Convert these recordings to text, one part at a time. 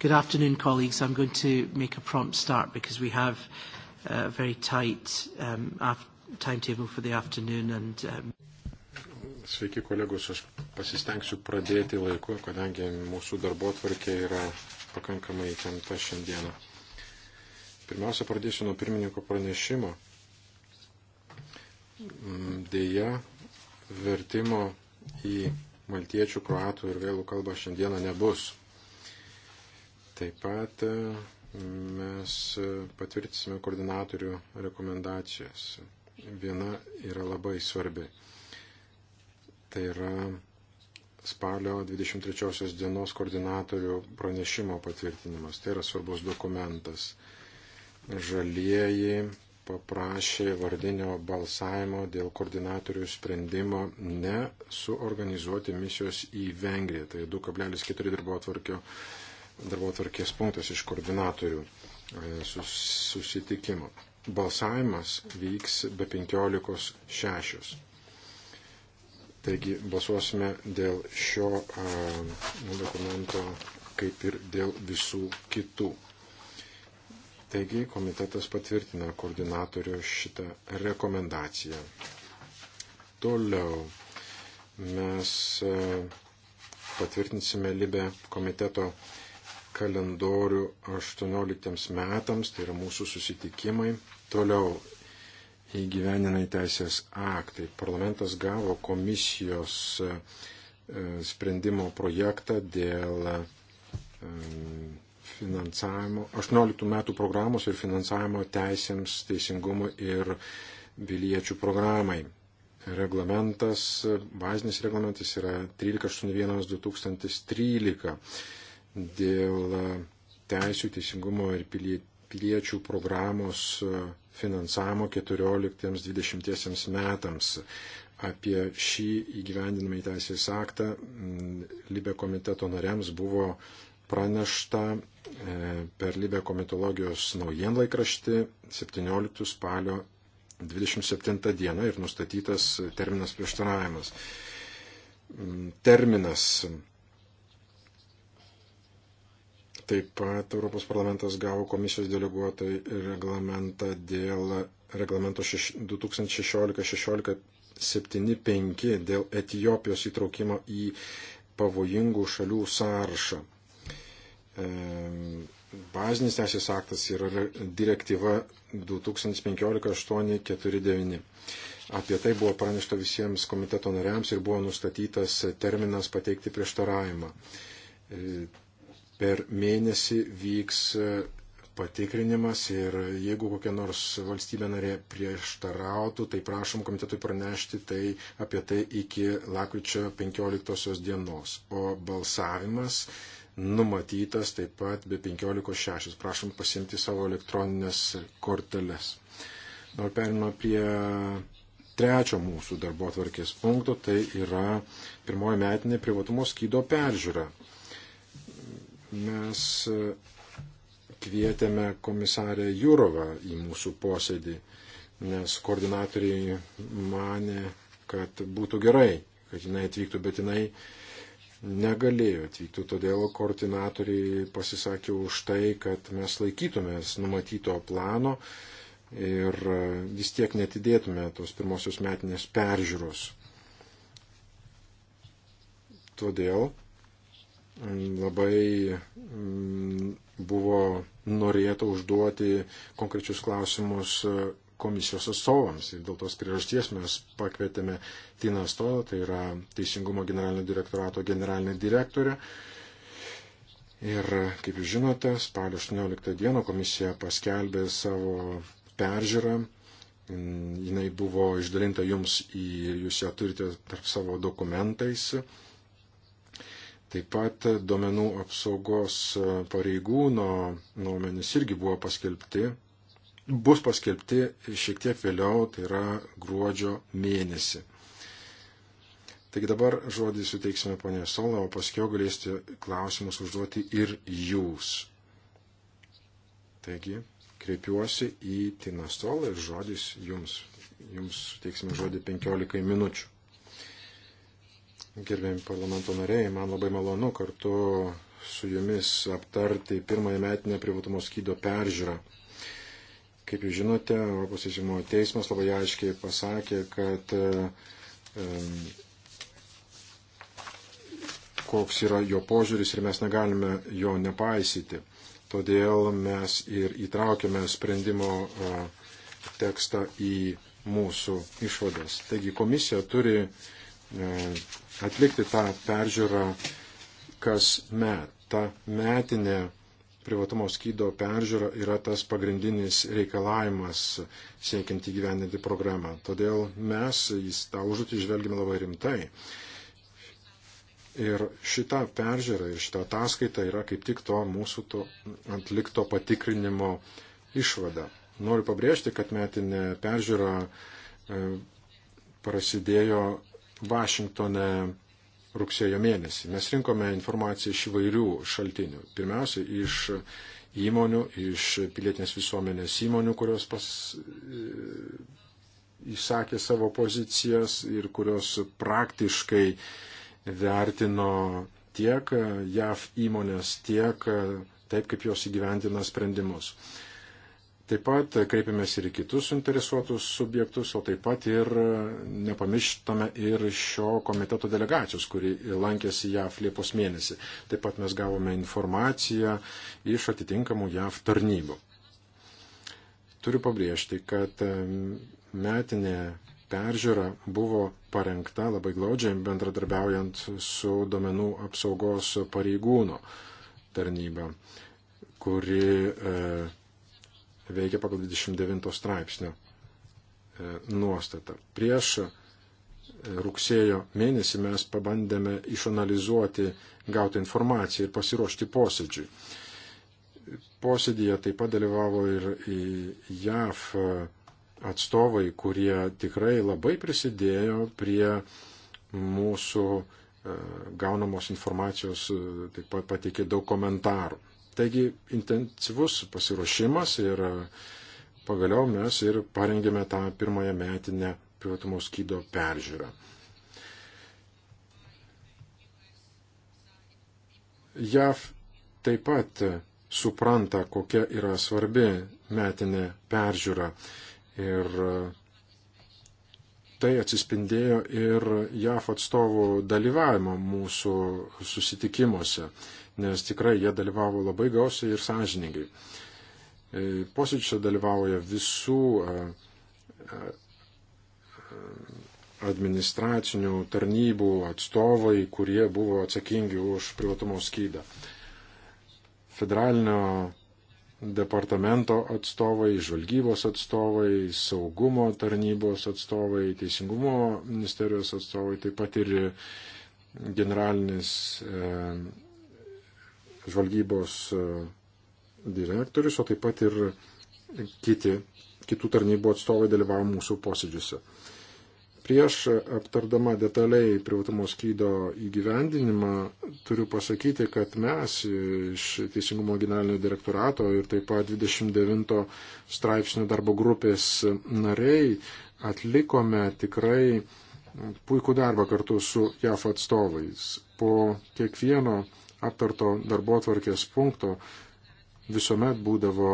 Good afternoon, colleagues. I'm going to make a prompt start because we have a very tight um, timetable for the afternoon. And, um... Sveiki, kolegos. Aš pasistengsiu pradėti laiku, kadangi mūsų darbo tvarkė yra pakankamai įtempta šiandieną. Pirmiausia, pradėsiu nuo pirmininko pranešimo. Mm, Deja, vertimo į maltiečių, kroatų ir vėlų kalbą šiandieną nebus. Taip pat e, mes patvirtinsime koordinatorių rekomendacijas. Viena yra labai svarbi. Tai yra spalio 23 dienos koordinatorių pranešimo patvirtinimas. Tai yra svarbus dokumentas. Žalieji paprašė vardinio balsavimo dėl koordinatorių sprendimo nesuorganizuoti misijos į Vengriją. Tai 2,4 darbo atvarkio darbo tvarkės punktas iš koordinatorių e, susitikimo. Balsavimas vyks be 15.6. Taigi balsuosime dėl šio a, e, nu, dokumento kaip ir dėl visų kitų. Taigi komitetas patvirtina koordinatorių šitą rekomendaciją. Toliau mes e, patvirtinsime Libę komiteto kalendorių 18 metams, tai yra mūsų susitikimai. Toliau įgyveninai teisės aktai. Parlamentas gavo komisijos e, sprendimo projektą dėl e, finansavimo, 18 metų programos ir finansavimo teisėms, teisingumo ir viliečių programai. Reglamentas, bazinis reglamentas yra 1381-2013 dėl e, teisų, teisingumo ir piliečių programos e, finansavimo 14-20 metams. Apie šį įgyvendinamą į teisės aktą Libė komiteto nariams buvo pranešta e, per Libę komitologijos naujienlaikraštį 17 spalio 27 dieną ir nustatytas terminas prieštaravimas. Terminas Taip pat Europos parlamentas gavo komisijos deleguotą reglamentą dėl reglamento 2016-1675 dėl Etijopijos įtraukimo į pavojingų šalių sąrašą. Bazinis teisės aktas yra direktyva 2015-849. Apie tai buvo pranešta visiems komiteto nariams ir buvo nustatytas terminas pateikti prieštaravimą. E, per mėnesį vyks e, patikrinimas ir jeigu kokia nors valstybė narė prieštarautų, tai prašom komitetui pranešti tai apie tai iki lakryčio 15 dienos. O balsavimas numatytas taip pat be 15.6. Prašom pasimti savo elektroninės korteles. Noriu perinimą prie trečio mūsų darbo atvarkės punkto, tai yra pirmoji metinė privatumo skydo peržiūra mes e, kvietėme komisarę Jūrovą į mūsų posėdį, nes koordinatoriai mane, kad būtų gerai, kad jinai atvyktų, bet jinai negalėjo atvykti. Todėl koordinatoriai pasisakė už tai, kad mes laikytumės numatyto plano ir e, vis tiek netidėtume tos pirmosios metinės peržiūros. Todėl labai mm, buvo norėta užduoti konkrečius klausimus e, komisijos atstovams. Ir dėl tos priežasties mes pakvietėme Tiną Stodą, tai yra Teisingumo generalinio direktorato generalinė direktorė. Ir, kaip jūs žinote, spalio 18 dieną komisija paskelbė savo peržiūrą. Mm, Jis buvo išdalinta jums ir jūs ją turite tarp savo dokumentais. Taip pat duomenų apsaugos pareigūno nuomenys irgi buvo paskelbti, bus paskelbti šiek tiek vėliau, tai yra gruodžio mėnesį. Taigi dabar žodį suteiksime ponė Sola, o paskui galėsite klausimus užduoti ir jūs. Taigi, kreipiuosi į Tiną Solą ir žodis jums. Jums suteiksime žodį 15 minučių. Gerbėjim parlamento nariai, man labai malonu kartu su jumis aptarti pirmąją metinę privatumo skydo peržiūrą. Kaip jūs žinote, Europos teisingumo teismas labai aiškiai pasakė, kad um, koks yra jo požiūris ir mes negalime jo nepaisyti. Todėl mes ir įtraukėme sprendimo uh, tekstą į mūsų išvadas. Taigi komisija turi uh, atlikti tą peržiūrą kas met. Ta metinė privatumo skydo peržiūra yra tas pagrindinis reikalavimas siekiant įgyvendinti programą. Todėl mes į tą užduotį žvelgime labai rimtai. Ir šita peržiūra ir šita ataskaita yra kaip tik to mūsų to atlikto patikrinimo išvada. Noriu pabrėžti, kad metinė peržiūra e, prasidėjo Vašingtone rugsėjo mėnesį. Mes rinkome informaciją iš įvairių šaltinių. Pirmiausia, iš įmonių, iš pilietinės visuomenės įmonių, kurios pas, e, įsakė savo pozicijas ir kurios praktiškai vertino tiek e, JAV įmonės, tiek e, taip, kaip jos įgyvendina sprendimus. Taip pat kreipiamės ir į kitus suinteresuotus subjektus, o taip pat ir nepamirštame ir šio komiteto delegacijos, kuri lankėsi JAV Liepos mėnesį. Taip pat mes gavome informaciją iš atitinkamų JAV tarnybų. Turiu pabrėžti, kad metinė peržiūra buvo parengta labai glaudžiai bendradarbiaujant su domenų apsaugos pareigūno tarnyba, kuri e, veikia pagal 29 straipsnio e, nuostatą. Prieš e, rugsėjo mėnesį mes pabandėme išanalizuoti gautą informaciją ir pasiruošti posėdžiui. Posėdėje taip pat dalyvavo ir JAF e, atstovai, kurie tikrai labai prisidėjo prie mūsų gaunamos informacijos, taip pat pateikė daug komentarų. Taigi intensyvus pasiruošimas ir pagaliau mes ir parengėme tą pirmąją metinę privatumo skydo peržiūrą. JAV taip pat supranta, kokia yra svarbi metinė peržiūra. Ir tai atsispindėjo ir JAF atstovų dalyvavimo mūsų susitikimuose nes tikrai jie dalyvavo labai gausiai ir sąžiningai. E, Posėdžiuose dalyvauja visų e, e, administracinių tarnybų atstovai, kurie buvo atsakingi už privatumo skydą. Federalinio departamento atstovai, žvalgybos atstovai, saugumo tarnybos atstovai, teisingumo ministerijos atstovai, taip pat ir generalinis e, žvalgybos e, direktorius, o taip pat ir kiti, kitų tarnybų atstovai dalyvavo mūsų posėdžiuose. Prieš aptardama detaliai privatumo skydo įgyvendinimą, turiu pasakyti, kad mes iš Teisingumo generalinio direktorato ir taip pat 29 straipsnio darbo grupės nariai atlikome tikrai puikų darbą kartu su JAF atstovais. Po kiekvieno aptarto darbo atvarkės punkto visuomet būdavo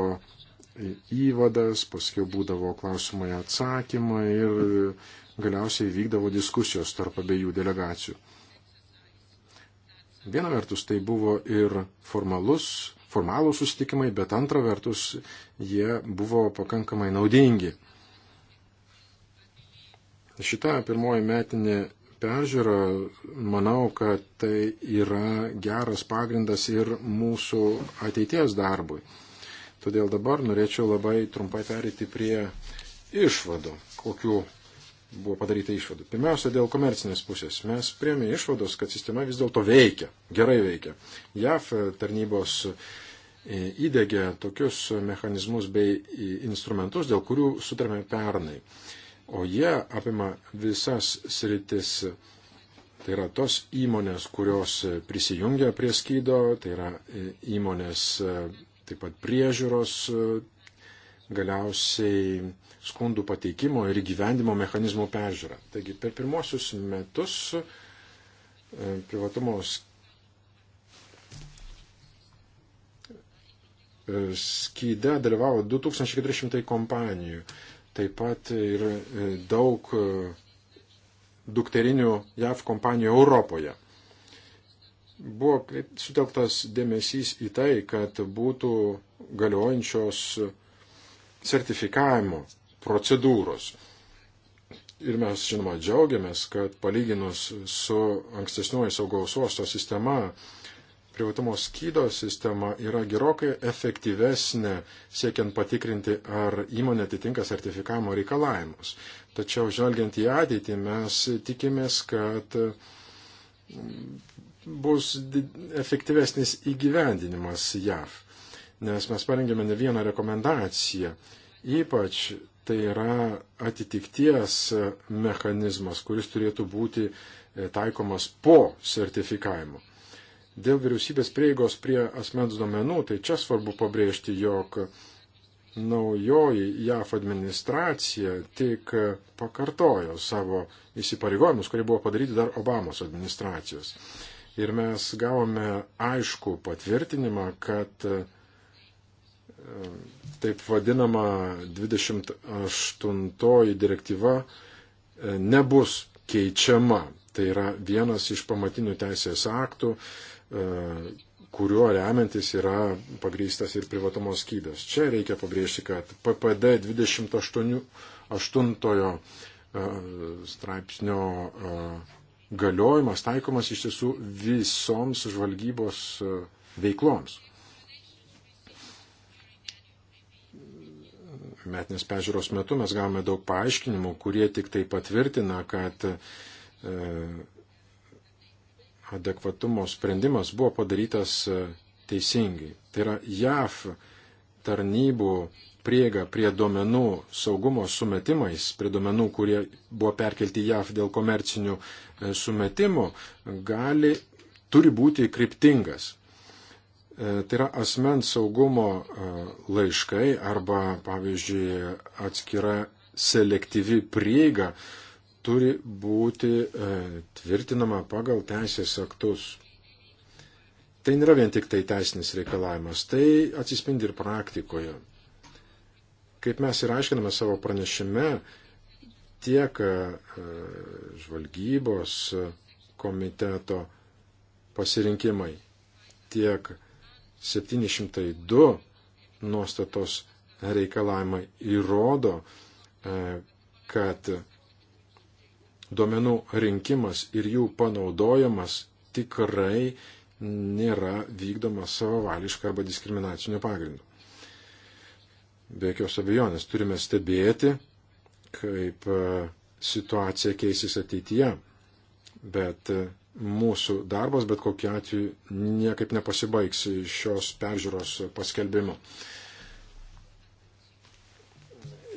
įvadas, paskui būdavo klausimai atsakymai ir galiausiai vykdavo diskusijos tarp abiejų delegacijų. Viena vertus tai buvo ir formalus, formalūs susitikimai, bet antra vertus jie buvo pakankamai naudingi. Šita pirmoji metinė peržiūrą, manau, kad tai yra geras pagrindas ir mūsų ateities darbui. Todėl dabar norėčiau labai trumpai perėti prie išvadų, kokiu buvo padaryta išvadų. Pirmiausia, dėl komercinės pusės. Mes priemė išvados, kad sistema vis dėlto veikia, gerai veikia. JAF tarnybos e, įdėgė tokius mechanizmus bei e, instrumentus, dėl kurių sutarėme pernai o jie apima visas sritis. Tai yra tos įmonės, kurios prisijungia prie skydo, tai yra e, įmonės e, taip pat priežiūros, e, galiausiai skundų pateikimo ir gyvendimo mechanizmų peržiūra. Taigi per pirmosius metus privatumo skyde dalyvavo 2400 kompanijų. Taip pat ir e, daug e, dukterinių JAV kompanijų Europoje. Buvo sutelktas dėmesys į tai, kad būtų galiojančios sertifikavimo procedūros. Ir mes, žinoma, džiaugiamės, kad palyginus su ankstesnioji saugaus uosto sistema, privatumo skydo sistema yra gerokai efektyvesnė siekiant patikrinti, ar įmonė atitinka sertifikavimo reikalavimus. Tačiau žvelgiant į ateitį mes tikimės, kad bus efektyvesnis įgyvendinimas JAV, nes mes parengėme ne vieną rekomendaciją. Ypač tai yra atitikties mechanizmas, kuris turėtų būti taikomas po sertifikavimo. Dėl vyriausybės prieigos prie asmens duomenų, tai čia svarbu pabrėžti, jog naujoji JAF administracija tik pakartojo savo įsipareigojimus, kurie buvo padaryti dar Obamos administracijos. Ir mes gavome aišku patvirtinimą, kad e, taip vadinama 28 direktyva e, nebus keičiama. Tai yra vienas iš pamatinių teisės aktų, E, kuriuo remiantis yra pagrystas ir privatumo skydas. Čia reikia pabrėžti, kad PPD 28 e, straipsnio e, galiojimas taikomas iš tiesų visoms žvalgybos veikloms. Metinės pežiūros metu mes gavome daug paaiškinimų, kurie tik tai patvirtina, kad adekvatumo sprendimas buvo padarytas e, teisingai. Tai yra JAF tarnybų prieiga prie duomenų saugumo sumetimais, prie duomenų, kurie buvo perkelti JAF dėl komercinių e, sumetimų, gali, turi būti kryptingas. E, tai yra asmens saugumo laiškai arba, pavyzdžiui, atskira selektyvi prieiga turi būti e, tvirtinama pagal teisės aktus. Tai nėra vien tik tai teisinis reikalavimas, tai atsispindi ir praktikoje. Kaip mes ir aiškiname savo pranešime, tiek e, žvalgybos komiteto pasirinkimai, tiek 702 nuostatos reikalavimai įrodo, e, kad duomenų rinkimas ir jų panaudojimas tikrai nėra vykdomas savavališkai arba diskriminaciniu pagrindu. Be jokios abejonės turime stebėti, kaip e, situacija keisis ateityje, bet e, mūsų darbas bet kokiu atveju niekaip nepasibaigs šios peržiūros paskelbimu.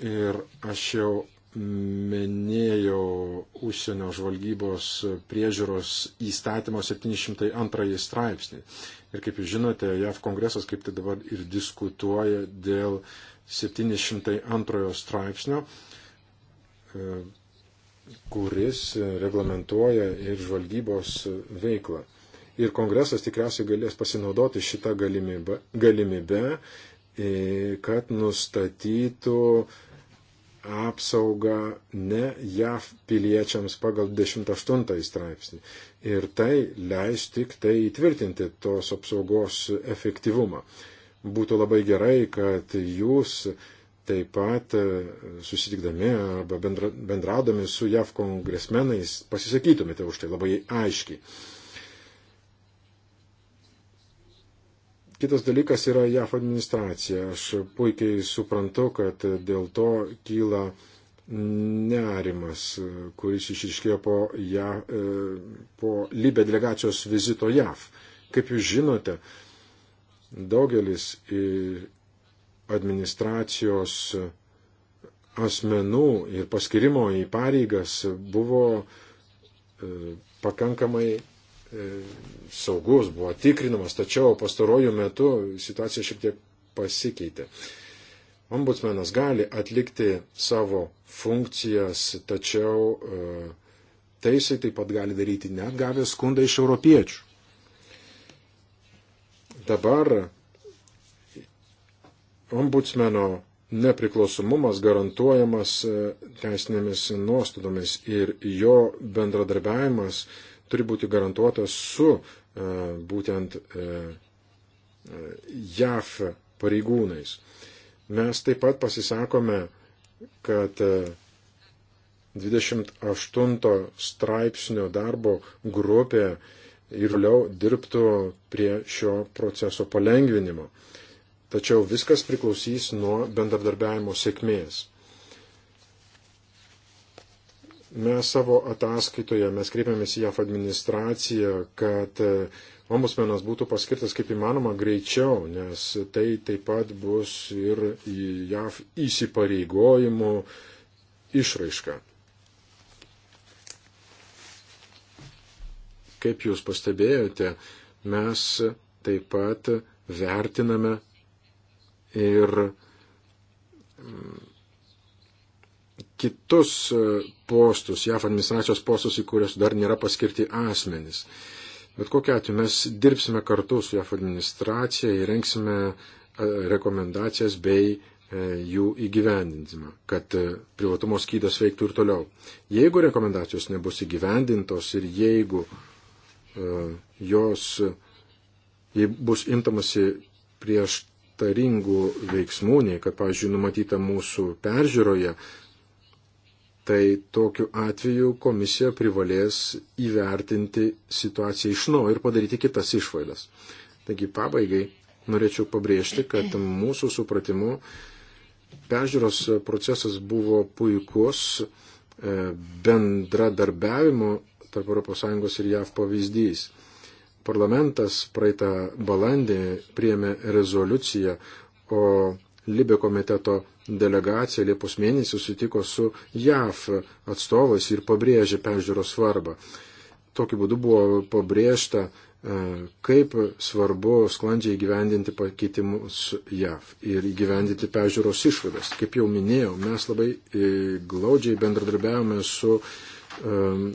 Ir aš jau minėjau užsienio žvalgybos priežiūros įstatymo 702 straipsnį. Ir kaip jūs žinote, JAV kongresas kaip tai dabar ir diskutuoja dėl 702 straipsnio, e, kuris reglamentuoja ir žvalgybos veiklą. Ir kongresas tikriausiai galės pasinaudoti šitą galimybę, galimybę e, kad nustatytų uh, apsaugą ne JAV piliečiams pagal 28 straipsnį. Ir tai leis tik tai įtvirtinti tos apsaugos efektyvumą. Būtų labai gerai, kad jūs taip pat e, susitikdami arba bendradami su JAV kongresmenais pasisakytumėte už tai labai aiškiai. Kitas dalykas yra JAF administracija. Aš puikiai suprantu, kad dėl to kyla nerimas, kuris išriškėjo po, ja, e, po Libė delegacijos vizito JAF. Kaip jūs žinote, daugelis administracijos asmenų ir paskirimo į pareigas buvo e, pakankamai E, saugus, buvo tikrinamas, tačiau pastarojų metų situacija šiek tiek pasikeitė. Ombudsmenas gali atlikti savo funkcijas, tačiau e, tai jisai taip pat gali daryti net gavęs skundą iš europiečių. Dabar ombudsmeno nepriklausomumas garantuojamas e, teisinėmis nuostodomis ir jo bendradarbiavimas turi būti garantuotas su e, būtent e, JAF pareigūnais. Mes taip pat pasisakome, kad 28 e, straipsnio darbo grupė ir toliau dirbtų prie šio proceso palengvinimo. Tačiau viskas priklausys nuo bendradarbiavimo sėkmės. Mes savo ataskaitoje, mes kreipiamės į JAF administraciją, kad e, ombudsmenas būtų paskirtas kaip įmanoma greičiau, nes tai taip pat bus ir JAF įsipareigojimų išraiška. kaip jūs pastebėjote, mes taip pat vertiname ir mm, kitus e, postus, JAF administracijos postus, į kuriuos dar nėra paskirti asmenys. Bet kokia atveju mes dirbsime kartu su JAF administracija ir renksime e, rekomendacijas bei e, jų įgyvendinimą, kad privatumo skydas veiktų ir toliau. Jeigu rekomendacijos nebus įgyvendintos ir jeigu jos jei bus imtamasi prieštaringų veiksmų, nei kad, pavyzdžiui, numatyta mūsų peržiūroje, tai tokiu atveju komisija privalės įvertinti situaciją iš naujo ir padaryti kitas išvadas. Taigi pabaigai norėčiau pabrėžti, kad mūsų supratimu peržiūros procesas buvo puikus e, bendradarbiavimo tarp ES ir JAV pavyzdys. Parlamentas praeitą balandį priėmė rezoliuciją, o Libė komiteto delegacija Liepos mėnesį sutiko su JAF atstovais ir pabrėžė peržiūros svarbą. Tokiu būdu buvo pabrėžta, e, kaip svarbu sklandžiai gyvendinti pakeitimus JAV ir gyvendinti pežiūros išvadas. Kaip jau minėjau, mes labai e, glaudžiai bendradarbiavome su um,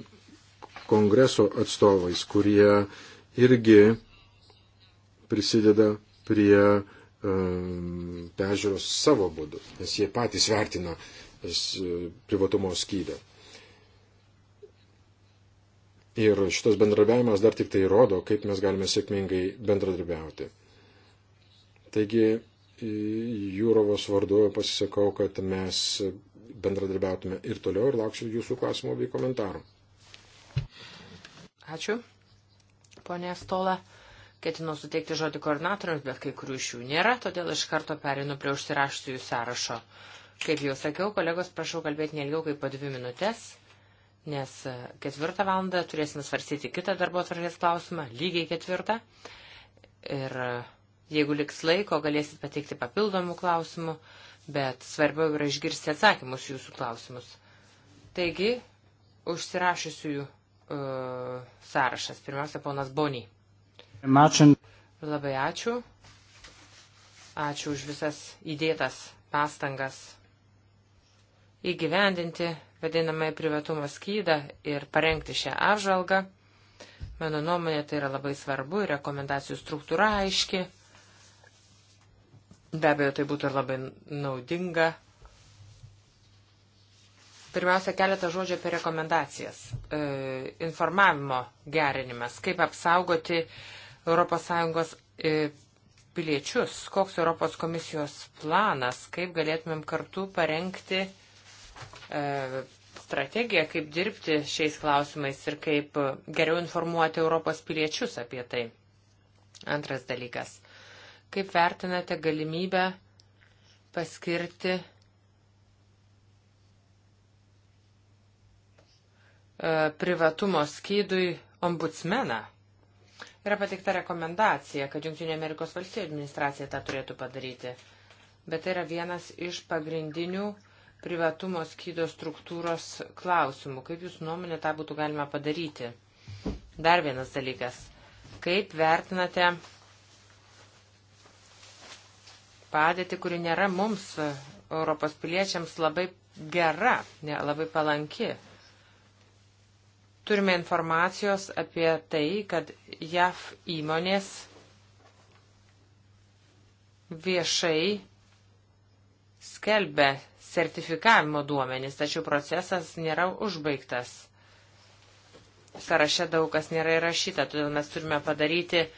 kongreso atstovais, kurie irgi prisideda prie Um, pežiūros savo būdu, nes jie patys vertina privatumo skydą. Ir šitas bendradarbiavimas dar tik tai rodo, kaip mes galime sėkmingai bendradarbiauti. Taigi, Jūrovos vardu pasisakau, kad mes bendradarbiautume ir toliau ir lauksiu jūsų klausimų bei komentarų. Ačiū, ponė Stola. Ketinau suteikti žodį koordinatoriams, bet kai kurių iš jų nėra, todėl iš karto perinu prie užsirašusiųjų sąrašo. Kaip jau sakiau, kolegos, prašau kalbėti nelgiau kaip po dvi minutės, nes e, ketvirtą valandą turėsime svarstyti kitą darbo atvarkės klausimą, lygiai ketvirtą. Ir e, jeigu liks laiko, galėsit pateikti papildomų klausimų, bet svarbiau yra išgirsti atsakymus jūsų klausimus. Taigi, užsirašysiųjų uh, sąrašas. Pirmiausia, ponas Boniai. Labai ačiū. Ačiū už visas įdėtas pastangas įgyvendinti vadinamąjį privatumo skydą ir parengti šią apžvalgą. Mano nuomonė tai yra labai svarbu, rekomendacijų struktūra aiški. Be abejo, tai būtų ir labai naudinga. Pirmiausia, keletą žodžių apie rekomendacijas. E, informavimo gerinimas, kaip apsaugoti e, ES e, piliečius, koks Europos komisijos planas, kaip galėtumėm kartu parengti e, strategiją, kaip dirbti šiais klausimais ir kaip geriau informuoti Europos piliečius apie tai. Antras dalykas. Kaip vertinate galimybę paskirti e, privatumo skydui ombudsmeną? Yra pateikta rekomendacija, kad Junktinė Amerikos valstybių administracija tą turėtų padaryti. Bet tai yra vienas iš pagrindinių privatumo skydo struktūros klausimų. Kaip Jūs nuomonė tą būtų galima padaryti? Dar vienas dalykas. Kaip vertinate padėtį, kuri nėra mums, Europos piliečiams, labai gera, ne, labai palanki? turime informacijos apie tai, kad JAF įmonės viešai skelbia sertifikavimo duomenys, tačiau procesas nėra užbaigtas. Saraše daug kas nėra įrašyta, todėl mes turime padaryti uh,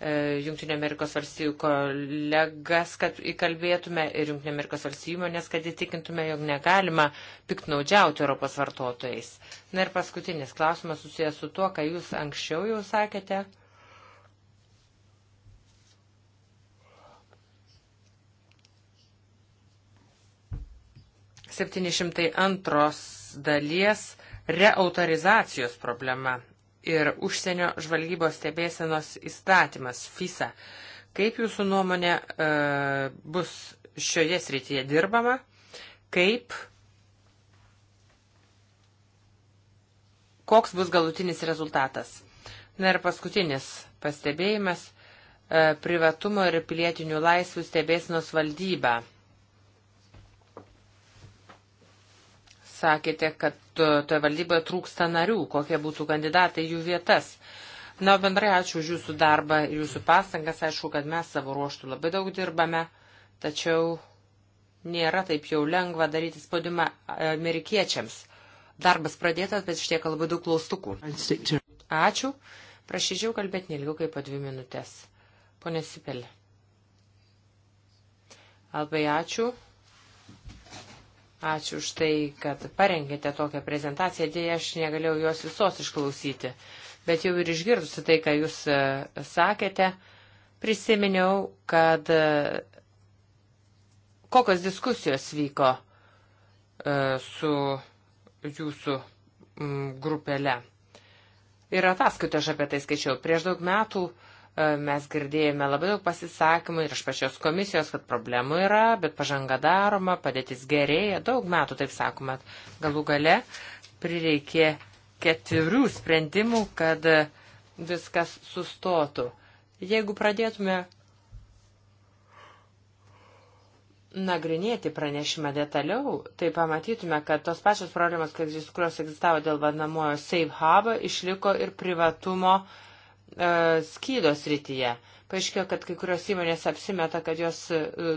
E, Junktinio Amerikos valstybių kolegas, kad įkalbėtume ir Junktinio Amerikos valstybių įmonės, kad įtikintume, jog negalima piknaudžiauti Europos vartotojais. Na ir paskutinis klausimas susijęs su tuo, ką jūs anksčiau jau sakėte. Septynišimtai antros dalies reautorizacijos problema ir užsienio žvalgybos stebėsenos įstatymas FISA. Kaip jūsų nuomonė e, bus šioje srityje dirbama? Kaip? Koks bus galutinis rezultatas? Na ir paskutinis pastebėjimas e, - privatumo ir pilietinių laisvų stebėsinos valdyba. sakėte, kad toje valdyboje trūksta narių, kokie būtų kandidatai jų vietas. Na, bendrai ačiū už jūsų darbą ir jūsų pastangas. Aišku, kad mes savo ruoštų labai daug dirbame, tačiau nėra taip jau lengva daryti spaudimą e, amerikiečiams. Darbas pradėtas, bet iš tiek labai daug klaustukų. Ačiū. Prašyčiau kalbėti nelgiau kaip po dvi minutės. Pone Sipelė. Labai ačiū. Ačiū už tai, kad parengėte tokią prezentaciją, dėja aš negalėjau jos visos išklausyti. Bet jau ir išgirdusi tai, ką jūs e, sakėte, prisiminiau, kad e, kokios diskusijos vyko e, su jūsų grupelė. Ir ataskaitą aš apie tai skaičiau. Prieš daug metų uh, E, mes girdėjome labai daug pasisakymų ir iš pačios komisijos, kad problemų yra, bet pažanga daroma, padėtis gerėja, daug metų, taip sakoma, galų gale prireikė keturių sprendimų, kad viskas sustotų. Jeigu pradėtume nagrinėti pranešimą detaliau, tai pamatytume, kad tos pačios problemos, kurios egzistavo dėl vadinamojo safe hub, išliko ir privatumo uh, E, skydos rytyje. Paaiškėjo, kad kai kurios įmonės apsimeta, kad jos e,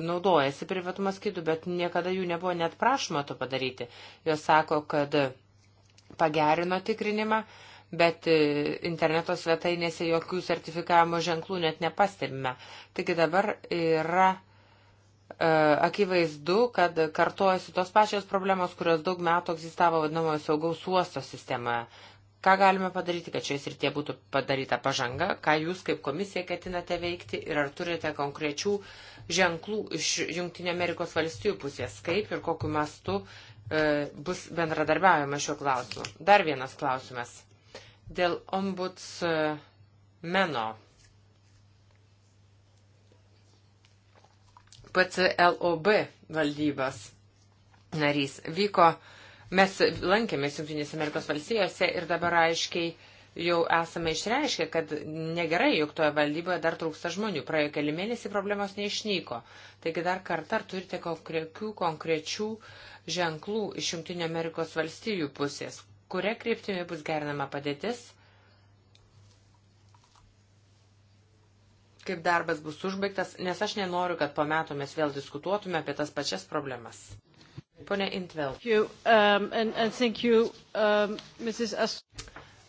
naudojasi privatumo skydų, bet niekada jų nebuvo net prašoma to padaryti. Jos sako, kad pagerino tikrinimą, bet e, interneto svetainėse jokių sertifikavimo ženklų net nepastebime. Taigi dabar yra akivaizdu, kad kartojasi tos pačios problemos, kurios daug metų egzistavo vadinamojo saugaus uosto sistemoje. Ką galime padaryti, kad šioje srityje būtų padaryta pažanga, ką jūs kaip komisija ketinate veikti ir ar turite konkrečių ženklų iš Junktinio Amerikos valstijų pusės, kaip ir kokiu mastu e, bus bendradarbiaujama šiuo klausimu. Dar vienas klausimas. Dėl ombudsmeno. PCLOB valdybos narys vyko Mes lankėmės Junktinėse Amerikos valstijose ir dabar aiškiai jau esame išreiškę, kad negerai, jog toje valdyboje dar trūksta žmonių. Praėjo keli mėnesiai problemos neišnyko. Taigi dar kartą ar turite konkrečių, konkrečių ženklų iš Junktinio Amerikos valstijų pusės, kuria kryptimi bus gerinama padėtis, kaip darbas bus užbaigtas, nes aš nenoriu, kad po metų mes vėl diskutuotume apie tas pačias problemas. Pone Intvel. Um, and, and you, um,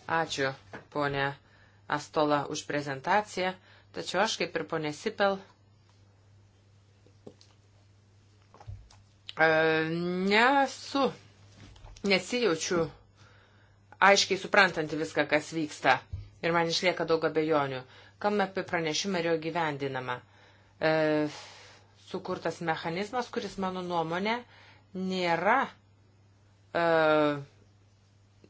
Ačiū, ponė Astola, už prezentaciją. Tačiau aš, kaip ir ponė Sipel, e, nesu, nesijaučiu aiškiai suprantanti viską, kas vyksta. Ir man išlieka daug abejonių. Kam apie pranešimą ir jo gyvendinama? E, sukurtas mechanizmas, kuris mano nuomonė e, nėra uh,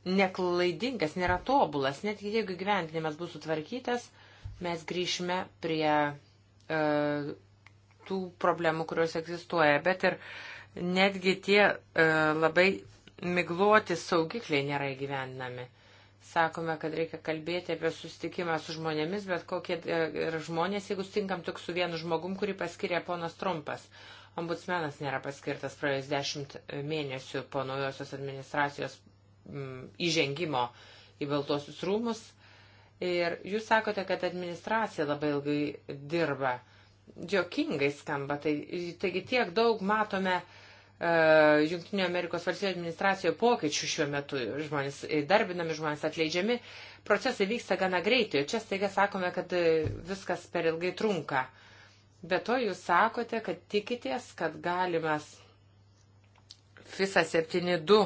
neklaidingas, nėra tobulas. Net jeigu gyventinimas bus sutvarkytas, mes grįšime prie uh, tų problemų, kurios egzistuoja. Bet ir netgi tie uh, labai migloti saugikliai nėra įgyvendinami. Sakome, kad reikia kalbėti apie sustikimą su žmonėmis, bet kokie yra žmonės, jeigu sutinkam tik su vienu žmogum, kurį paskiria ponas Trumpas. Uh, Ombudsmenas nėra paskirtas praėjus dešimt mėnesių po naujosios administracijos mm, įžengimo į Baltuosius rūmus. Ir jūs sakote, kad administracija labai ilgai dirba. Džiokingai skamba, tai, taigi tiek daug matome uh, e, Junktinio Amerikos valstybių administracijoje pokyčių šiuo metu. Žmonės darbinami, žmonės atleidžiami, procesai vyksta gana greitai, o čia staiga sakome, kad e, viskas per ilgai trunka. Uh, Be to jūs sakote, kad tikitės, kad galimas FISA 7.2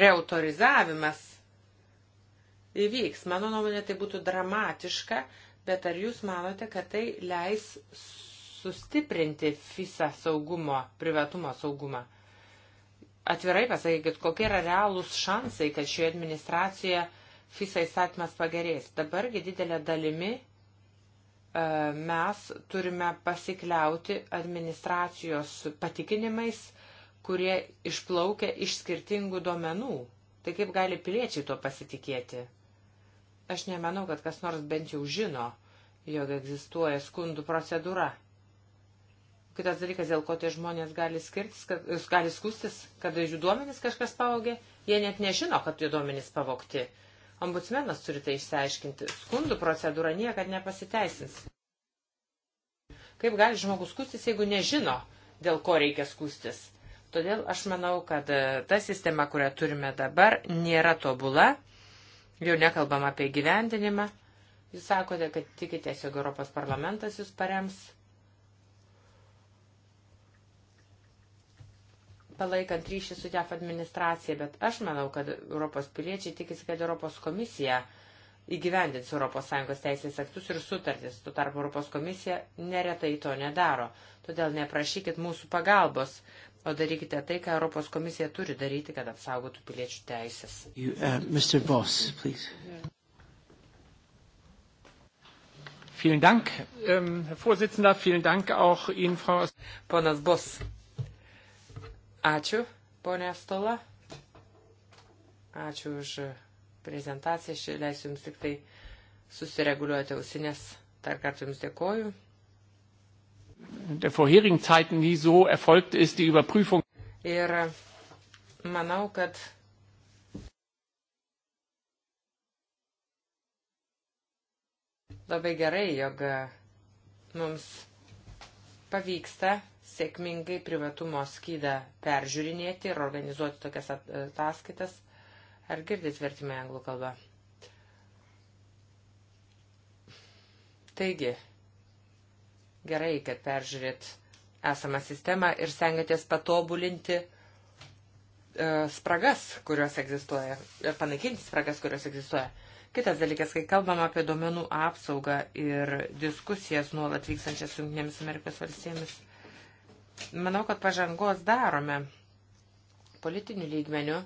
reautorizavimas įvyks. Mano nuomonė tai būtų dramatiška, bet ar jūs manote, kad tai leis sustiprinti FISA saugumo, privatumo saugumą? Atvirai pasakykit, kokie yra realūs šansai, kad šioje administracijoje FISA įstatymas pagerės. Dabargi didelė dalimi E, mes turime pasikliauti administracijos patikinimais, kurie išplaukia iš skirtingų duomenų. Tai kaip gali piliečiai tuo pasitikėti? Aš nemanau, kad kas nors bent jau žino, jog egzistuoja skundų procedūra. Kitas dalykas, dėl ko tie žmonės gali, skirtis, kad, gali skustis, kad jų duomenys kažkas pavogė, jie net nežino, kad jų duomenys pavogti. Ombudsmenas turi tai išsiaiškinti. Skundų procedūra niekad nepasiteisins. Kaip gali žmogus skūstis, jeigu nežino, dėl ko reikia skūstis? Todėl aš manau, kad e, ta sistema, kurią turime dabar, nėra tobula. Jau nekalbam apie gyvendinimą. Jūs sakote, kad tikitės, jog Europos parlamentas jūs parems. palaikant ryšį su JAF administracija, bet aš manau, kad Europos piliečiai tikisi, kad Europos komisija įgyvendins ES teisės aktus ir sutartis. Tuo tarpu Europos komisija neretai to nedaro. Todėl neprašykit mūsų pagalbos, o darykite tai, ką Europos komisija turi daryti, kad apsaugotų piliečių teisės. You, uh, Boss, Vielen Dank, ähm, Herr Vorsitzender, vielen Dank auch Ihnen, Frau. Ponas Boss. Ačiū, ponė Stola. Ačiū už prezentaciją. Aš leisiu jums tik tai susireguliuoti ausinės. Dar kartą jums dėkoju. Der vorherigen Zeiten nie so erfolgt ist die Überprüfung. Ir manau, kad labai gerai, jog mums pavyksta sėkmingai privatumo skydą peržiūrinėti ir organizuoti tokias ataskaitas. Ar girdit vertimą į anglų kalbą? Taigi, gerai, kad peržiūrėt esamą sistemą ir stengiatės patobulinti e, spragas, kurios egzistuoja, ir e, panaikinti spragas, kurios egzistuoja. Kitas dalykas, kai kalbam apie duomenų apsaugą ir diskusijas nuolat vykstančias Junktinėmis Amerikos valstybėmis Manau, kad pažangos darome politinių lygmenių.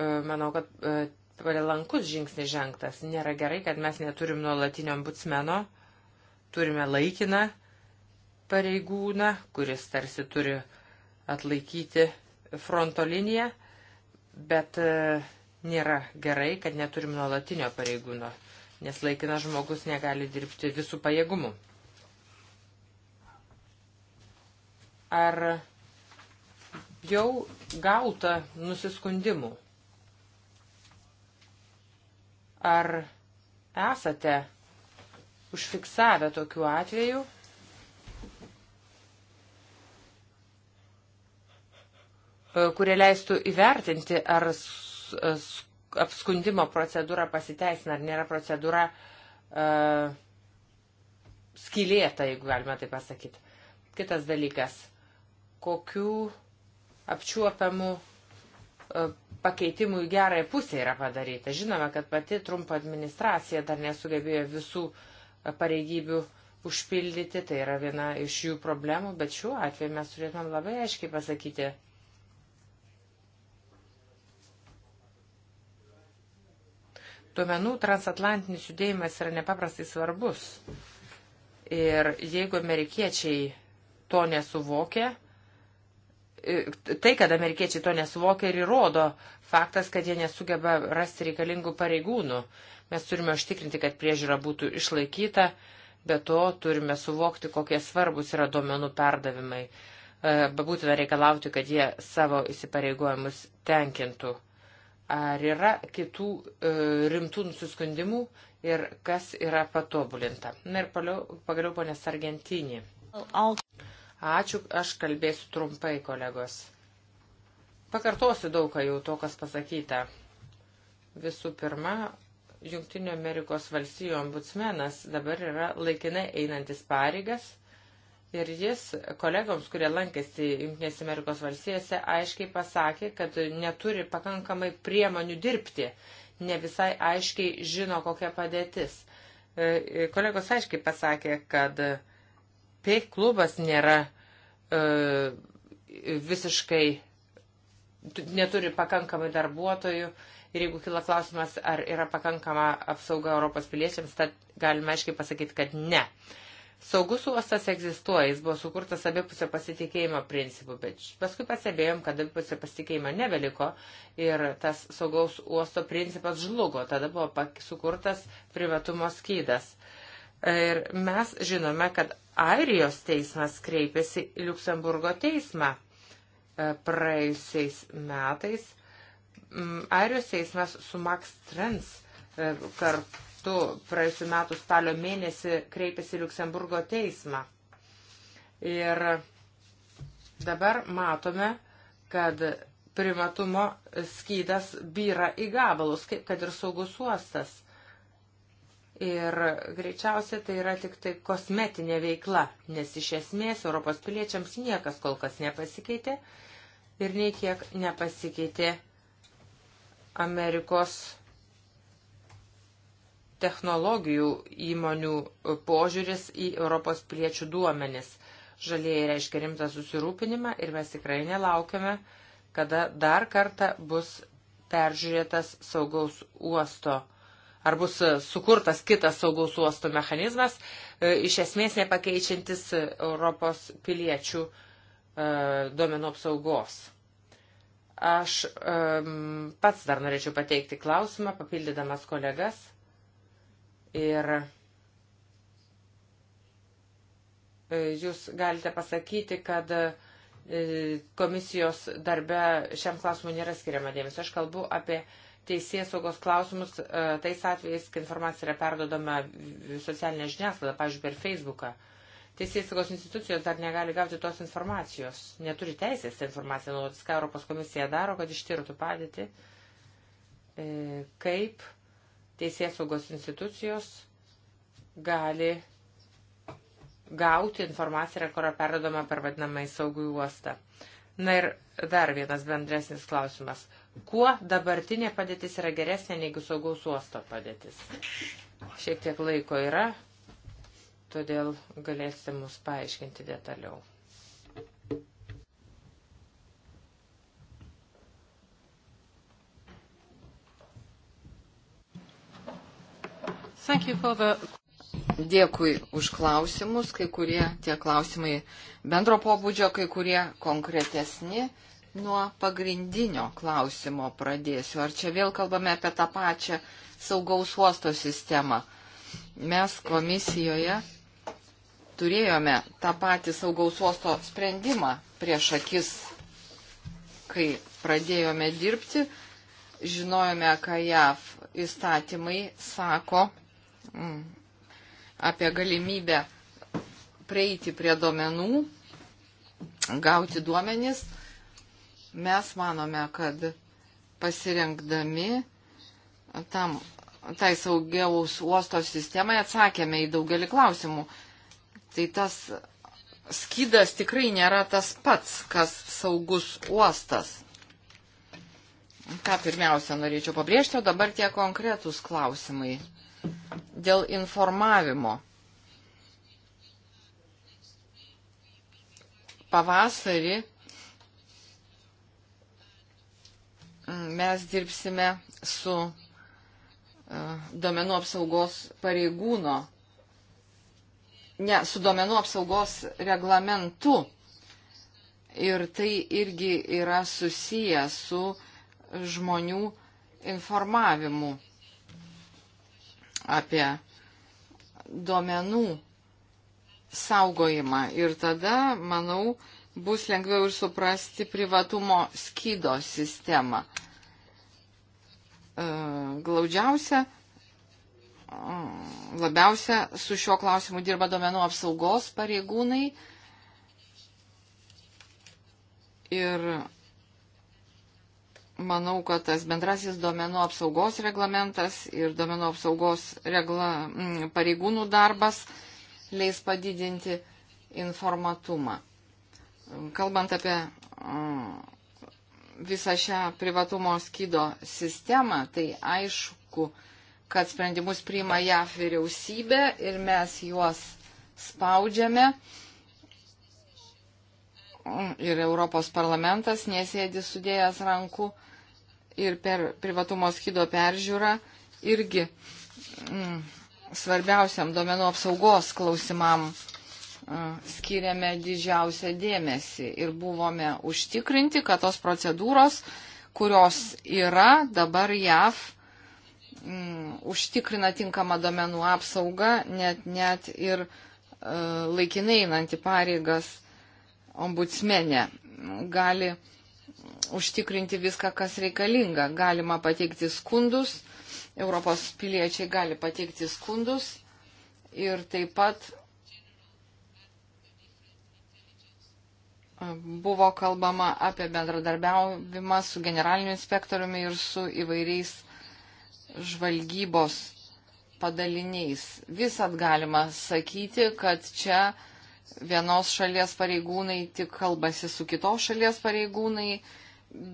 E, manau, kad e, lankus žingsnis žengtas. Nėra gerai, kad mes neturim nuolatinio ombudsmeno, turime laikiną pareigūną, kuris tarsi turi atlaikyti fronto liniją, bet e, nėra gerai, kad neturim nuolatinio pareigūno, nes laikinas žmogus negali dirbti visų pajėgumų. ar jau gauta nusiskundimų? Ar esate užfiksavę tokių atvejų? E, kurie leistų įvertinti, ar e, apskundimo procedūra pasiteisina, ar nėra procedūra uh, e, skilėta, jeigu galima tai pasakyti. Kitas dalykas kokių apčiuopiamų e, pakeitimų į gerąją pusę yra padaryta. Žinome, kad pati trumpa administracija dar nesugebėjo visų e, pareigybių užpildyti, tai yra viena iš jų problemų, bet šiuo atveju mes turėtumėm labai aiškiai pasakyti. Duomenų transatlantinis judėjimas yra nepaprastai svarbus. Ir jeigu amerikiečiai to nesuvokia, E, tai, kad amerikiečiai to nesuvokia ir įrodo faktas, kad jie nesugeba rasti reikalingų pareigūnų. Mes turime užtikrinti, kad priežiūra būtų išlaikyta, bet to turime suvokti, kokie svarbus yra duomenų perdavimai. E, būtina reikalauti, kad jie savo įsipareigojimus tenkintų. Ar yra kitų e, rimtų nusiskundimų ir kas yra patobulinta? Na ir paliau, pagaliau ponės Argentinį. I'll... Ačiū, aš kalbėsiu trumpai, kolegos. Pakartosiu daugą jau to, kas pasakyta. Visų pirma, Junktinio Amerikos valstijų ombudsmenas dabar yra laikinai einantis pareigas Ir jis kolegoms, kurie lankėsi Junktinės Amerikos valstijose, aiškiai pasakė, kad neturi pakankamai priemonių dirbti, ne visai aiškiai žino, kokia padėtis. E, e, kolegos aiškiai pasakė, kad PEI klubas nėra e, visiškai, neturi pakankamai darbuotojų ir jeigu kila klausimas, ar yra pakankama apsauga Europos piliečiams, tad galime aiškiai pasakyti, kad ne. Saugus uostas egzistuoja, jis buvo sukurtas abipusio pasitikėjimo principu, bet paskui pastebėjom, kad abipusio pasitikėjimo nebeliko ir tas saugaus uosto principas žlugo, tada buvo sukurtas privatumo skydas. Uh, Ir mes žinome, kad Airijos teismas kreipėsi į Luksemburgo teismą e, praėjusiais metais. Mm, Airijos teismas su Max Trans e, kartu praėjusiu metu spalio mėnesį kreipėsi į Luksemburgo teismą. Ir dabar matome, kad primatumo skydas byra į gabalus, kaip kad ir saugus uostas. Ir greičiausiai tai yra tik tai kosmetinė veikla, nes iš esmės Europos piliečiams niekas kol kas nepasikeitė ir nei kiek nepasikeitė Amerikos technologijų įmonių požiūris į Europos piliečių duomenis. Žalieji reiškia rimtą susirūpinimą ir mes tikrai nelaukiame, kada dar kartą bus peržiūrėtas saugaus uosto ar bus e, sukurtas kitas saugaus uostų mechanizmas, e, iš esmės nepakeičiantis Europos piliečių e, duomenų apsaugos. Aš um, pats dar norėčiau pateikti klausimą, papildydamas kolegas. Ir jūs galite pasakyti, kad komisijos darbe šiam klausimui nėra skiriama dėmesio. Aš kalbu apie uh, teisės saugos klausimus e, tais atvejais, kai informacija yra perdodama socialinė žiniasklaida, pavyzdžiui, per Facebooką. Teisės saugos institucijos dar negali gauti tos informacijos, neturi teisės informaciją naudotis, ką Europos komisija daro, kad ištirtų padėtį, e, kaip teisės saugos institucijos gali gauti informaciją, kurio perdodama per vadinamąjį saugų uostą. Na ir dar vienas bendresnis klausimas kuo dabartinė padėtis yra geresnė negu saugaus uosto padėtis. Šiek tiek laiko yra, todėl galėsite mus paaiškinti detaliau. The... Dėkui už klausimus, kai kurie tie klausimai bendro pobūdžio, kai kurie konkretesni. Uh, nuo pagrindinio klausimo pradėsiu. Ar čia vėl kalbame apie tą pačią saugaus uosto sistemą? Mes komisijoje turėjome tą patį saugaus uosto sprendimą prieš akis, kai pradėjome dirbti. Žinojome, ką JAV įstatymai sako mm, apie galimybę prieiti prie duomenų, gauti duomenis Mes manome, kad pasirinkdami tam, tai saugiaus uosto sistemai atsakėme į daugelį klausimų. Tai tas skydas tikrai nėra tas pats, kas saugus uostas. Ką pirmiausia norėčiau pabrėžti, o dabar tie konkretūs klausimai dėl informavimo. Pavasarį mes dirbsime su e, duomenų apsaugos pareigūno, ne, su duomenų apsaugos reglamentu. Ir tai irgi yra susiję su žmonių informavimu apie duomenų saugojimą. Ir tada, manau, bus lengviau ir suprasti privatumo skydo sistemą. E, glaudžiausia, e, labiausia su šiuo klausimu dirba domenų apsaugos pareigūnai ir manau, kad tas bendrasis domenų apsaugos reglamentas ir domenų apsaugos regla, pareigūnų darbas leis padidinti informatumą. Kalbant apie visą šią privatumo skydo sistemą, tai aišku, kad sprendimus priima JAF vyriausybė ir mes juos spaudžiame. Ir Europos parlamentas nesėdi sudėjęs rankų ir per privatumo skydo peržiūrą irgi mm, svarbiausiam duomenų apsaugos klausimam skiriame didžiausią dėmesį ir buvome užtikrinti, kad tos procedūros, kurios yra dabar JAV, m, mm, užtikrina tinkamą domenų apsaugą, net, net ir e, laikinai einanti pareigas ombudsmenė gali užtikrinti viską, kas reikalinga. Galima pateikti skundus, Europos piliečiai gali pateikti skundus ir taip pat buvo kalbama apie bendradarbiavimą su generaliniu inspektoriumi ir su įvairiais žvalgybos padaliniais. Visat galima sakyti, kad čia vienos šalies pareigūnai tik kalbasi su kitos šalies pareigūnai,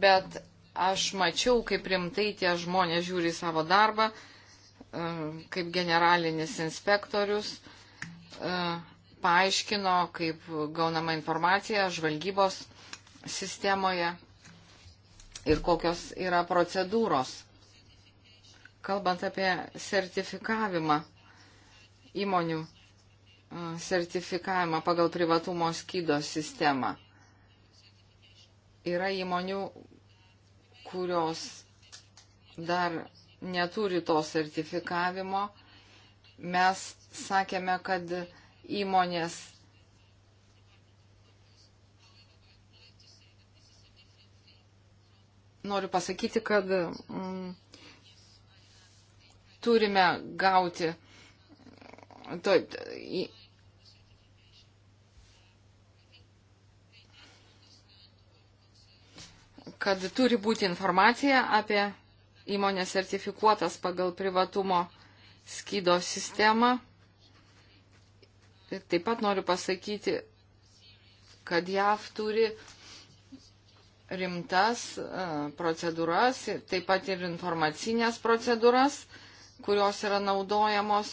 bet aš mačiau, kaip rimtai tie žmonės žiūri savo darbą, e, kaip generalinis inspektorius e, paaiškino, kaip gaunama informacija žvalgybos sistemoje ir kokios yra procedūros. Kalbant apie sertifikavimą, įmonių sertifikavimą pagal privatumo skydo sistemą, yra įmonių, kurios dar neturi to sertifikavimo. Mes sakėme, kad įmonės. Noriu pasakyti, kad mm, turime gauti to, į, kad turi būti informacija apie įmonės sertifikuotas pagal privatumo skydo sistemą. Taip pat noriu pasakyti, kad JAV turi rimtas e, procedūras, taip pat ir informacinės procedūras, kurios yra naudojamos.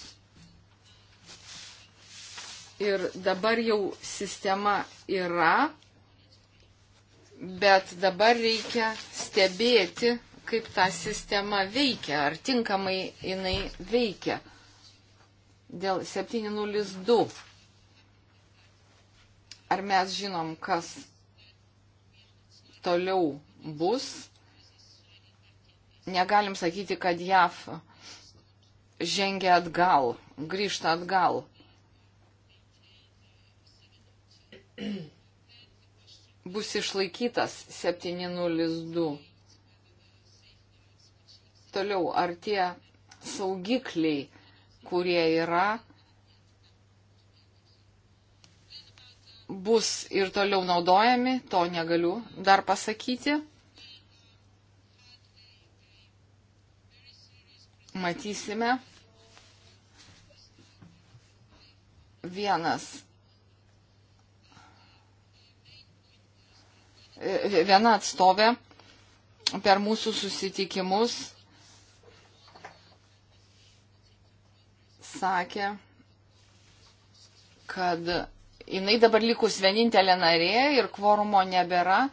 Ir dabar jau sistema yra, bet dabar reikia stebėti, kaip ta sistema veikia, ar tinkamai jinai veikia. Dėl 702 ar mes žinom, kas toliau bus. Negalim sakyti, kad JAV žengia atgal, grįžta atgal. Bus išlaikytas 702. Toliau, ar tie saugikliai, kurie yra, bus ir toliau naudojami, to negaliu dar pasakyti. Matysime. Vienas. Viena atstovė per mūsų susitikimus sakė, kad jinai dabar likus vienintelė narė ir kvorumo nebėra.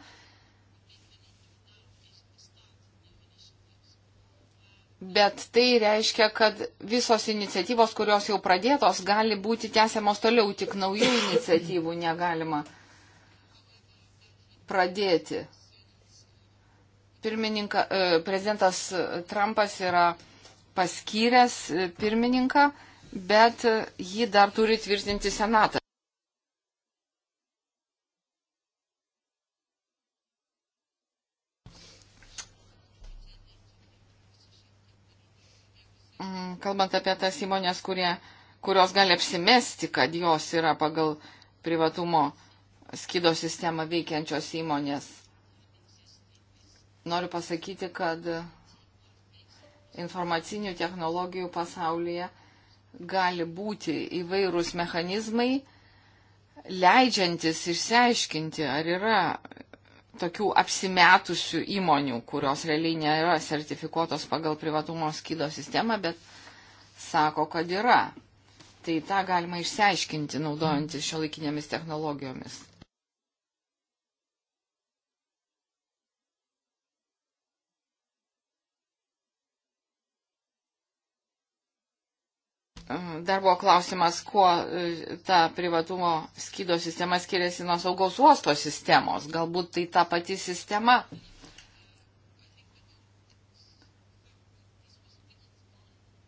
Bet tai reiškia, kad visos iniciatyvos, kurios jau pradėtos, gali būti tęsiamos toliau, tik naujų iniciatyvų negalima pradėti. Pirmininka, e, prezidentas Trumpas yra paskyręs e, pirmininką, bet e, jį dar turi tvirtinti Senatą. Mm, kalbant apie tas įmonės, kurie, kurios gali apsimesti, kad jos yra pagal privatumo skydo sistemą veikiančios įmonės. Noriu pasakyti, kad informacinių technologijų pasaulyje gali būti įvairūs mechanizmai, leidžiantis išsiaiškinti, ar yra tokių apsimetusių įmonių, kurios realiai nėra sertifikuotos pagal privatumo skydo sistemą, bet sako, kad yra. Tai tą galima išsiaiškinti naudojantis šio laikinėmis technologijomis. Dar buvo klausimas, kuo e, ta privatumo skydo sistema skiriasi nuo saugaus uosto sistemos. Galbūt tai ta pati sistema.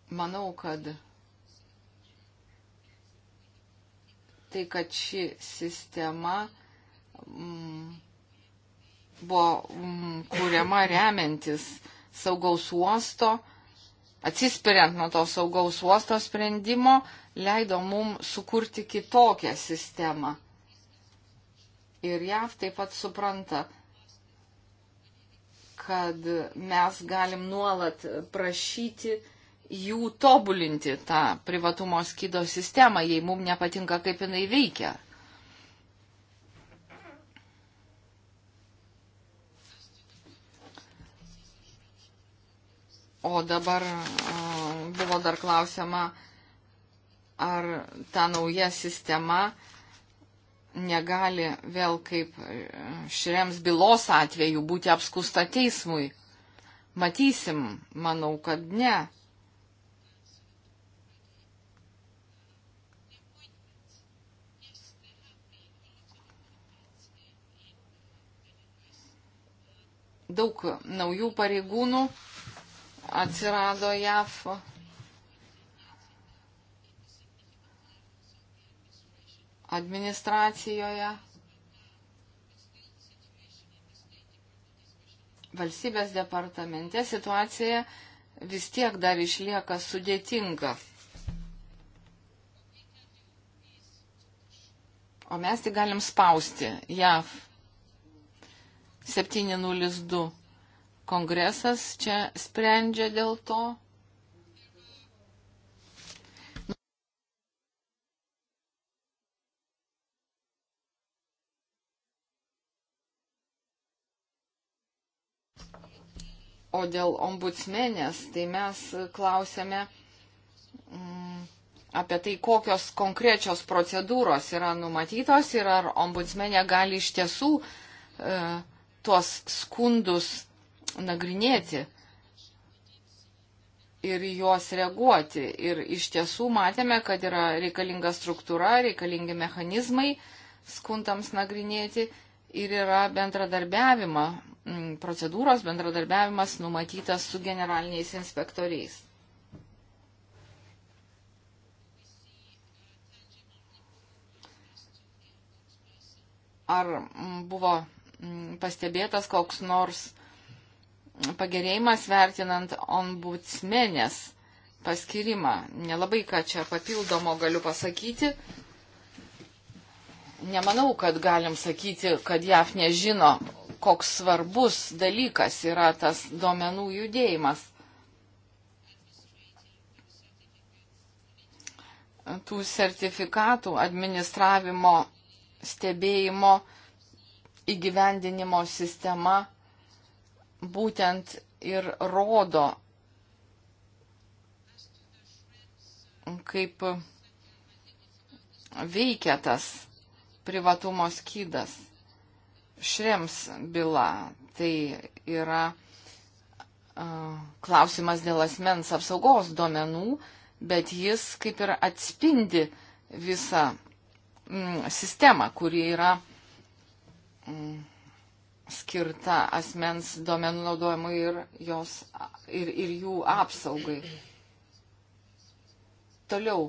Manau, kad tai, kad ši sistema mm, buvo mm, kuriama remiantis saugaus uosto, mm, atsispiriant nuo to saugaus uosto sprendimo, leido mum sukurti kitokią sistemą. Ir JAV taip pat supranta, kad mes galim nuolat prašyti jų tobulinti tą privatumo skydo sistemą, jei mums nepatinka, kaip jinai veikia. O dabar buvo dar klausima, ar ta nauja sistema negali vėl kaip šrems bylos atveju būti apskusta teismui. Matysim, manau, kad ne. Daug naujų pareigūnų atsirado JAF. administracijoje, valstybės departamente situacija vis tiek dar išlieka sudėtinga. O mes tik galim spausti JAV 702 kongresas čia sprendžia dėl to. O dėl ombudsmenės, tai mes klausėme mm, apie tai, kokios konkrečios procedūros yra numatytos ir ar ombudsmenė gali iš tiesų e, tuos skundus nagrinėti ir juos reaguoti. Ir iš tiesų matėme, kad yra reikalinga struktūra, reikalingi mechanizmai skundams nagrinėti ir yra bendradarbiavimo, mm, procedūros bendradarbiavimas numatytas su generaliniais inspektoriais. Ar mm, buvo mm, pastebėtas koks nors pagerėjimas vertinant ombudsmenės paskirimą. Nelabai ką čia papildomo galiu pasakyti. Nemanau, kad galim sakyti, kad JAF nežino, koks svarbus dalykas yra tas duomenų judėjimas. Tų sertifikatų administravimo stebėjimo įgyvendinimo sistema būtent ir rodo, kaip veikia tas privatumo skydas. Šrems byla tai yra uh, klausimas dėl asmens apsaugos duomenų, bet jis kaip ir atspindi visą mm, sistemą, kuri yra mm, skirta asmens duomenų naudojimui ir, jos, ir, ir jų apsaugai. Toliau,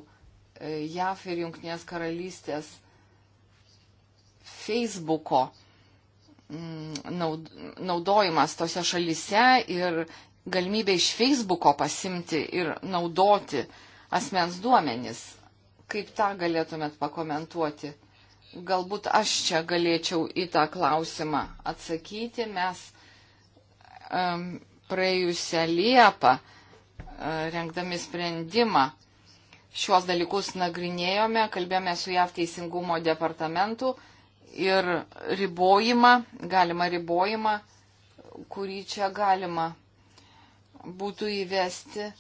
e, JAF ir Junktinės karalystės Facebooko mm, naudojimas tose šalise ir galimybė iš Facebooko pasimti ir naudoti asmens duomenis. Kaip tą galėtumėt pakomentuoti? galbūt aš čia galėčiau į tą klausimą atsakyti. Mes um, praėjusią Liepą, uh, rengdami sprendimą, šiuos dalykus nagrinėjome, kalbėjome su JAV teisingumo departamentu ir ribojimą, galima ribojimą, kurį čia galima būtų įvesti.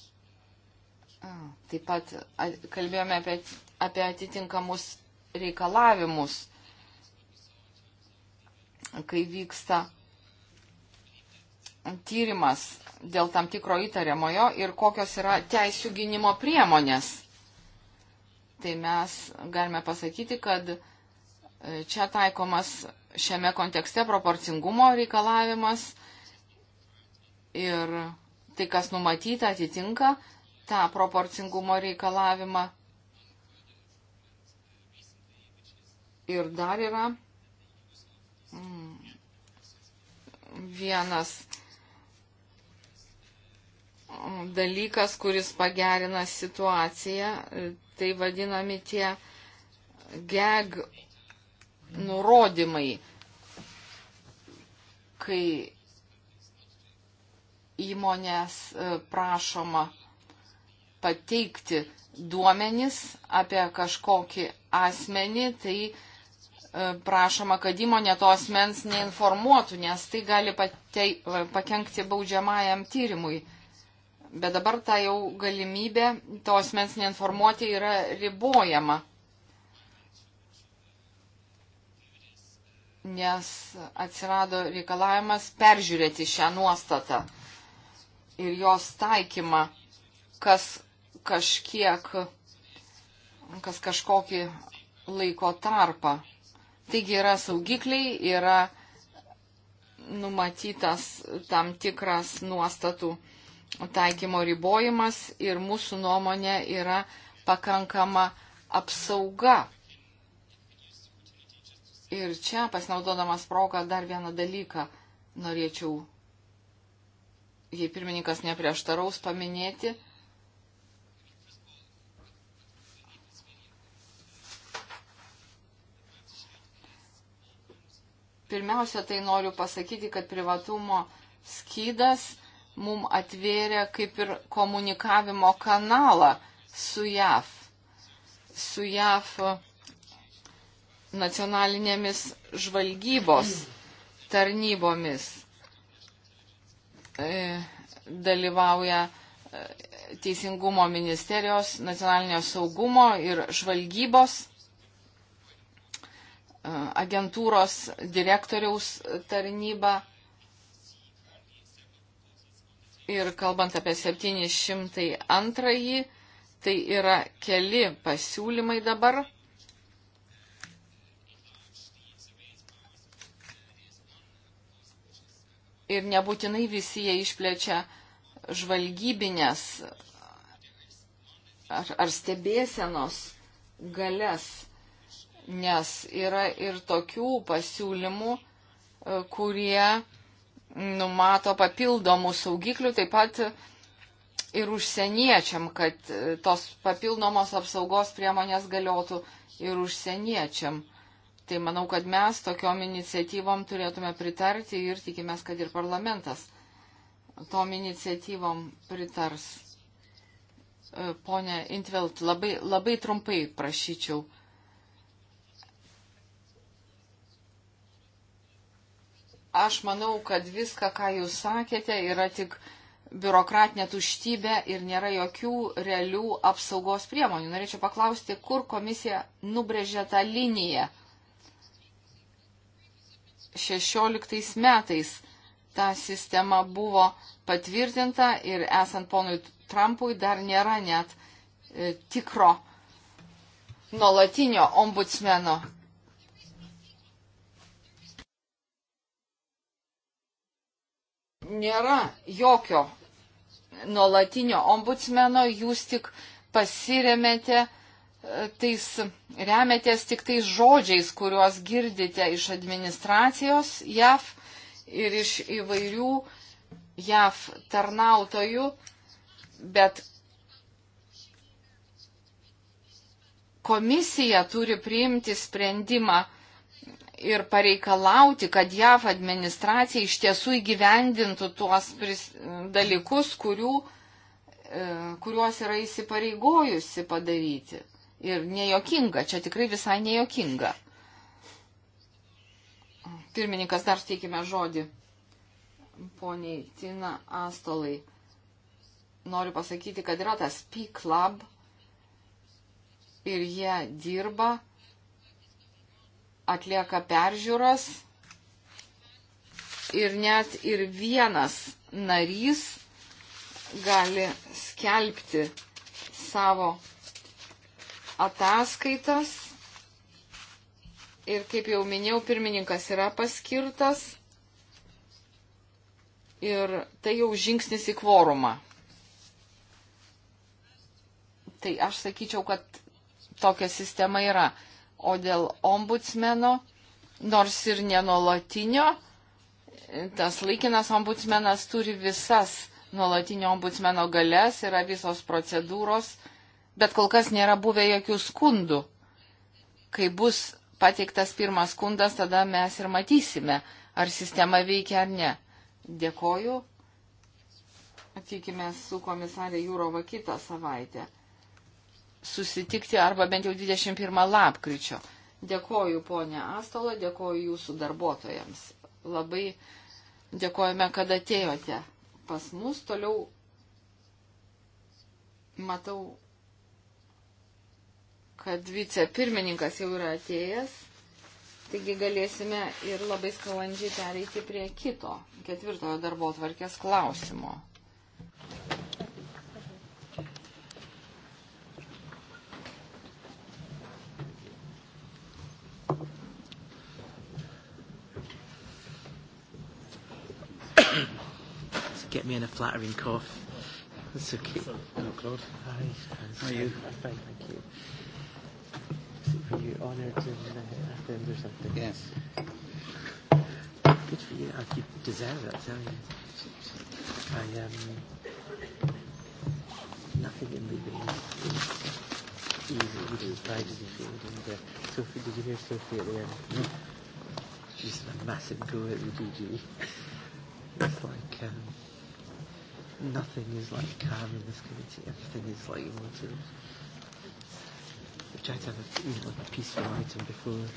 Taip pat kalbėjome apie, apie atitinkamus reikalavimus, kai vyksta tyrimas dėl tam tikro įtariamojo ir kokios yra teisų gynimo priemonės. Tai mes galime pasakyti, kad e, čia taikomas šiame kontekste proporcingumo reikalavimas ir tai, kas numatyta, atitinka tą proporcingumo reikalavimą Ir dar yra mm, vienas mm, dalykas, kuris pagerina situaciją, tai vadinami tie geg nurodymai, kai įmonės e, prašoma pateikti duomenis apie kažkokį asmenį, tai E, prašoma, kad įmonė to asmens neinformuotų, nes tai gali patei, e, pakengti baudžiamajam tyrimui. Bet dabar ta jau galimybė to asmens neinformuoti yra ribojama. Nes atsirado reikalavimas peržiūrėti šią nuostatą ir jos taikymą, kas kažkiek, kas kažkokį laiko tarpą. Taigi yra saugikliai, yra numatytas tam tikras nuostatų taikymo ribojimas ir mūsų nuomonė yra pakankama apsauga. Ir čia, pasinaudodamas progą, dar vieną dalyką norėčiau, jei pirmininkas neprieštaraus, paminėti. Pirmiausia, tai noriu pasakyti, kad privatumo skydas mum atvėrė kaip ir komunikavimo kanalą su JAV, su JAV nacionalinėmis žvalgybos tarnybomis. E, dalyvauja e, Teisingumo ministerijos, nacionalinio saugumo ir žvalgybos agentūros direktoriaus tarnybą. Ir kalbant apie 702, tai yra keli pasiūlymai dabar. Ir nebūtinai visi jie išplečia žvalgybinės ar, ar stebėsenos galės nes yra ir tokių pasiūlymų, e, kurie numato papildomų saugiklių taip pat ir užsieniečiam, kad e, tos papildomos apsaugos priemonės galiotų ir užsieniečiam. Tai manau, kad mes tokiom iniciatyvom turėtume pritarti ir tikimės, kad ir parlamentas tom iniciatyvom pritars. E, pone Intvelt, labai, labai trumpai prašyčiau Aš manau, kad viską, ką jūs sakėte, yra tik biurokratinė tuštybė ir nėra jokių realių apsaugos priemonių. Norėčiau paklausti, kur komisija nubrėžė tą liniją. 16 metais ta sistema buvo patvirtinta ir esant ponui Trumpui dar nėra net e, tikro nuolatinio ombudsmeno nėra jokio nuolatinio ombudsmeno, jūs tik pasiremėte e, tais, remetės tik tais žodžiais, kuriuos girdite iš administracijos JAV ir iš įvairių JAV tarnautojų, bet komisija turi priimti sprendimą ir pareikalauti, kad JAV administracija iš tiesų įgyvendintų tuos pris, dalykus, kurių, e, kuriuos yra įsipareigojusi padaryti. Ir nejokinga, čia tikrai visai nejokinga. Pirmininkas, dar steikime žodį. Poniai Tina Astolai, noriu pasakyti, kad yra tas P-Club ir jie dirba atlieka peržiūras ir net ir vienas narys gali skelbti savo ataskaitas. Ir kaip jau minėjau, pirmininkas yra paskirtas. Ir tai jau žingsnis į kvorumą. Tai aš sakyčiau, kad tokia sistema yra. O dėl ombudsmeno, nors ir nenolatinio, tas laikinas ombudsmenas turi visas nuolatinio ombudsmeno galės, yra visos procedūros, bet kol kas nėra buvę jokių skundų. Kai bus pateiktas pirmas skundas, tada mes ir matysime, ar sistema veikia ar ne. Dėkoju. Atvykime su komisarė Jūrova kitą savaitę susitikti arba bent jau 21 lapkričio. Dėkoju ponė Astolo, dėkoju jūsų darbuotojams. Labai dėkojame, kad atėjote pas mus. Toliau matau, kad vicepirmininkas jau yra atėjęs. Taigi galėsime ir labai sklandžiai pereiti prie kito, ketvirtojo darbo tvarkės klausimo. get me in a flattering cough. That's okay. Hello, Claude. Hi. How are you? Fine, thank you. Were you honoured in uh, Athens or something? Yes. Good for you. I, oh, you deserve it, I tell you. I, um, nothing in leaving is easy. You just died as you feel. And, uh, Sophie, did you hear Sophie at the end? No. She's a massive go at the DG. It's like, um, nothing is like calm in this committee. Everything is like emotive. We try to have a, you know, a peaceful item before.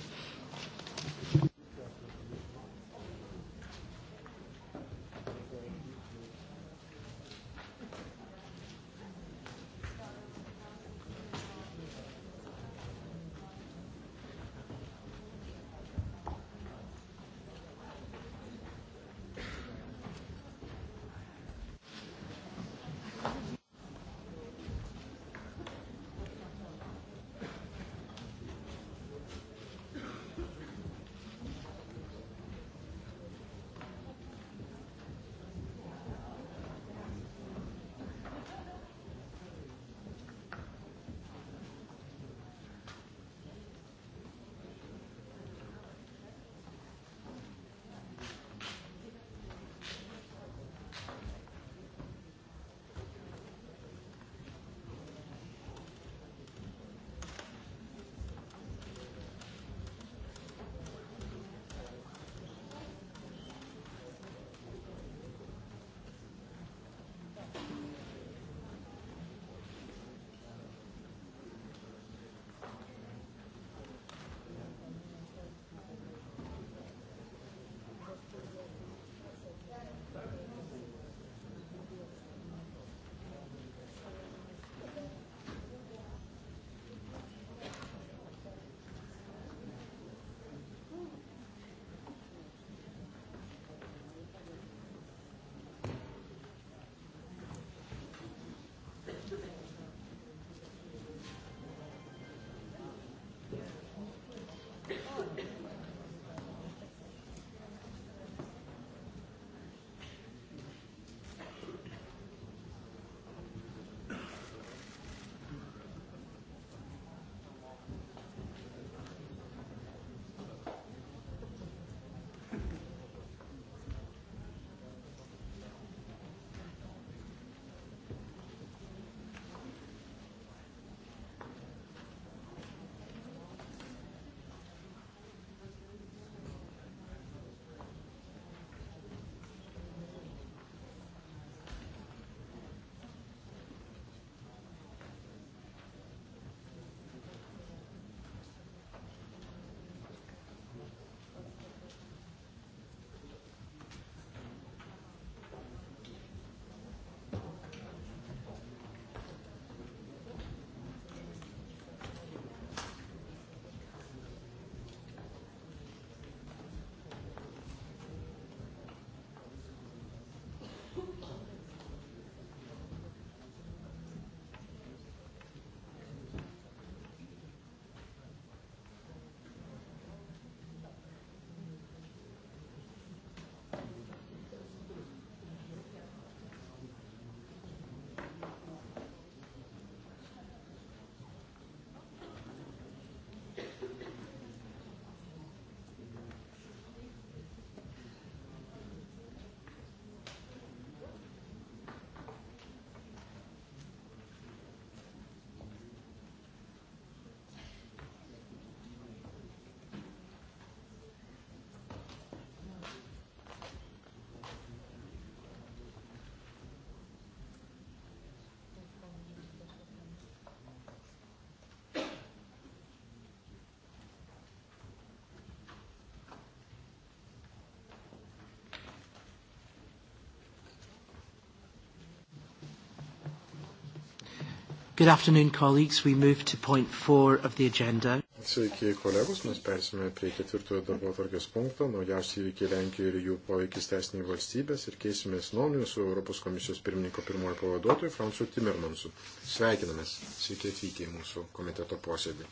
Good afternoon, colleagues. We move to point four of the agenda. Sveiki, kolegos. Mes persime prie ketvirtojo darbo tvarkės punkto. Naujausi įvykiai Lenkijoje ir jų poveikis teisiniai valstybės ir keisimės nuomonės su Europos komisijos pirmininko pirmojo pavaduotoju Fransu Timmermansu. Sveikinamės. Sveiki atvykę į mūsų komiteto posėdį.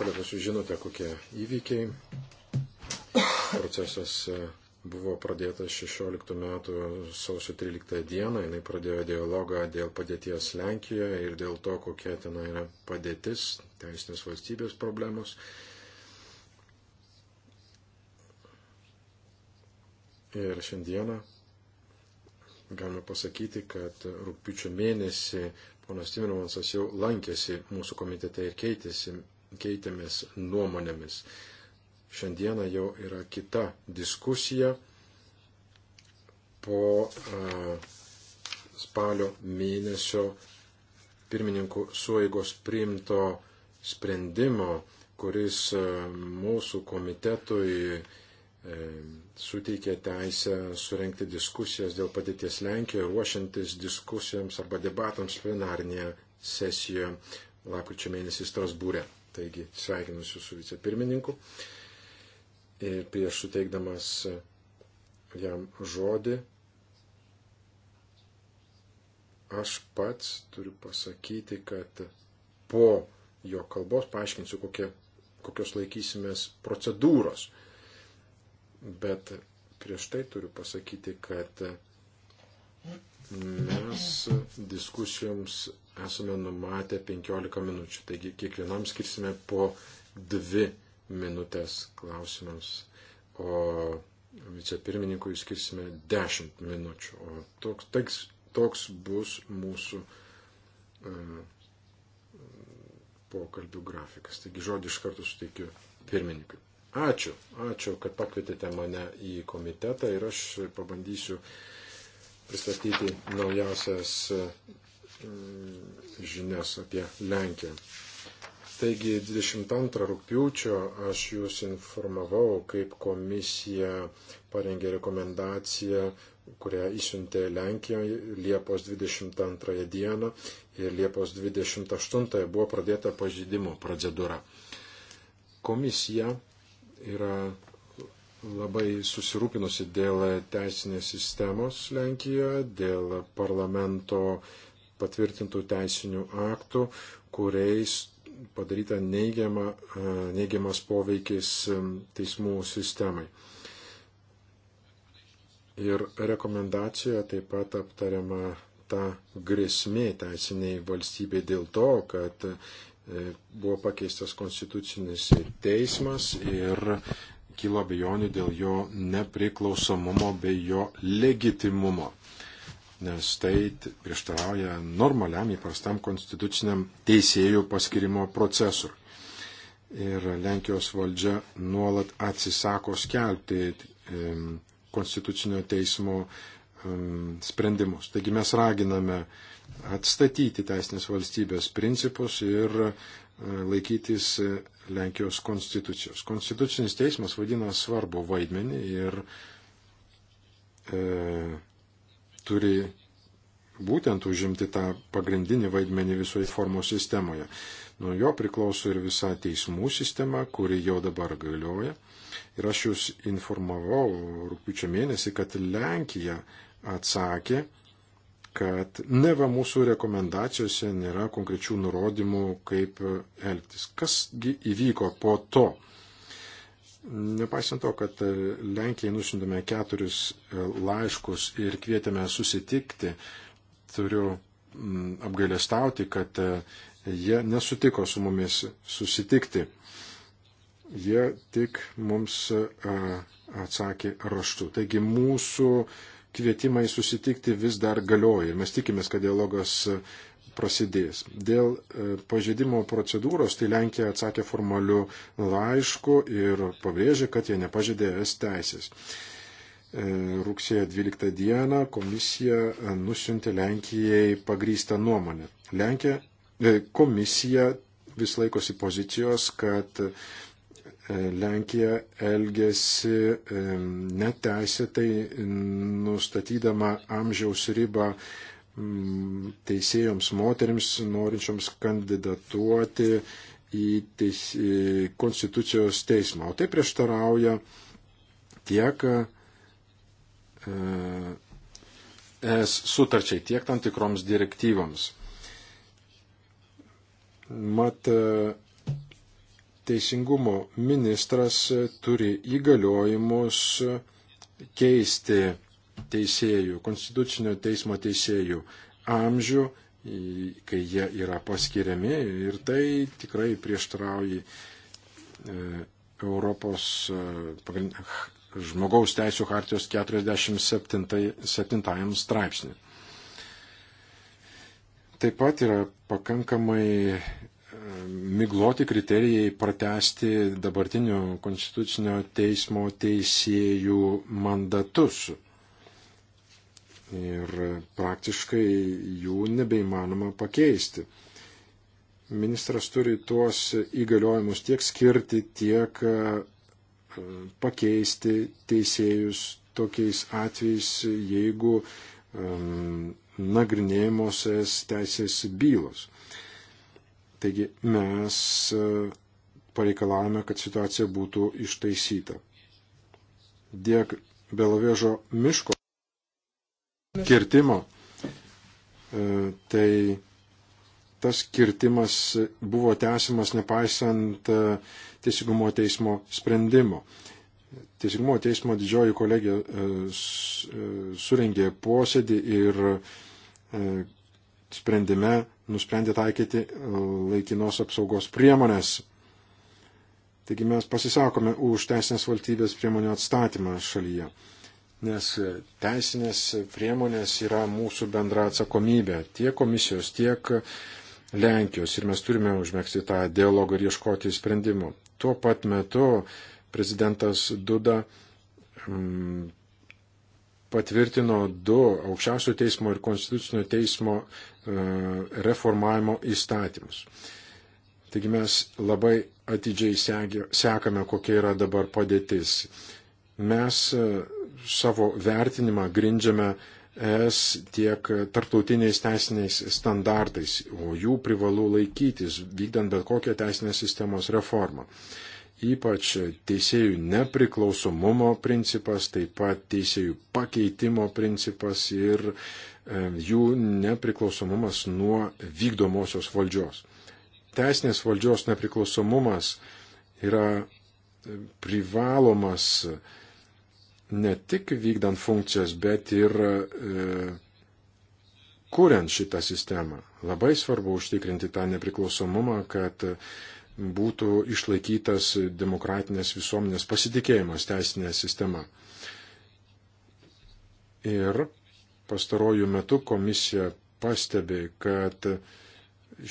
Kolegos, jūs žinote, kokie įvykiai. Procesas e, buvo pradėta 16 metų sausio 13 dieną, jinai pradėjo dialogą dėl padėties Lenkijoje ir dėl to, kokia ten yra padėtis, teisinės valstybės problemos. Ir šiandieną galime pasakyti, kad rūpiučio mėnesį ponas Timirmansas jau lankėsi mūsų komitete ir keitėsi, keitėmės nuomonėmis. Šiandieną jau yra kita diskusija po spalio mėnesio pirmininkų sueigos priimto sprendimo, kuris mūsų komitetui e, suteikė teisę surenkti diskusijas dėl padėties Lenkijoje, ruošiantis diskusijoms arba debatams plenarnėje sesijoje lapkričio mėnesį Strasbūrė. Taigi sveikinusiu su vicepirmininku. E, prieš suteikdamas jam žodį, aš pats turiu pasakyti, kad po jo kalbos paaiškinsiu, kokie, kokios laikysimės procedūros. Bet prieš tai turiu pasakyti, kad mes diskusijoms esame numatę 15 minučių, taigi kiekvienam skirsime po 2 minutės klausimams, o vicepirmininkui skirsime 10 minučių. O toks, toks, toks bus mūsų uh, pokalbių grafikas. Taigi žodį iš karto suteikiu pirmininkui. Ačiū, ačiū, kad pakvietėte mane į komitetą ir aš pabandysiu pristatyti naujausias e, žinias apie Lenkiją. Taigi 22 rūpiučio aš jūs informavau, kaip komisija parengė rekomendaciją, kurią įsiuntė Lenkijoje Liepos 22 dieną ir Liepos 28 buvo pradėta pažydimo procedūra. Komisija yra labai susirūpinusi dėl teisinės sistemos Lenkijoje, dėl parlamento patvirtintų teisinių aktų, kuriais padaryta neigiama, e, neigiamas poveikis e, teismų sistemai. Ir rekomendacijoje taip pat aptariama ta grėsmė teisiniai valstybė dėl to, kad e, buvo pakeistas konstitucinis teismas ir kilo abejonių dėl jo nepriklausomumo bei jo legitimumo nes tai prieštarauja normaliam įprastam konstituciniam teisėjų paskirimo procesui. Ir Lenkijos valdžia nuolat atsisako skelbti konstitucinio teismo sprendimus. Taigi mes raginame atstatyti teisinės valstybės principus ir e, laikytis e, Lenkijos konstitucijos. Konstitucinis teismas vadina svarbu vaidmenį ir e, turi būtent užimti tą pagrindinį vaidmenį visoje formos sistemoje. Nuo jo priklauso ir visa teismų sistema, kuri jau dabar galioja. Ir aš jūs informavau rūpiučio mėnesį, kad Lenkija atsakė, kad neva mūsų rekomendacijose nėra konkrečių nurodymų, kaip elgtis. Kasgi įvyko po to? Nepaisant to, kad Lenkijai nusintėme keturis e, laiškus ir kvietėme susitikti, turiu mm, apgailestauti, kad e, jie nesutiko su mumis susitikti. Jie tik mums e, atsakė raštu. Taigi mūsų kvietimai susitikti vis dar galioja ir mes tikimės, kad dialogas prasidės. Dėl e, pažeidimo procedūros tai Lenkija atsakė formaliu laišku ir pabrėžė, kad jie nepažeidė es teisės. E, Rūksėjo 12 dieną komisija nusintė Lenkijai pagrystą nuomonę. Lenkija, e, komisija vis laikosi pozicijos, kad Lenkija elgesi neteisėtai nustatydama amžiaus ribą Mm, teisėjoms moteriams, norinčioms kandidatuoti į teis, į konstitucijos teismą. O tai prieštarauja tiek e, es sutarčiai, tiek tam tikroms direktyvams. Mat, e, teisingumo ministras turi įgaliojimus keisti teisėjų, konstitucinio teismo teisėjų amžių, kai jie yra paskiriami ir tai tikrai prieštrauja e, Europos e, žmogaus teisų hartijos 47 straipsnį. Taip pat yra pakankamai e, migloti kriterijai pratesti dabartinio konstitucinio teismo teisėjų mandatus ir praktiškai jų nebeįmanoma pakeisti. Ministras turi tuos įgaliojimus tiek skirti, tiek e, pakeisti teisėjus tokiais atvejais, jeigu um, nagrinėjimosios teisės bylos. Taigi mes e, pareikalavome, kad situacija būtų ištaisyta. Dėk Belavėžo miško kirtimo, e, tai tas kirtimas buvo tęsimas nepaisant e, Teisingumo teismo sprendimo. Teisingumo teismo didžioji kolegija e, surengė posėdį ir sprendime nusprendė taikyti laikinos apsaugos priemonės. Taigi mes pasisakome už teisinės valstybės priemonių atstatymą šalyje nes teisinės priemonės yra mūsų bendra atsakomybė tiek komisijos, tiek Lenkijos ir mes turime užmėgsti tą dialogą ir ieškoti sprendimų. Tuo pat metu prezidentas Duda mm, patvirtino du aukščiausio teismo ir konstitucinio teismo e, reformavimo įstatymus. Taigi mes labai atidžiai sekame, kokia yra dabar padėtis. Mes e, savo vertinimą grindžiame es tiek tarptautiniais teisiniais standartais, o jų privalu laikytis, vykdant bet kokią teisinės sistemos reformą. Ypač teisėjų nepriklausomumo principas, taip pat teisėjų pakeitimo principas ir e, jų nepriklausomumas nuo vykdomosios valdžios. Teisinės valdžios nepriklausomumas yra privalomas ne tik vykdant funkcijas, bet ir e, kuriant šitą sistemą. Labai svarbu užtikrinti tą nepriklausomumą, kad būtų išlaikytas demokratinės visuomenės pasitikėjimas teisinė sistema. Ir pastarojų metų komisija pastebė, kad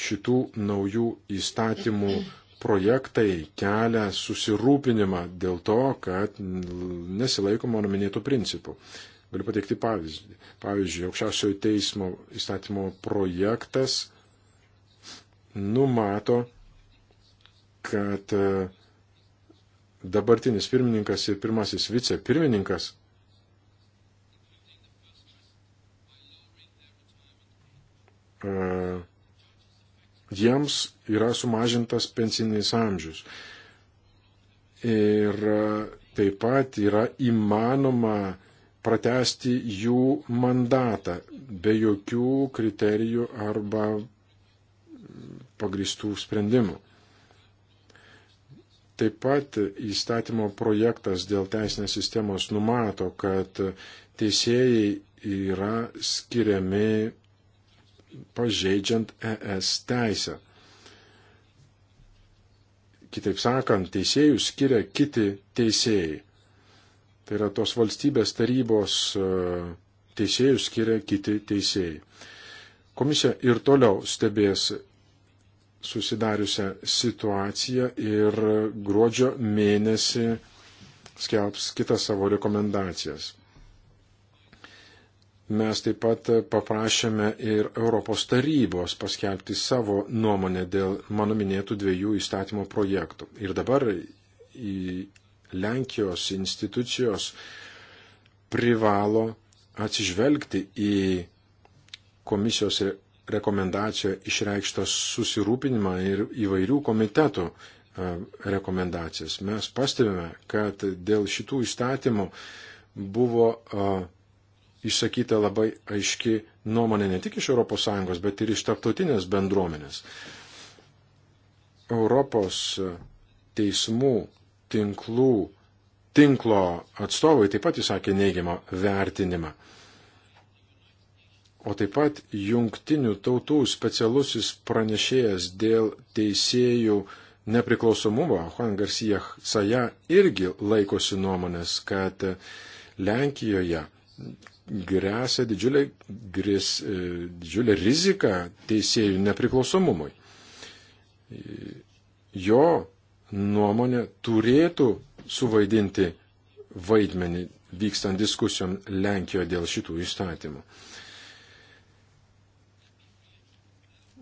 šitų naujų įstatymų projektai kelia susirūpinimą dėl to, kad nesilaikoma mano minėtų principų. Galiu pateikti pavyzdį. Pavyzdžiui, aukščiausiojo teismo įstatymo projektas numato, kad e, dabartinis pirmininkas ir pirmasis vicepirmininkas uh, jiems yra sumažintas pensinis amžius. Ir e, taip pat yra įmanoma pratesti jų mandatą be jokių kriterijų arba pagristų sprendimų. Taip pat įstatymo projektas dėl teisinės sistemos numato, kad teisėjai yra skiriami pažeidžiant ES teisę. Kitaip sakant, teisėjų skiria kiti teisėjai. Tai yra tos valstybės tarybos e, teisėjų skiria kiti teisėjai. Komisija ir toliau stebės susidariusią situaciją ir gruodžio mėnesį skelbs kitas savo rekomendacijas. Mes taip pat paprašėme ir Europos tarybos paskelbti savo nuomonę dėl mano minėtų dviejų įstatymo projektų. Ir dabar į Lenkijos institucijos privalo atsižvelgti į komisijos rekomendaciją išreikštą susirūpinimą ir įvairių komitetų e, rekomendacijas. Mes pastebime, kad dėl šitų įstatymų buvo e, išsakyta labai aiški nuomonė ne tik iš ES, bet ir iš tarptautinės bendruomenės. Europos teismų tinklų, tinklo atstovai taip pat įsakė neigiamą vertinimą. O taip pat jungtinių tautų specialusis pranešėjas dėl teisėjų nepriklausomumo, Juan Garcia Saja, irgi laikosi nuomonės, kad Lenkijoje grėsia didžiulė, grės, e, didžiulė rizika teisėjų nepriklausomumui. Jo nuomonė turėtų suvaidinti vaidmenį vykstant diskusijom Lenkijoje dėl šitų įstatymų.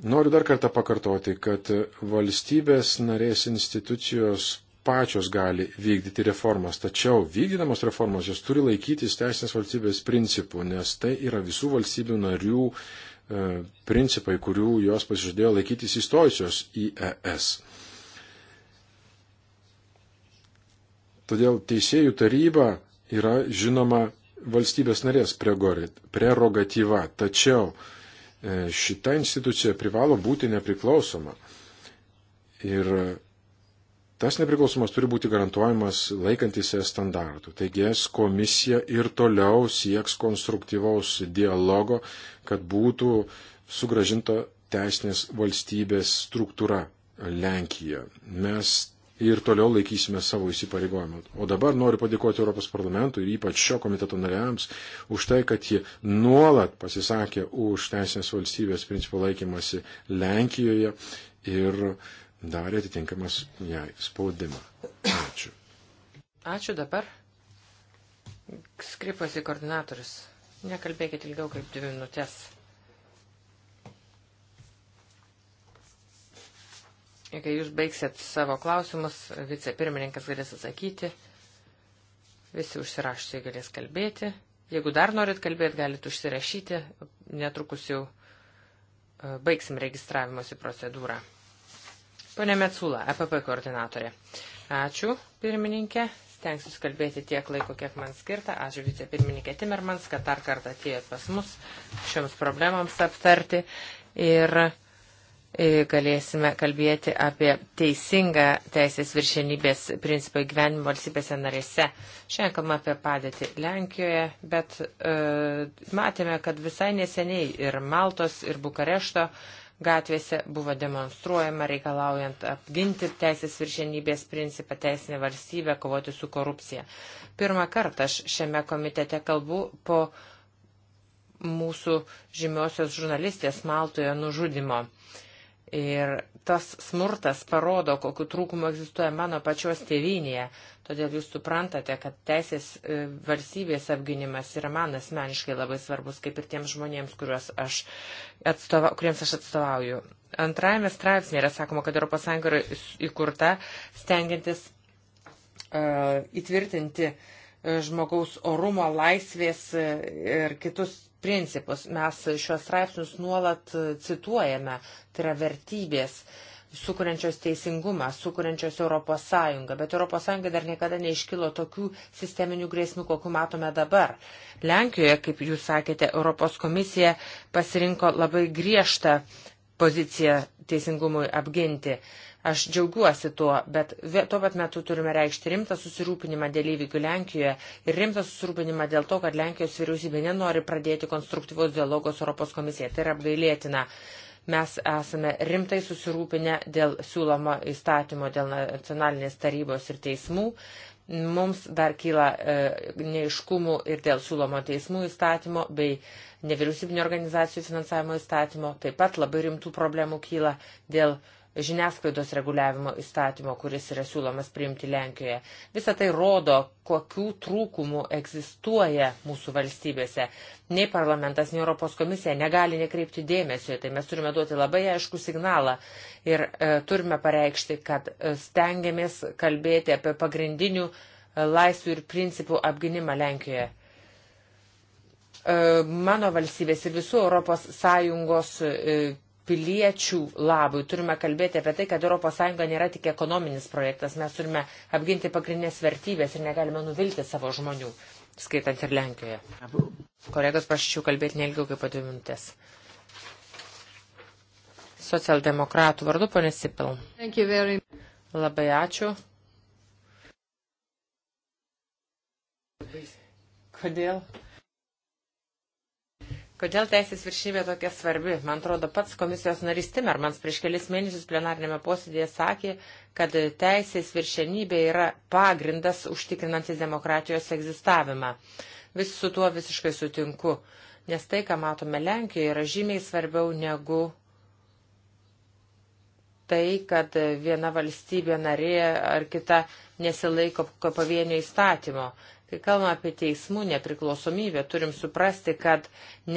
Noriu dar kartą pakartoti, kad valstybės narės institucijos pačios gali vykdyti reformas, tačiau vykdydamos reformas jos turi laikytis teisinės valstybės principų, nes tai yra visų valstybių narių e, principai, kurių jos pasižadėjo laikytis įstojusios į ES. Todėl teisėjų taryba yra žinoma valstybės narės prerogatyva, tačiau e, šita institucija privalo būti nepriklausoma. Ir Tas nepriklausomas turi būti garantuojamas laikantis standartų. Taigi es komisija ir toliau sieks konstruktyvaus dialogo, kad būtų sugražinta teisinės valstybės struktūra Lenkija. Mes ir toliau laikysime savo įsipareigojimą. O dabar noriu padėkoti Europos parlamentui ir ypač šio komiteto nariams už tai, kad jie nuolat pasisakė už teisinės valstybės principų laikymasi Lenkijoje ir uh, darė atitinkamas jai spaudimą. Ačiū. Ačiū dabar. Skripasi koordinatorius. Nekalbėkit ilgiau kaip dvi minutės. Ir kai jūs baigsit savo klausimus, vicepirmininkas galės atsakyti, visi užsirašusiai galės kalbėti. Jeigu dar norit kalbėti, galite užsirašyti, netrukus jau e, baigsim registravimosi procedūrą. Pone Metsula, EPP koordinatorė. Ačiū, pirmininkė. Stengsiu kalbėti tiek laiko, kiek man skirta. Ačiū vicepirmininkė Timermans, kad dar kartą atėjo pas mus šioms problemams aptarti. Ir e, galėsime kalbėti apie teisingą teisės viršenybės principą įgyvenimo valstybėse narėse. Šiandien kalbame apie padėtį Lenkijoje, bet e, matėme, kad visai neseniai ir Maltos, ir Bukarešto gatvėse buvo demonstruojama reikalaujant apginti teisės viršenybės principą, teisinę valstybę, kovoti su korupcija. Pirmą kartą aš šiame komitete kalbu po mūsų žymiosios žurnalistės Maltoje nužudimo. Ir tas smurtas parodo, kokiu trūkumu egzistuoja mano pačios tėvynėje. Todėl jūs suprantate, kad teisės e, valstybės apginimas yra man asmeniškai labai svarbus, kaip ir tiems žmonėms, aš atstova, kuriems aš atstovauju. Antrajame straipsnė yra sakoma, kad ES yra įkurta stengiantis uh, įtvirtinti e, žmogaus orumo, laisvės ir kitus principus. Mes šios straipsnius nuolat cituojame, tai yra vertybės. Uh, sukuriančios teisingumą, sukuriančios Europos Sąjungą. Bet Europos Sąjunga dar niekada neiškilo tokių sisteminių grėsmių, kokiu matome dabar. Lenkijoje, kaip jūs sakėte, Europos komisija pasirinko labai griežtą poziciją teisingumui apginti. Aš džiaugiuosi tuo, bet tuo pat metu turime reikšti rimtą susirūpinimą dėl įvykių Lenkijoje ir rimtą susirūpinimą dėl to, kad Lenkijos vyriausybė nenori pradėti konstruktyvos dialogos Europos komisija. Tai yra apgailėtina. Mes esame rimtai susirūpinę dėl siūlomo įstatymo dėl nacionalinės tarybos ir teismų. Mums dar kyla e, neiškumų ir dėl siūlomo teismų įstatymo bei nevyriausybinio organizacijų finansavimo įstatymo. Taip pat labai rimtų problemų kyla dėl žiniasklaidos reguliavimo įstatymo, kuris yra siūlomas priimti Lenkijoje. Visą tai rodo, kokių trūkumų egzistuoja mūsų valstybėse. Nei parlamentas, nei Europos komisija negali nekreipti dėmesio, tai mes turime duoti labai aišku signalą ir e, turime pareikšti, kad e, stengiamės kalbėti apie pagrindinių e, laisvių ir principų apginimą Lenkijoje. E, mano valstybės ir visų Europos Sąjungos e, piliečių labui. Turime kalbėti apie tai, kad ES nėra tik ekonominis projektas. Mes turime apginti pagrindinės vertybės ir negalime nuvilti savo žmonių, skaitant ir Lenkijoje. Kolegos prašyčiau kalbėti neilgiau kaip po dvi minutės. Socialdemokratų vardu, ponė Sipil. Labai ačiū. Kodėl? Kodėl teisės viršybė tokia svarbi? Man atrodo, pats komisijos narys Timermans prieš kelis mėnesius plenarinėme posėdėje sakė, kad teisės viršenybė yra pagrindas užtikrinantis demokratijos egzistavimą. Vis su tuo visiškai sutinku, nes tai, ką matome Lenkijoje, yra žymiai svarbiau negu tai, kad viena valstybė narė ar kita nesilaiko pavienio įstatymo. Kai kalbame apie teismų nepriklausomybę, turim suprasti, kad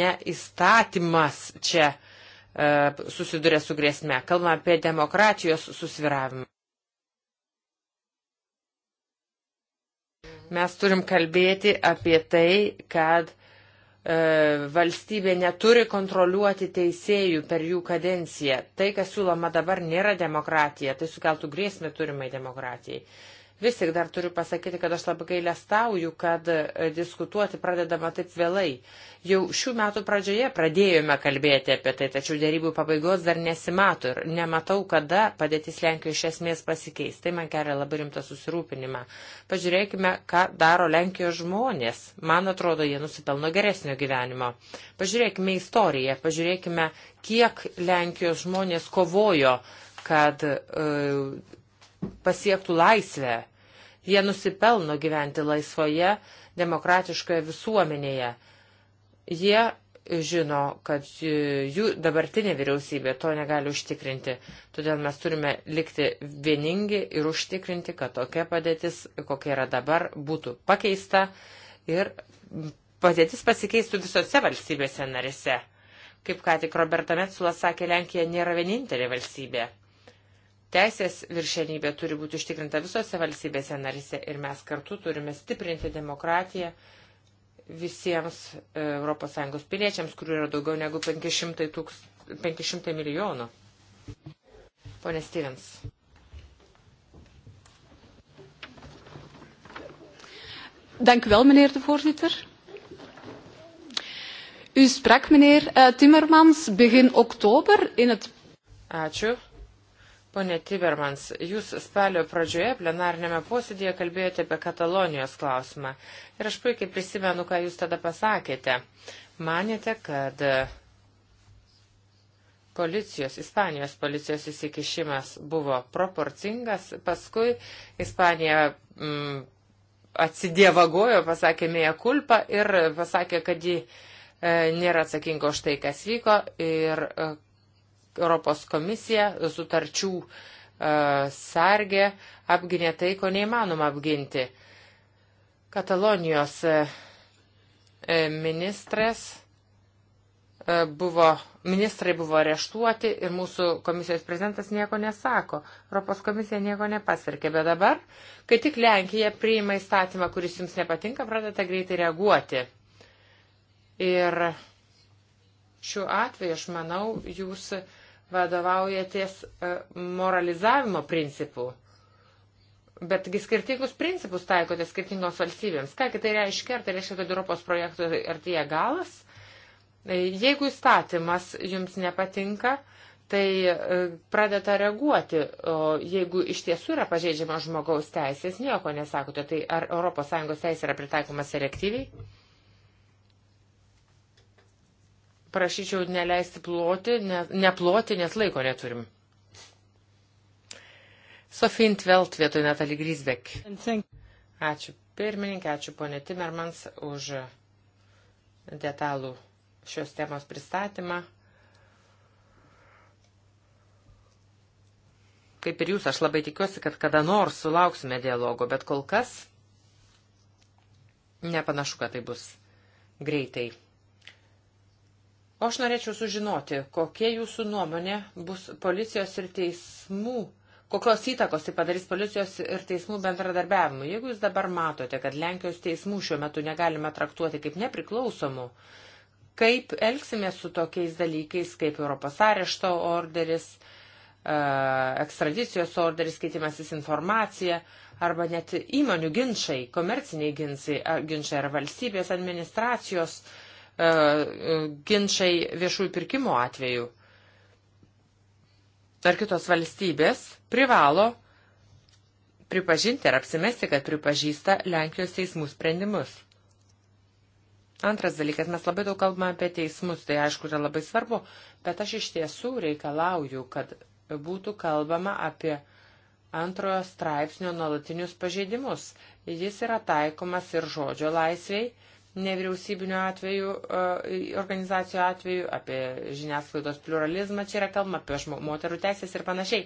ne įstatymas čia e, susiduria su grėsme. Kalbame apie demokratijos susviravimą. Mes turim kalbėti apie tai, kad e, valstybė neturi kontroliuoti teisėjų per jų kadenciją. Tai, kas siūloma dabar, nėra demokratija. Tai sukeltų grėsmę turimai demokratijai. Vis tik dar turiu pasakyti, kad aš labai gailestauju, kad e, diskutuoti pradedama taip vėlai. Jau šių metų pradžioje pradėjome kalbėti apie tai, tačiau dėrybų pabaigos dar nesimato ir nematau, kada padėtis Lenkijoje iš esmės pasikeis. Tai man kelia labai rimtą susirūpinimą. Pažiūrėkime, ką daro Lenkijos žmonės. Man atrodo, jie nusipelno geresnio gyvenimo. Pažiūrėkime istoriją, pažiūrėkime, kiek Lenkijos žmonės kovojo kad uh, e, pasiektų laisvę. Jie nusipelno gyventi laisvoje, demokratiškoje visuomenėje. Jie žino, kad jų dabartinė vyriausybė to negali užtikrinti. Todėl mes turime likti vieningi ir užtikrinti, kad tokia padėtis, kokia yra dabar, būtų pakeista ir padėtis pasikeistų visose valstybėse narise. Kaip ką tik Roberta Metsula sakė, Lenkija nėra vienintelė valstybė. Teisės viršenybė turi būti užtikrinta visose valstybėse narise ir mes kartu turime stiprinti demokratiją visiems e, ES piliečiams, kurių yra daugiau negu 500, tūks, 500 milijonų. Pone Stevens. Dank u wel, meneer de voorzitter. U sprak, meneer uh, Timmermans, begin oktober in het. Ačiū. Pone Tibermans, jūs spalio pradžioje plenarnėme posėdėje kalbėjote apie Katalonijos klausimą. Ir aš puikiai prisimenu, ką jūs tada pasakėte. Manėte, kad policijos, Ispanijos policijos įsikišimas buvo proporcingas, paskui Ispanija mm, atsidievagojo, pasakė mėja kulpą ir pasakė, kad ji e, nėra atsakinga už tai, kas vyko ir e, Europos komisija, sutarčių e, sargė apginė tai, ko neįmanoma apginti. Katalonijos e, e, ministras e, buvo, ministrai buvo areštuoti ir mūsų komisijos prezidentas nieko nesako. Europos komisija nieko nepasverkė, bet dabar, kai tik Lenkija priima įstatymą, kuris jums nepatinka, pradeda greitai reaguoti. Ir šiuo atveju, aš manau, jūs uh, vadovaujatės e, moralizavimo principų. Betgi skirtingus principus taikote skirtingoms valstybėms. Ką kitai reiškia? Ar tai reiškia, kad Europos projektų artėja galas? E, jeigu įstatymas jums nepatinka, tai e, pradeda reaguoti, o jeigu iš tiesų yra pažeidžiama žmogaus teisės, nieko nesakote, tai ar ES teisė yra pritaikoma selektyviai? prašyčiau neleisti ploti, ne, neploti, nes laiko neturim. Sofint Velt vietoj Natalie Grisbek. Ačiū pirmininkė, ačiū ponė Timermans už detalų šios temos pristatymą. Kaip ir jūs, aš labai tikiuosi, kad kada nors sulauksime dialogo, bet kol kas nepanašu, kad tai bus greitai. Aš norėčiau sužinoti, kokie jūsų nuomonė bus policijos ir teismų, kokios įtakos tai padarys policijos ir teismų bendradarbiavimui. Jeigu jūs dabar matote, kad Lenkijos teismų šiuo metu negalime traktuoti kaip nepriklausomų, kaip elgsime su tokiais dalykais kaip Europos arešto orderis, e, ekstradicijos orderis, keitimasis informacija arba net įmonių ginčiai, komerciniai ginčiai, ginčiai ar valstybės administracijos uh, E, e, ginčiai viešųjų pirkimų atveju. Ar kitos valstybės privalo pripažinti ar apsimesti, kad pripažįsta Lenkijos teismų sprendimus. Antras dalykas, mes labai daug kalbame apie teismus, tai aišku yra labai svarbu, bet aš iš tiesų reikalauju, kad būtų kalbama apie antrojo straipsnio nuolatinius pažeidimus. Jis yra taikomas ir žodžio laisviai, nevyriausybinių atveju, e, organizacijų atveju, apie žiniasklaidos pluralizmą, čia yra kalbama apie moterų teisės ir panašiai.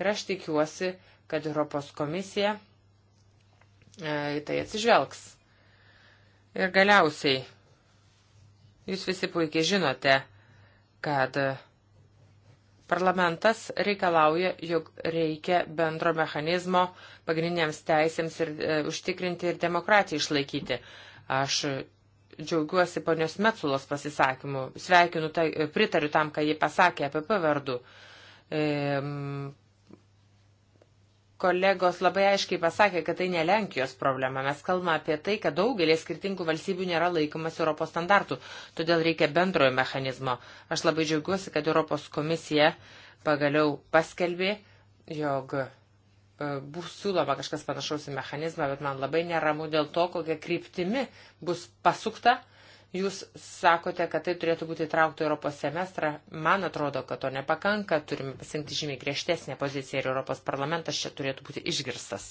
Ir aš tikiuosi, kad Europos komisija e, į tai atsižvelgs. Ir galiausiai, jūs visi puikiai žinote, kad Parlamentas reikalauja, jog reikia bendro mechanizmo pagrindiniams teisėms ir e, užtikrinti ir demokratiją išlaikyti. Aš džiaugiuosi ponios Metsulos pasisakymu. Sveikinu, tai, e, pritariu tam, ką ji pasakė apie pavardų. E, kolegos labai aiškiai pasakė, kad tai ne Lenkijos problema. Mes kalbame apie tai, kad daugelį skirtingų valstybių nėra laikomas Europos standartų, todėl reikia bendrojo mechanizmo. Aš labai džiaugiuosi, kad Europos komisija pagaliau paskelbė, jog E, bus siūloma kažkas panašaus į mechanizmą, bet man labai neramu dėl to, kokia kryptimi bus pasukta. Jūs sakote, kad tai turėtų būti įtraukta Europos semestrą. Man atrodo, kad to nepakanka. Turime pasirinkti žymiai griežtesnę poziciją ir Europos parlamentas čia turėtų būti išgirstas.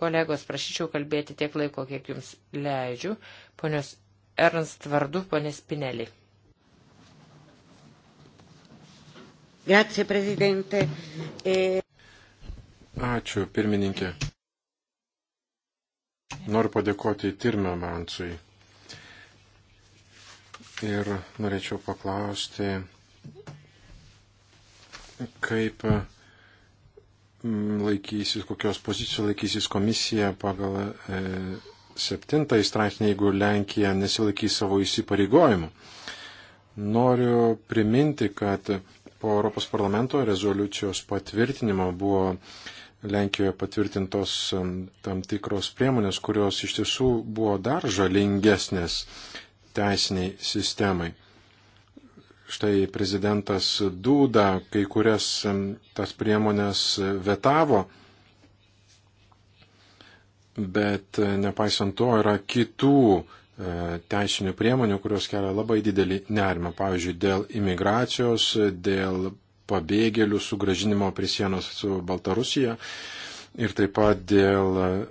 Kolegos, prašyčiau kalbėti tiek laiko, kiek jums leidžiu. Ponios Ernst vardu, ponės Pinelį. Grazie, prezidente. E... Ačiū, pirmininkė. Noriu padėkoti Tirmemansui. Ir norėčiau paklausti, kaip mm, laikysis, kokios pozicijos laikysis komisija pagal e, septintąjį straipsnį, jeigu Lenkija nesilaikys savo įsipareigojimų. Noriu priminti, kad po Europos parlamento rezoliucijos patvirtinimo buvo Lenkijoje patvirtintos um, tam tikros priemonės, kurios iš tiesų buvo dar žalingesnės teisiniai sistemai. Štai prezidentas Dūda kai kurias um, tas priemonės vetavo, bet uh, nepaisant to yra kitų uh, teisinių priemonių, kurios kelia labai didelį nerimą, pavyzdžiui, dėl imigracijos, dėl pabėgėlių sugražinimo prie sienos su Baltarusija ir taip pat dėl e,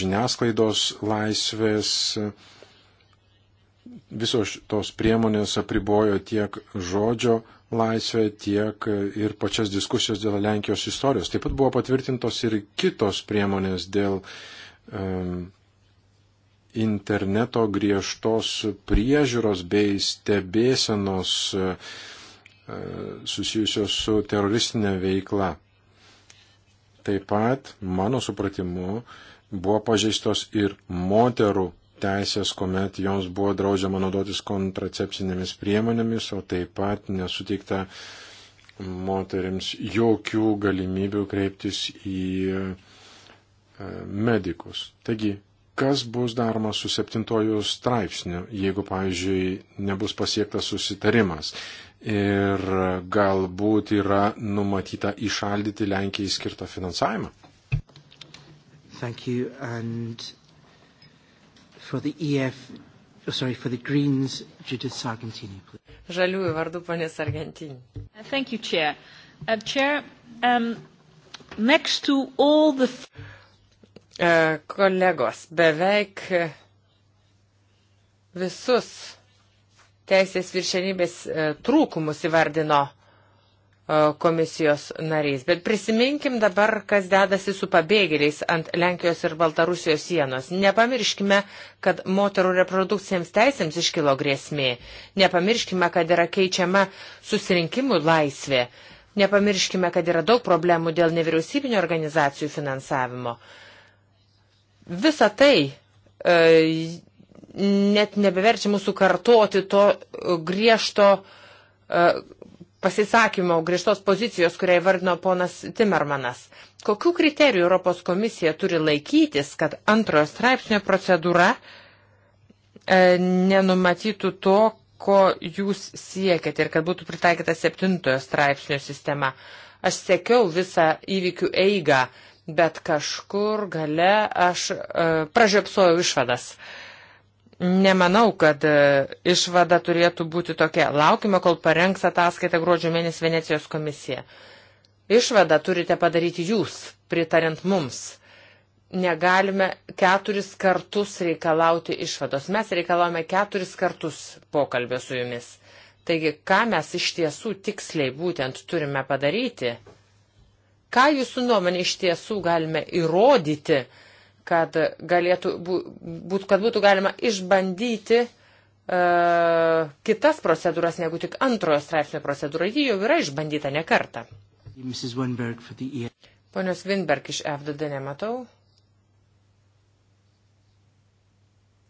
žiniasklaidos laisvės. Visos tos priemonės apribojo tiek žodžio laisvę, tiek ir pačias diskusijas dėl Lenkijos istorijos. Taip pat buvo patvirtintos ir kitos priemonės dėl um, interneto griežtos priežiūros bei stebėsenos uh, E, susijusios su teroristinė veikla. Taip pat, mano supratimu, buvo pažeistos ir moterų teisės, kuomet joms buvo draudžiama naudotis kontracepcinėmis priemonėmis, o taip pat nesuteikta moteriams jokių galimybių kreiptis į e, medikus. Taigi, kas bus daroma su septintojų straipsniu, jeigu, pavyzdžiui, nebus pasiektas susitarimas? ir galbūt yra numatyta išaldyti Lenkijai skirtą finansavimą. EF, e oh, sorry, Greens, Žaliųjų vardu ponės Argentinį. Thank you, Chair. Uh, chair, um, next to all the... Uh, kolegos, beveik visus teisės viršenybės e, trūkumus įvardino e, komisijos nariais. Bet prisiminkim dabar, kas dedasi su pabėgėliais ant Lenkijos ir Baltarusijos sienos. Nepamirškime, kad moterų reprodukcijams teisėms iškilo grėsmė. Nepamirškime, kad yra keičiama susirinkimų laisvė. Nepamirškime, kad yra daug problemų dėl nevyriausybinio organizacijų finansavimo. Visa tai e, net nebeverčia mūsų kartoti to e, griežto e, pasisakymo, griežtos pozicijos, kurią įvardino ponas Timermanas. Kokių kriterijų Europos komisija turi laikytis, kad antrojo straipsnio procedūra e, nenumatytų to, ko jūs siekėte ir kad būtų pritaikyta septintojo straipsnio sistema? Aš sekiau visą įvykių eigą, bet kažkur gale aš e, pražiopsojau išvadas. E, Nemanau, kad e, išvada turėtų būti tokia. Laukime, kol parengs ataskaitą gruodžio mėnesį Venecijos komisija. Išvada turite padaryti jūs, pritarint mums. Negalime keturis kartus reikalauti išvados. Mes reikalavome keturis kartus pokalbio su jumis. Taigi, ką mes iš tiesų tiksliai būtent turime padaryti? Ką jūsų nuomonė iš tiesų galime įrodyti? kad, galėtų, būt, kad būtų galima išbandyti uh, kitas procedūras negu tik antrojo straipsnio procedūra. Ji jau yra išbandyta ne kartą. E Ponios Winberg iš FDD nematau.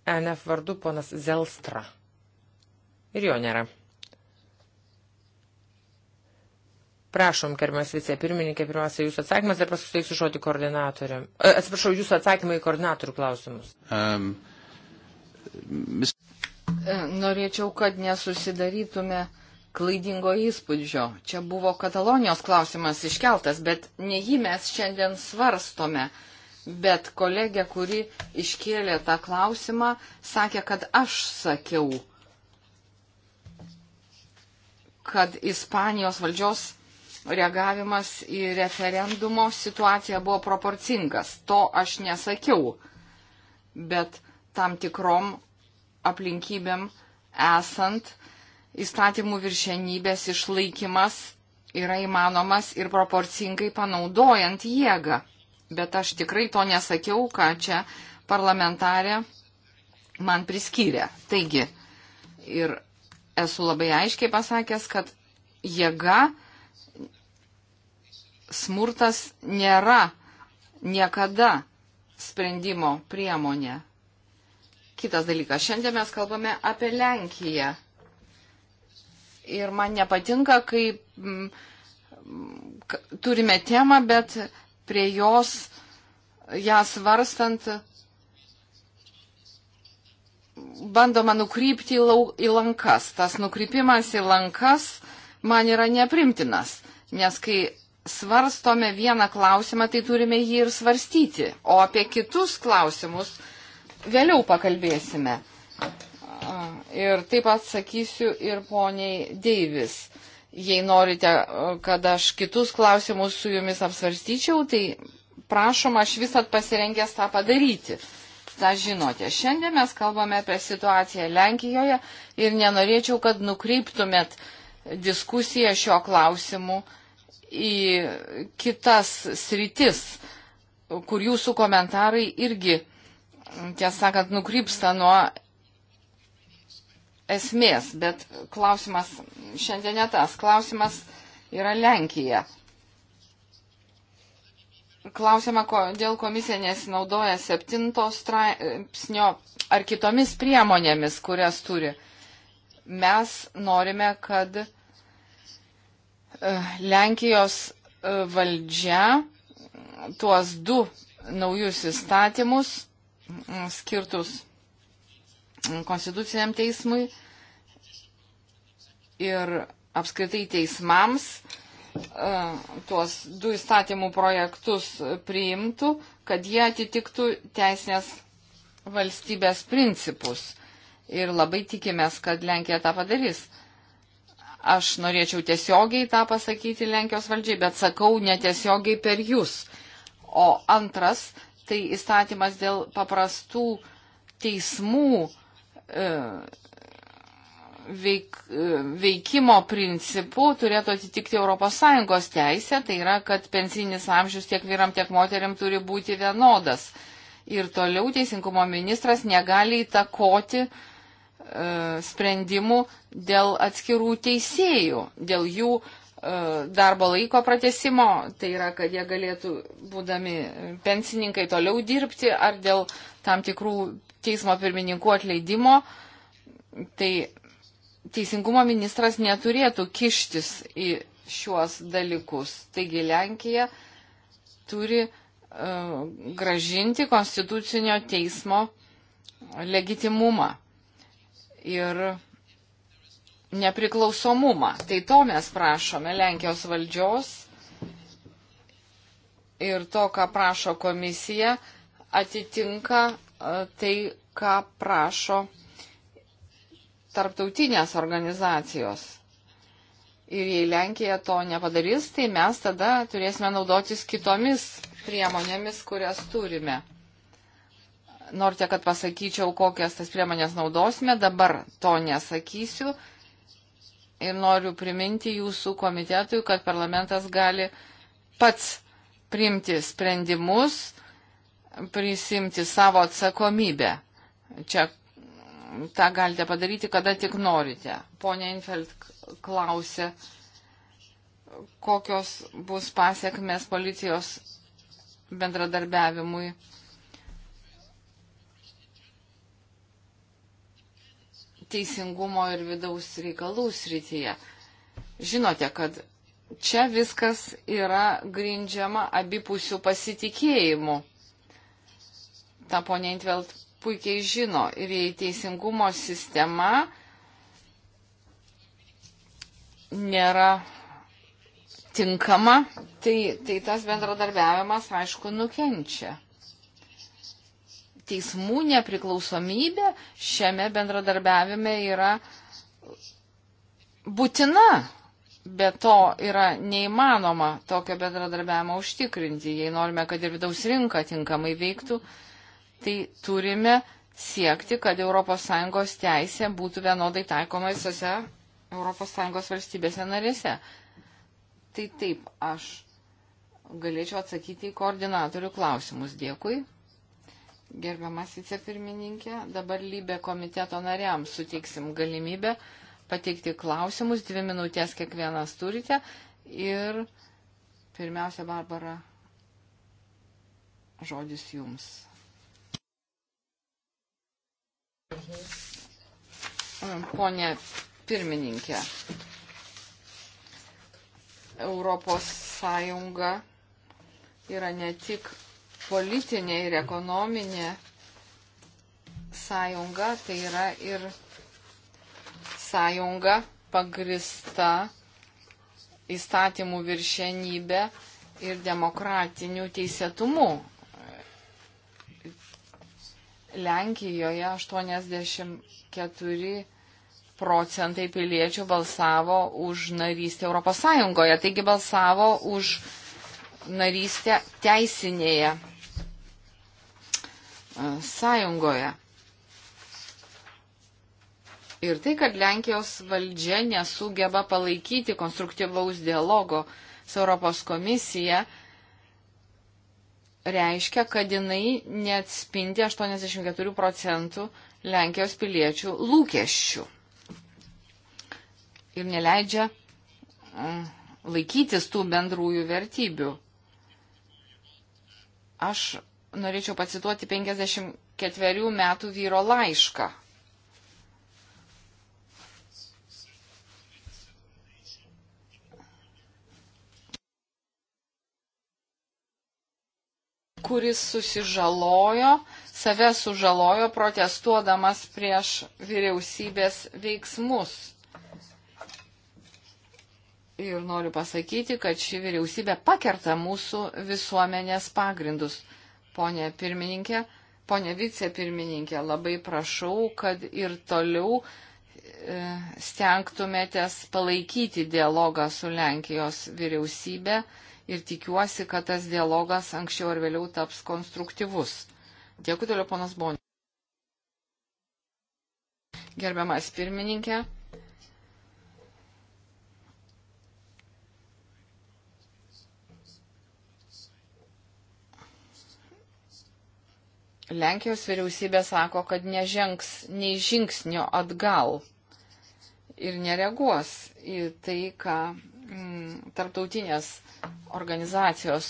NF vardu ponas Zelstra. Ir jo nėra. Prašom, kermas vicepirmininkė, pirmiausia, jūsų atsakymas ir paskui suteiksiu žodį koordinatoriam. E, atsiprašau, jūsų atsakymai į koordinatorių klausimus. Um, mis... E, norėčiau, kad nesusidarytume klaidingo įspūdžio. Čia buvo Katalonijos klausimas iškeltas, bet ne jį mes šiandien svarstome. Bet kolegė, kuri iškėlė tą klausimą, sakė, kad aš sakiau, kad Ispanijos valdžios reagavimas į referendumo situaciją buvo proporcingas. To aš nesakiau. Bet tam tikrom aplinkybėm esant įstatymų viršenybės išlaikimas yra įmanomas ir proporcingai panaudojant jėgą. Bet aš tikrai to nesakiau, ką čia parlamentarė man priskyrė. Taigi, ir esu labai aiškiai pasakęs, kad jėga smurtas nėra niekada sprendimo priemonė. Kitas dalykas, šiandien mes kalbame apie Lenkiją. Ir man nepatinka, kai m, mm, turime temą, bet prie jos ją svarstant bandoma nukrypti į lankas. Tas nukrypimas į lankas man yra neprimtinas, nes kai svarstome vieną klausimą, tai turime jį ir svarstyti. O apie kitus klausimus vėliau pakalbėsime. Ir taip pat sakysiu ir poniai Deivis. Jei norite, kad aš kitus klausimus su jumis apsvarstyčiau, tai prašom, aš visat pasirengęs tą padaryti. Ta žinote, šiandien mes kalbame apie situaciją Lenkijoje ir nenorėčiau, kad nukreiptumėt diskusiją šio klausimu uh, į kitas sritis, kur jūsų komentarai irgi, tiesą sakant, nukrypsta nuo esmės, bet klausimas šiandien ne tas. Klausimas yra Lenkija. Klausima, kodėl komisija nesinaudoja septintos straipsnio ar kitomis priemonėmis, kurias turi. Mes norime, kad E, Lenkijos e, valdžia tuos du naujus įstatymus skirtus Konstituciniam teismui ir apskritai teismams e, tuos du įstatymų projektus priimtų, kad jie atitiktų teisinės valstybės principus. Ir labai tikimės, kad Lenkija tą padarys. Aš norėčiau tiesiogiai tą pasakyti Lenkijos valdžiai, bet sakau netiesiogiai per jūs. O antras, tai įstatymas dėl paprastų teismų e, veik, e, veikimo principų turėtų atitikti ES teisę, tai yra, kad pensinis amžius tiek vyram, tiek moteriam turi būti vienodas. Ir toliau teisingumo ministras negali įtakoti uh, E, sprendimų dėl atskirų teisėjų, dėl jų e, darbo laiko pratesimo, tai yra, kad jie galėtų, būdami pensininkai, toliau dirbti, ar dėl tam tikrų teismo pirmininkų atleidimo, tai teisingumo ministras neturėtų kištis į šiuos dalykus. Taigi Lenkija turi uh, gražinti konstitucinio teismo legitimumą ir nepriklausomumą. Tai to mes prašome Lenkijos valdžios ir to, ką prašo komisija, atitinka e, tai, ką prašo tarptautinės organizacijos. Ir jei Lenkija to nepadarys, tai mes tada turėsime naudotis kitomis priemonėmis, kurias turime norite, kad pasakyčiau, kokias tas priemonės naudosime, dabar to nesakysiu. Ir noriu priminti jūsų komitetui, kad parlamentas gali pats priimti sprendimus, prisimti savo atsakomybę. Čia tą galite padaryti, kada tik norite. Pone Infeld klausė, kokios bus pasiekmes policijos bendradarbiavimui teisingumo ir vidaus reikalų srityje. Žinote, kad čia viskas yra grindžiama abipusių pasitikėjimų. Ta ponė Intvelt puikiai žino ir jei teisingumo sistema nėra tinkama, tai, tai tas bendradarbiavimas, aišku, nukenčia teismų nepriklausomybė šiame bendradarbiavime yra būtina, bet to yra neįmanoma tokio bendradarbiavimo užtikrinti. Jei norime, kad ir vidaus rinka tinkamai veiktų, tai turime siekti, kad ES teisė būtų vienodai taikoma visose ES valstybėse narėse. Tai taip, aš galėčiau atsakyti į koordinatorių klausimus. Dėkui. Gerbiamas vicepirmininkė, dabar lybė komiteto nariams suteiksim galimybę pateikti klausimus, dvi minutės kiekvienas turite. Ir pirmiausia, Barbara, žodis jums. Pone pirmininkė, Europos Sąjunga yra ne tik politinė ir ekonominė sąjunga, tai yra ir sąjunga pagrista įstatymų viršenybė ir demokratiniu teisėtumu. Lenkijoje 84 procentai piliečių balsavo už narystę Europos Sąjungoje, taigi balsavo už narystę teisinėje sąjungoje. Ir tai, kad Lenkijos valdžia nesugeba palaikyti konstruktyvaus dialogo su Europos komisija, reiškia, kad jinai neatspindi 84 procentų Lenkijos piliečių lūkesčių. Ir neleidžia mm, laikytis tų bendrųjų vertybių. Aš norėčiau pacituoti 54 metų vyro laišką. kuris susižalojo, save sužalojo protestuodamas prieš vyriausybės veiksmus. Ir noriu pasakyti, kad ši vyriausybė pakerta mūsų visuomenės pagrindus ponė pirmininkė, ponė vicepirmininkė, labai prašau, kad ir toliau e, stengtumėtės palaikyti dialogą su Lenkijos vyriausybė ir tikiuosi, kad tas dialogas anksčiau ar vėliau taps konstruktyvus. Dėkui toliau, ponas Bonis. Gerbiamas pirmininkė. Lenkijos vyriausybė sako, kad nežengs nei žingsnio atgal ir nereaguos į tai, ką mm, tarptautinės organizacijos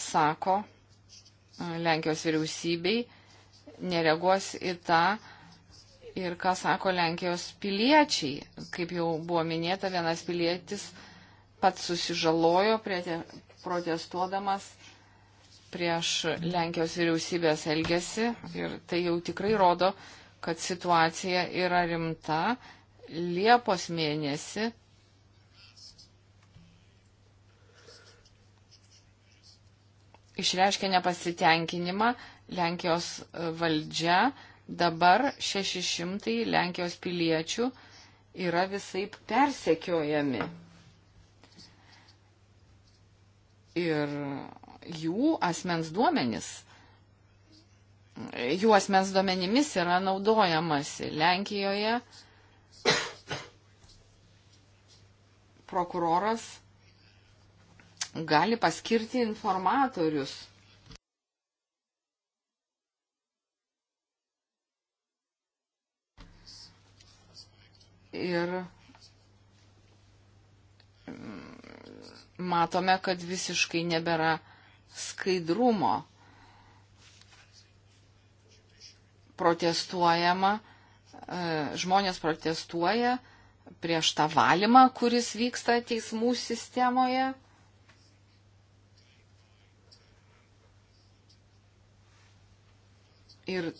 sako mm, Lenkijos vyriausybei, nereaguos į tą ir ką sako Lenkijos piliečiai. Kaip jau buvo minėta, vienas pilietis pats susižalojo prie, protestuodamas prieš Lenkijos vyriausybės elgesį ir tai jau tikrai rodo, kad situacija yra rimta. Liepos mėnesį išreiškė nepasitenkinimą Lenkijos valdžia. Dabar 600 Lenkijos piliečių yra visai persekiojami. Ir jų asmens duomenis. Jų asmens duomenimis yra naudojamasi Lenkijoje. Prokuroras gali paskirti informatorius. Ir matome, kad visiškai nebėra skaidrumo. Protestuojama, e, žmonės protestuoja prieš tą valymą, kuris vyksta teismų sistemoje. Ir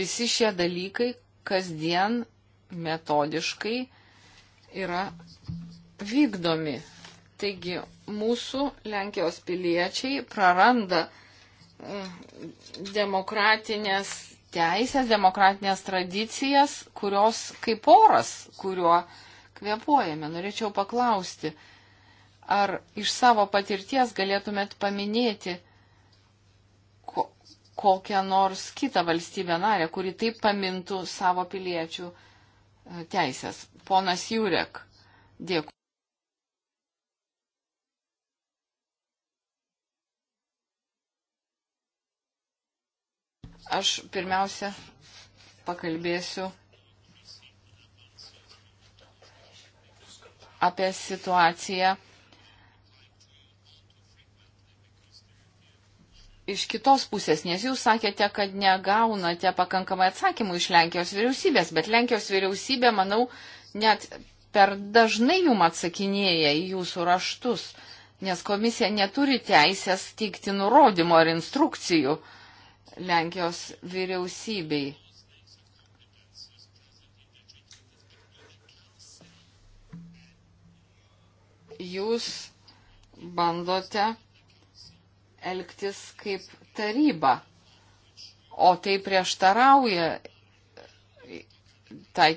visi šie dalykai kasdien metodiškai yra vykdomi Taigi mūsų Lenkijos piliečiai praranda mm, demokratinės teisės, demokratinės tradicijas, kurios kaip oras, kuriuo kvepuojame. Norėčiau paklausti, ar iš savo patirties galėtumėt paminėti ko, kokią nors kitą valstybę narę, kuri taip pamintų savo piliečių e, teisės. Ponas Jurek, dėkui. Aš pirmiausia pakalbėsiu apie situaciją iš kitos pusės, nes jūs sakėte, kad negaunate pakankamai atsakymų iš Lenkijos vyriausybės, bet Lenkijos vyriausybė, manau, net per dažnai jum atsakinėja į jūsų raštus, nes komisija neturi teisės teikti nurodymo ar instrukcijų. Uh, Lenkijos vyriausybei. Jūs bandote elgtis kaip taryba, o tai prieštarauja tai,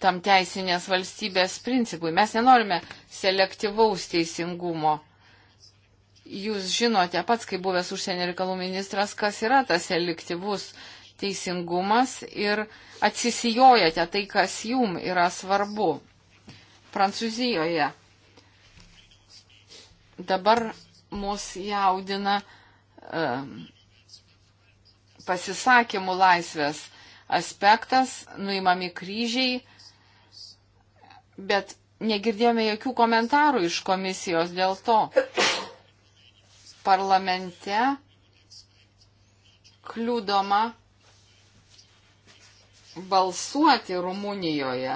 tam teisinės valstybės principui. Mes nenorime selektyvaus teisingumo jūs žinote pats, kaip buvęs užsienio reikalų ministras, kas yra tas eliktyvus teisingumas ir atsisijojate tai, kas jum yra svarbu. Prancūzijoje dabar mus jaudina um, pasisakymų laisvės aspektas, nuimami kryžiai, bet negirdėjome jokių komentarų iš komisijos dėl to parlamente kliūdoma balsuoti Rumunijoje.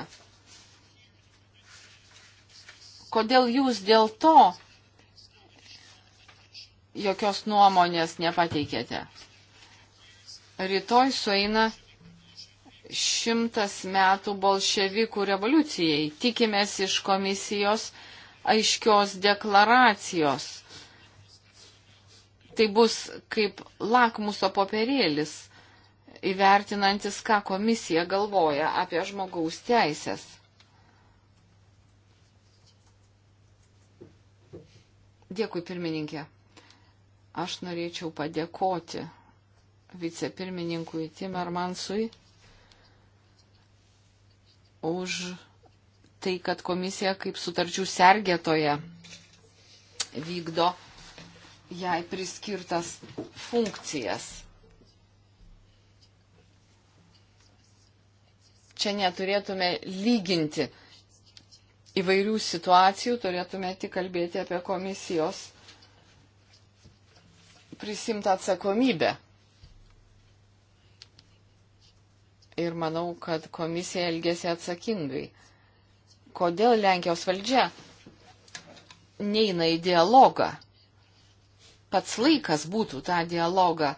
Kodėl jūs dėl to jokios nuomonės nepateikėte? Rytoj sueina šimtas metų bolševikų revoliucijai. Tikimės iš komisijos aiškios deklaracijos tai bus kaip lakmuso popierėlis įvertinantis, ką komisija galvoja apie žmogaus teisės. Dėkui, pirmininkė. Aš norėčiau padėkoti vicepirmininkui Timermansui už tai, kad komisija kaip sutarčių sergėtoje vykdo jai priskirtas funkcijas. Čia neturėtume lyginti įvairių situacijų, turėtume tik kalbėti apie komisijos prisimtą atsakomybę. Ir manau, kad komisija elgėsi atsakingai. Kodėl Lenkijos valdžia neina į dialogą? pats laikas būtų tą dialogą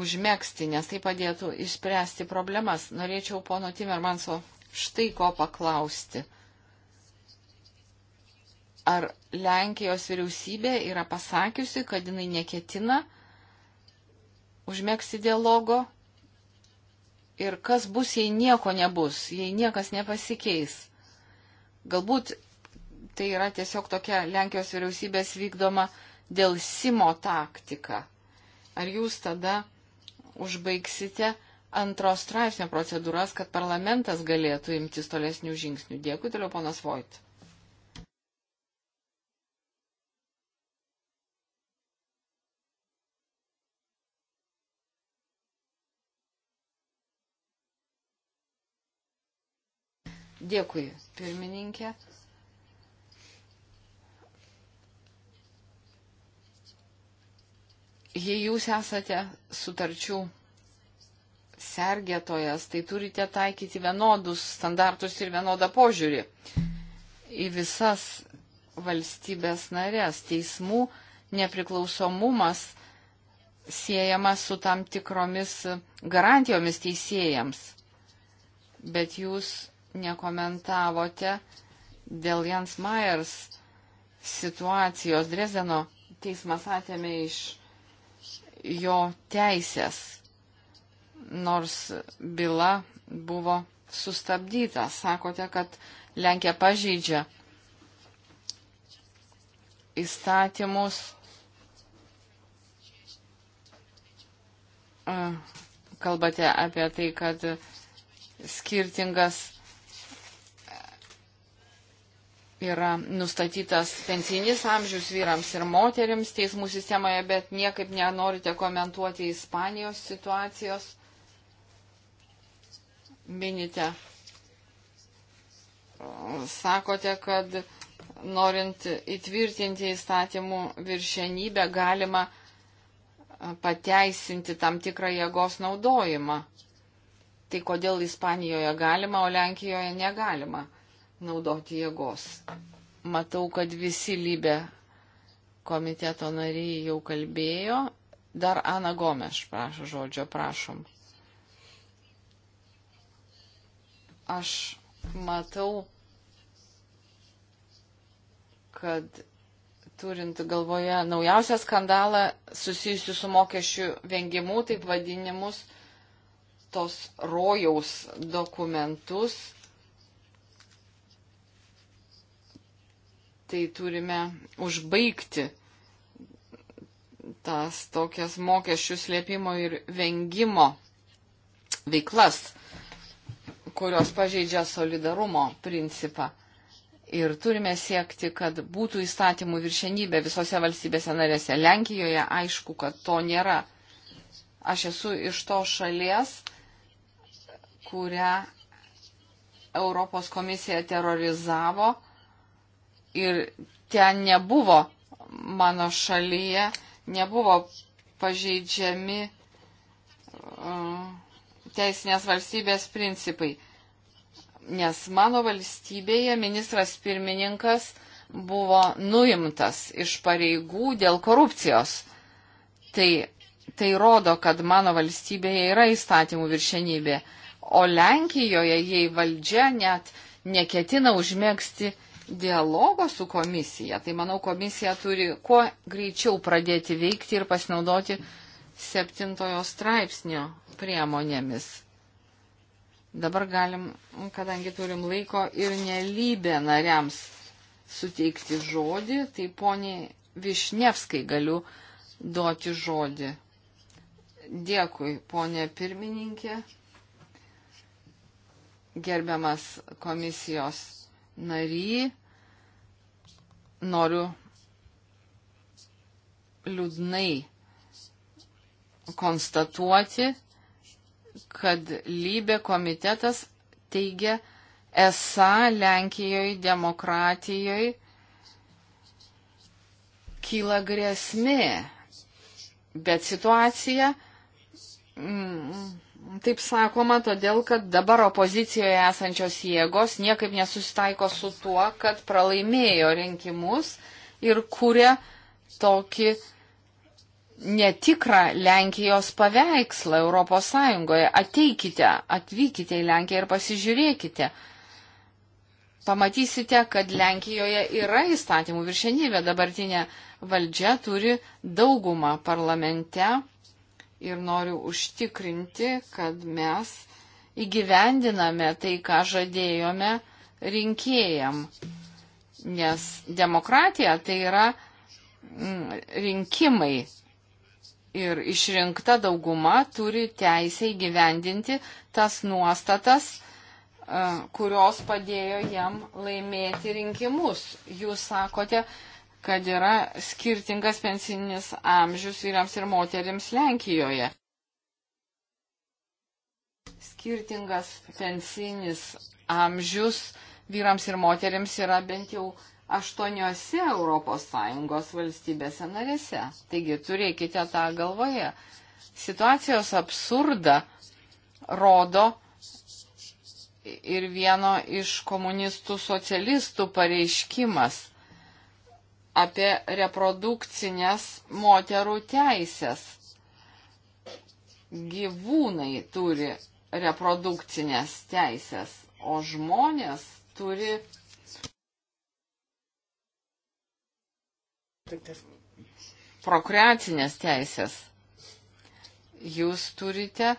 užmėgsti, nes tai padėtų išspręsti problemas. Norėčiau pono Timermanso štai ko paklausti. Ar Lenkijos vyriausybė yra pasakiusi, kad jinai neketina užmėgsti dialogo? Ir kas bus, jei nieko nebus, jei niekas nepasikeis? Galbūt tai yra tiesiog tokia Lenkijos vyriausybės vykdoma uh, dėl simo taktiką. Ar jūs tada užbaigsite antros straipsnio procedūras, kad parlamentas galėtų imtis tolesnių žingsnių? Dėkui, toliau ponas Vojt. Dėkui, pirmininkė. Jei jūs esate sutarčių sergėtojas, tai turite taikyti vienodus standartus ir vienodą požiūrį į visas valstybės narės. Teismų nepriklausomumas siejamas su tam tikromis garantijomis teisėjams. Bet jūs nekomentavote dėl Jans Myers situacijos. Drezeno teismas atėmė iš jo teisės, nors byla buvo sustabdyta. Sakote, kad Lenkija pažydžia įstatymus, e, kalbate apie tai, kad skirtingas yra nustatytas pensinis amžius vyrams ir moteriams teismų sistemoje, bet niekaip nenorite komentuoti Ispanijos situacijos. Minite, sakote, kad norint įtvirtinti įstatymų viršenybę galima pateisinti tam tikrą jėgos naudojimą. Tai kodėl Ispanijoje galima, o Lenkijoje negalima? naudoti jėgos. Matau, kad visi lybė komiteto nariai jau kalbėjo. Dar Ana Gomeš prašo žodžio, prašom. Aš matau, kad turint galvoje naujausią skandalą susijusiu su mokesčių vengimu, taip vadinimus tos rojaus dokumentus, tai turime užbaigti tas tokias mokesčių slėpimo ir vengimo veiklas, kurios pažeidžia solidarumo principą. Ir turime siekti, kad būtų įstatymų viršenybė visose valstybėse narėse. Lenkijoje aišku, kad to nėra. Aš esu iš to šalies, kurią Europos komisija terorizavo ir ten nebuvo mano šalyje, nebuvo pažeidžiami e, teisinės valstybės principai. Nes mano valstybėje ministras pirmininkas buvo nuimtas iš pareigų dėl korupcijos. Tai, tai rodo, kad mano valstybėje yra įstatymų viršenybė. O Lenkijoje, jei valdžia net neketina užmėgsti dialogo su komisija, tai manau komisija turi kuo greičiau pradėti veikti ir pasinaudoti septintojo straipsnio priemonėmis. Dabar galim, kadangi turim laiko ir nelybę nariams suteikti žodį, tai poniai Višnevskai galiu duoti žodį. Dėkui, ponė pirmininkė, gerbiamas komisijos nary, noriu liūdnai konstatuoti, kad lybė komitetas teigia, esą Lenkijoje demokratijoje kyla grėsmė, bet situacija mm, Taip sakoma, todėl, kad dabar opozicijoje esančios jėgos niekaip nesusitaiko su tuo, kad pralaimėjo rinkimus ir kūrė tokį netikrą Lenkijos paveikslą Europos Sąjungoje. Ateikite, atvykite į Lenkiją ir pasižiūrėkite. Pamatysite, kad Lenkijoje yra įstatymų viršenybė, dabartinė valdžia turi daugumą parlamente ir noriu užtikrinti, kad mes įgyvendiname tai, ką žadėjome rinkėjam. Nes demokratija tai yra mm, rinkimai ir išrinkta dauguma turi teisę įgyvendinti tas nuostatas, e, kurios padėjo jam laimėti rinkimus. Jūs sakote, kad yra skirtingas pensinis amžius vyrams ir moteriams Lenkijoje. Skirtingas pensinis amžius vyrams ir moteriams yra bent jau aštuoniuose ES valstybėse narėse. Taigi turėkite tą galvoje. Situacijos absurdą rodo ir vieno iš komunistų socialistų pareiškimas apie reprodukcinės moterų teisės. Gyvūnai turi reprodukcinės teisės, o žmonės turi. Prokreacinės teisės. Jūs turite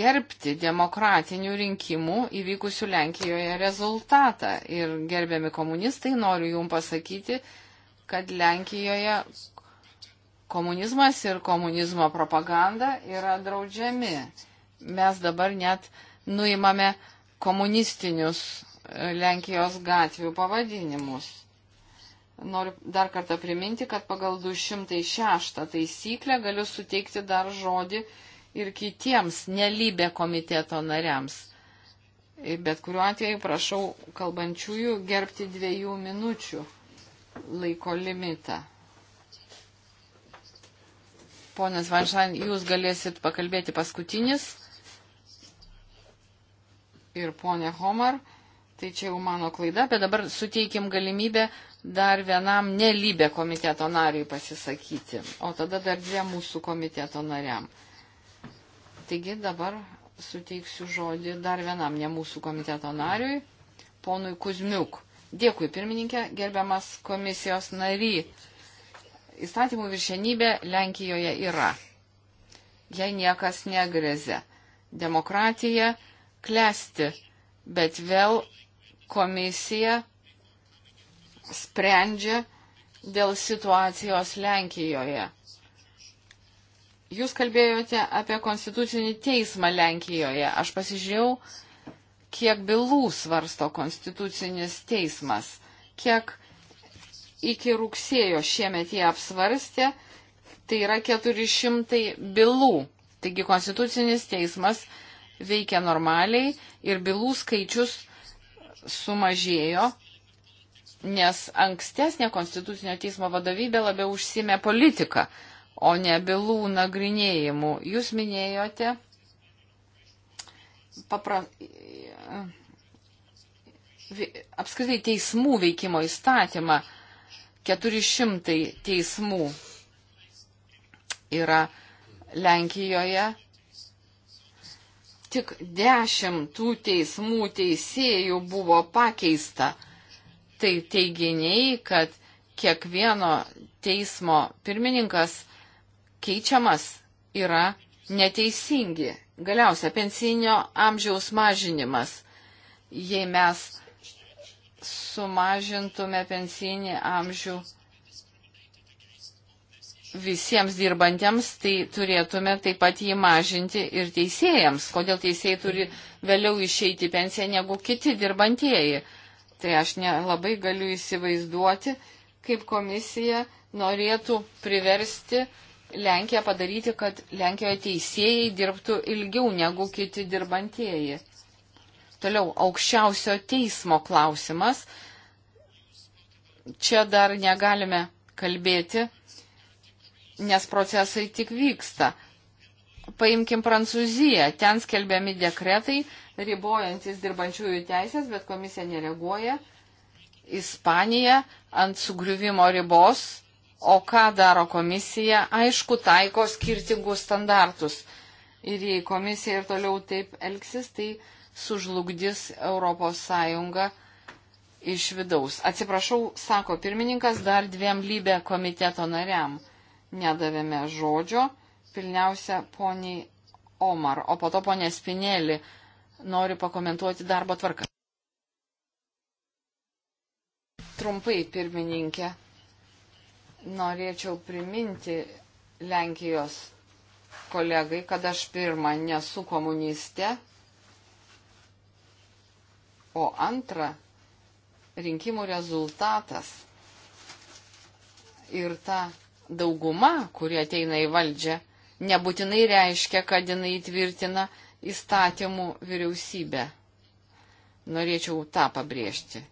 gerbti demokratinių rinkimų įvykusių Lenkijoje rezultatą. Ir gerbiami komunistai, noriu Jums pasakyti, kad Lenkijoje komunizmas ir komunizmo propaganda yra draudžiami. Mes dabar net nuimame komunistinius e, Lenkijos gatvių pavadinimus. Noriu dar kartą priminti, kad pagal 206 taisyklę galiu suteikti dar žodį ir kitiems nelybė komiteto nariams. Bet kuriuo atveju prašau kalbančiųjų gerbti dviejų minučių laiko limitą. Ponas Vanšan, jūs galėsit pakalbėti paskutinis. Ir ponė Homar, tai čia jau mano klaida, bet dabar suteikim galimybę dar vienam nelybė komiteto nariui pasisakyti, o tada dar dviem mūsų komiteto nariam. Taigi dabar suteiksiu žodį dar vienam ne mūsų komiteto nariui, ponui Kuzmiuk. Dėkui, pirmininkė, gerbiamas komisijos nary. Įstatymų viršenybė Lenkijoje yra. Jei niekas negrėzė. Demokratija klesti, bet vėl komisija sprendžia dėl situacijos Lenkijoje. Jūs kalbėjote apie konstitucinį teismą Lenkijoje. Aš pasižiūrėjau kiek bylų svarsto Konstitucinis teismas, kiek iki rugsėjo šiemet jie apsvarstė, tai yra 400 bylų. Taigi Konstitucinis teismas veikia normaliai ir bylų skaičius sumažėjo, nes ankstesnė Konstitucinio teismo vadovybė labiau užsimė politiką, o ne bylų nagrinėjimų. Jūs minėjote papra... apskritai teismų veikimo įstatymą. 400 teismų yra Lenkijoje. Tik 10 tų teismų teisėjų buvo pakeista. Tai teiginiai, kad kiekvieno teismo pirmininkas keičiamas yra neteisingi Galiausia, pensinio amžiaus mažinimas. Jei mes sumažintume pensinį amžių visiems dirbantiems, tai turėtume taip pat jį mažinti ir teisėjams. Kodėl teisėjai turi vėliau išeiti į pensiją negu kiti dirbantieji? Tai aš nelabai galiu įsivaizduoti, kaip komisija norėtų priversti uh, Lenkiją padaryti, kad Lenkijoje teisėjai dirbtų ilgiau negu kiti dirbantieji. Toliau, aukščiausio teismo klausimas. Čia dar negalime kalbėti, nes procesai tik vyksta. Paimkim Prancūziją, ten skelbiami dekretai, ribojantis dirbančiųjų teisės, bet komisija nereaguoja. Ispanija ant sugriuvimo ribos O ką daro komisija? Aišku, taiko skirtingus standartus. Ir jei komisija ir toliau taip elgsis, tai sužlugdys ES iš vidaus. Atsiprašau, sako pirmininkas, dar dviem lybė komiteto nariam nedavėme žodžio. Pilniausia, poniai Omar, o po to ponė Spinėlį noriu pakomentuoti darbo tvarką. Trumpai, pirmininkė norėčiau priminti Lenkijos kolegai, kad aš pirmą nesu komunistė, o antra rinkimų rezultatas ir ta dauguma, kurie ateina į valdžią, nebūtinai reiškia, kad jinai įtvirtina įstatymų vyriausybę. Norėčiau tą pabrėžti.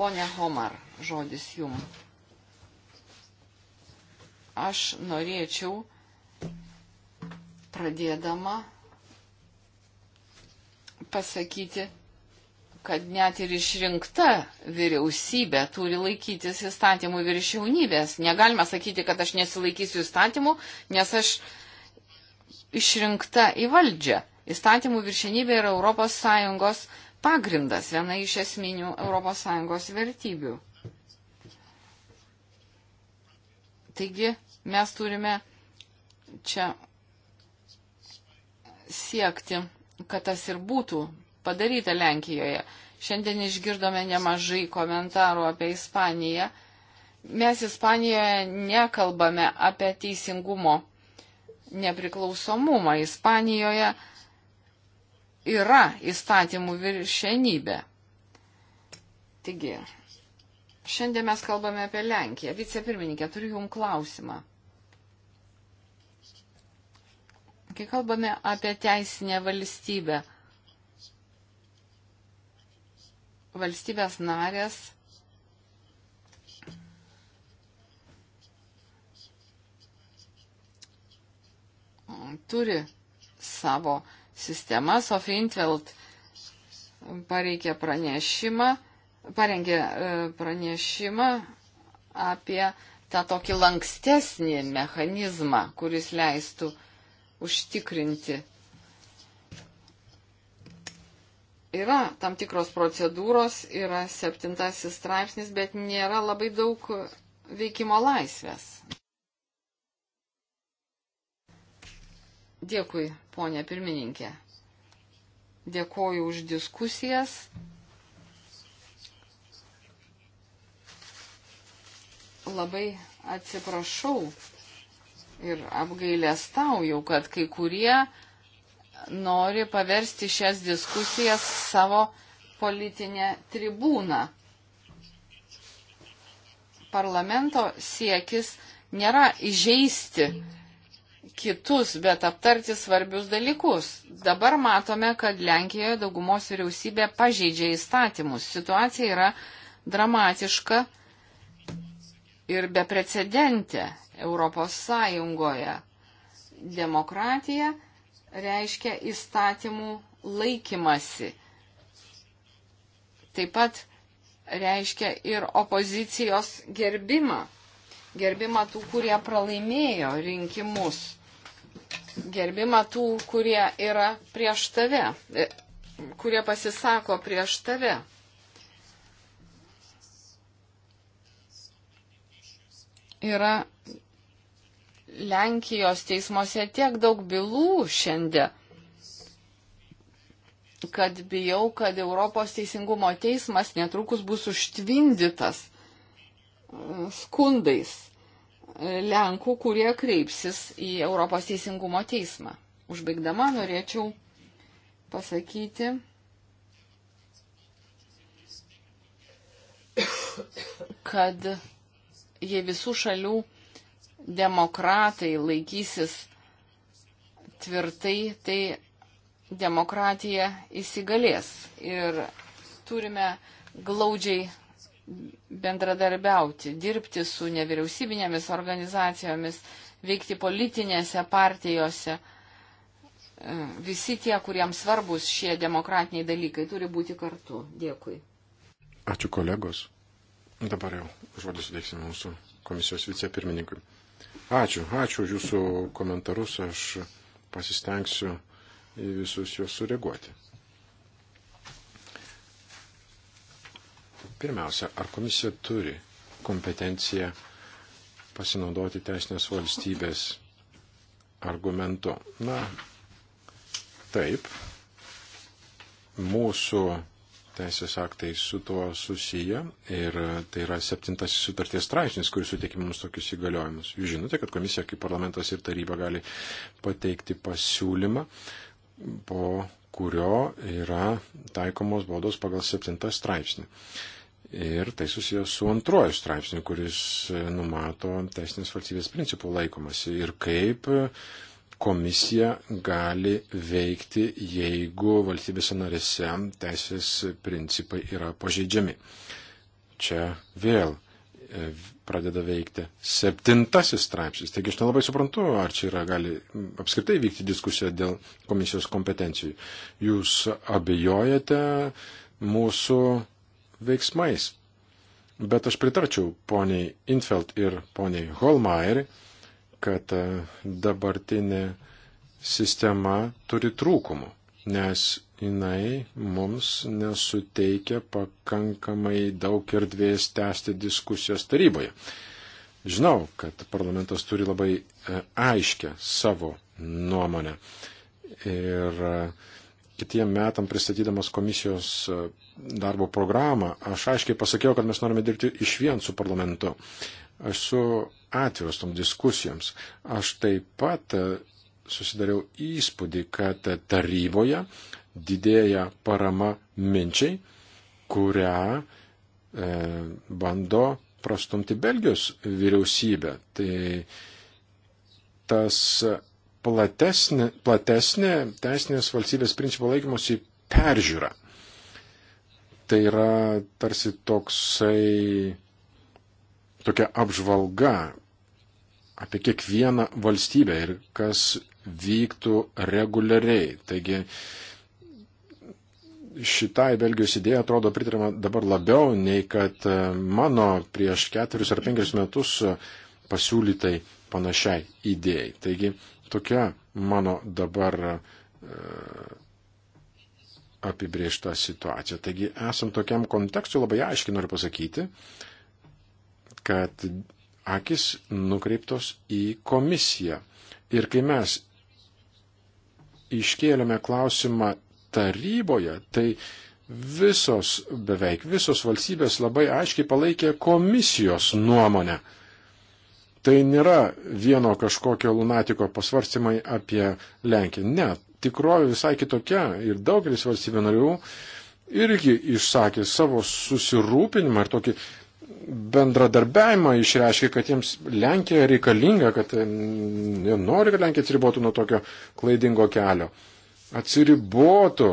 Pone Homar žodis jum. Aš norėčiau, pradėdama, pasakyti, kad net ir išrinkta vyriausybė turi laikytis įstatymų viršiaunybės. Negalima sakyti, kad aš nesilaikysiu įstatymų, nes aš išrinkta į valdžią. Įstatymų viršinybė yra ES pagrindas, viena iš esminių ES vertybių. Taigi mes turime čia siekti, kad tas ir būtų padaryta Lenkijoje. Šiandien išgirdome nemažai komentarų apie Ispaniją. Mes Ispanijoje nekalbame apie teisingumo nepriklausomumą. Ispanijoje yra įstatymų viršenybė. Taigi, Šiandien mes kalbame apie Lenkiją. Vicepirmininkė, turiu Jums klausimą. Kai kalbame apie teisinę valstybę, valstybės narės turi savo sistemą. Sofie Intveld pareikė pranešimą parengė e, pranešimą apie tą tokį lankstesnį mechanizmą, kuris leistų užtikrinti. Yra tam tikros procedūros, yra septintasis straipsnis, bet nėra labai daug veikimo laisvės. Dėkui, ponė pirmininkė. Dėkoju už diskusijas. labai atsiprašau ir apgailestauju, kad kai kurie nori paversti šias diskusijas savo politinę tribūną. Parlamento siekis nėra įžeisti kitus, bet aptarti svarbius dalykus. Dabar matome, kad Lenkijoje daugumos vyriausybė pažeidžia įstatymus. Situacija yra dramatiška ir beprecedentė Europos Sąjungoje. Demokratija reiškia įstatymų laikymasi. Taip pat reiškia ir opozicijos gerbimą. Gerbimą tų, kurie pralaimėjo rinkimus. Gerbimą tų, kurie yra prieš tave, e, kurie pasisako prieš tave. yra Lenkijos teismuose tiek daug bylų šiandien, kad bijau, kad Europos teisingumo teismas netrukus bus užtvindytas mm, skundais e, Lenkų, kurie kreipsis į Europos teisingumo teismą. Užbaigdama norėčiau pasakyti, kad jei visų šalių demokratai laikysis tvirtai, tai demokratija įsigalės. Ir turime glaudžiai bendradarbiauti, dirbti su nevyriausybinėmis organizacijomis, veikti politinėse partijose. E, visi tie, kuriems svarbus šie demokratiniai dalykai, turi būti kartu. Dėkui. Ačiū kolegos. Dabar jau žodį sudėksime mūsų komisijos vicepirmininkui. Ačiū, ačiū už jūsų komentarus, aš pasistengsiu į visus juos sureaguoti. Pirmiausia, ar komisija turi kompetenciją pasinaudoti teisinės valstybės argumentu? Na, taip, mūsų teisės aktai su tuo susiję ir tai yra septintasis sutarties straipsnis, kuris suteikia mums tokius įgaliojimus. Jūs žinote, kad komisija kaip parlamentas ir taryba gali pateikti pasiūlymą, po kurio yra taikomos baudos pagal septintą straipsnį. Ir tai susijęs su antruoju straipsniu, kuris numato teisinės valstybės principų laikomasi ir kaip uh, komisija gali veikti, jeigu valstybėse narėse teisės principai yra pažeidžiami. Čia vėl e, pradeda veikti septintasis straipsnis. Taigi aš nelabai suprantu, ar čia yra gali apskritai vykti diskusija dėl komisijos kompetencijų. Jūs abejojate mūsų veiksmais. Bet aš pritarčiau poniai Infeld ir poniai Holmeier, kad e, dabartinė sistema turi trūkumų, nes jinai mums nesuteikia pakankamai daug erdvės tęsti diskusijos taryboje. Žinau, kad parlamentas turi labai e, aiškę savo nuomonę. Ir e, kitiem metam pristatydamas komisijos darbo programą, aš aiškiai pasakiau, kad mes norime dirbti iš vien su parlamentu. Aš su atviros tom diskusijoms. Aš taip pat e, susidariau įspūdį, kad taryboje didėja parama minčiai, kurią e, bando prastumti Belgijos vyriausybė. Tai tas platesnė, platesnė teisinės valstybės principų laikymosi peržiūra. Tai yra tarsi toksai tokia apžvalga apie kiekvieną valstybę ir kas vyktų reguliariai. Taigi šitai Belgijos idėja atrodo pritarima dabar labiau nei kad e, mano prieš ketverius ar penkerius metus pasiūlytai panašiai idėjai. Taigi tokia mano dabar e, apibriešta situacija. Taigi esant tokiam kontekstui labai aiškiai noriu pasakyti, kad akis nukreiptos į komisiją. Ir kai mes iškėlėme klausimą taryboje, tai visos, beveik visos valstybės labai aiškiai palaikė komisijos nuomonę. Tai nėra vieno kažkokio lunatiko pasvarstymai apie Lenkiją. Ne, tikrovė visai kitokia ir daugelis valstybių narių irgi išsakė savo susirūpinimą ir tokį bendradarbiavimą išreiškė, kad jiems Lenkija reikalinga, kad nori, kad Lenkija atsiribotų nuo tokio klaidingo kelio. Atsiribotų,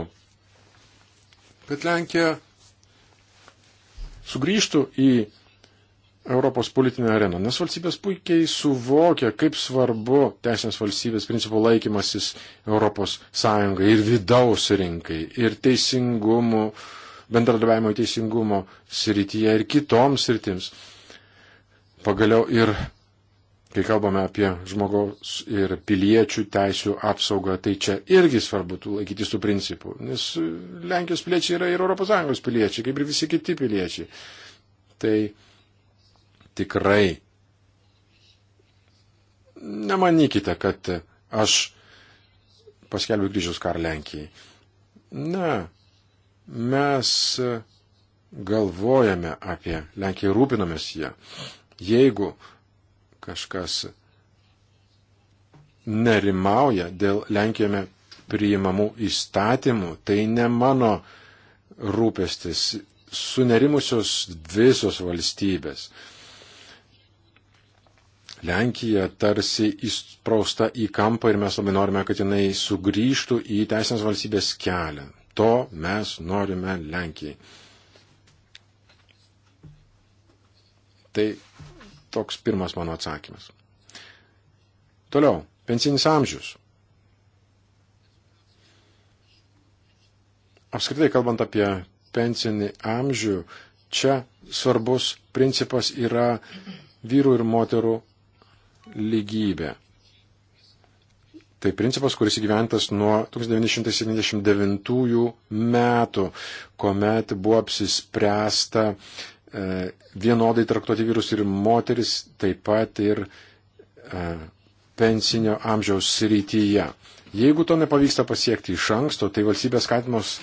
kad Lenkija sugrįžtų į Europos politinę areną, nes valstybės puikiai suvokia, kaip svarbu teisinės valstybės principų laikymasis Europos Sąjungai ir vidaus rinkai, ir teisingumu, uh, bendradarbiavimo teisingumo srityje ir kitoms sritims. Pagaliau ir, kai kalbame apie žmogaus ir piliečių teisų apsaugą, tai čia irgi svarbu tų laikytis tų principų, nes Lenkijos piliečiai yra ir ES piliečiai, kaip ir visi kiti piliečiai. Tai tikrai nemanykite, kad aš paskelbiu kryžiaus karą Lenkijai. Na, Mes galvojame apie Lenkiją, rūpinamės ją. Jeigu kažkas nerimauja dėl Lenkijoje priimamų įstatymų, tai ne mano rūpestis, sunerimusios visos valstybės. Lenkija tarsi įsprausta į kampą ir mes labai norime, kad jinai sugrįžtų į teisinės valstybės kelią. To mes norime Lenkijai. Tai toks pirmas mano atsakymas. Toliau, pensinis amžius. Apskritai, kalbant apie pensinį amžių, čia svarbus principas yra vyrų ir moterų lygybė. Tai principas, kuris įgyventas nuo 1979 metų, kuomet buvo apsispręsta e, vienodai traktuoti vyrus ir moteris, taip pat ir e, pensinio amžiaus srityje. Jeigu to nepavyksta pasiekti iš anksto, tai valstybės skatimos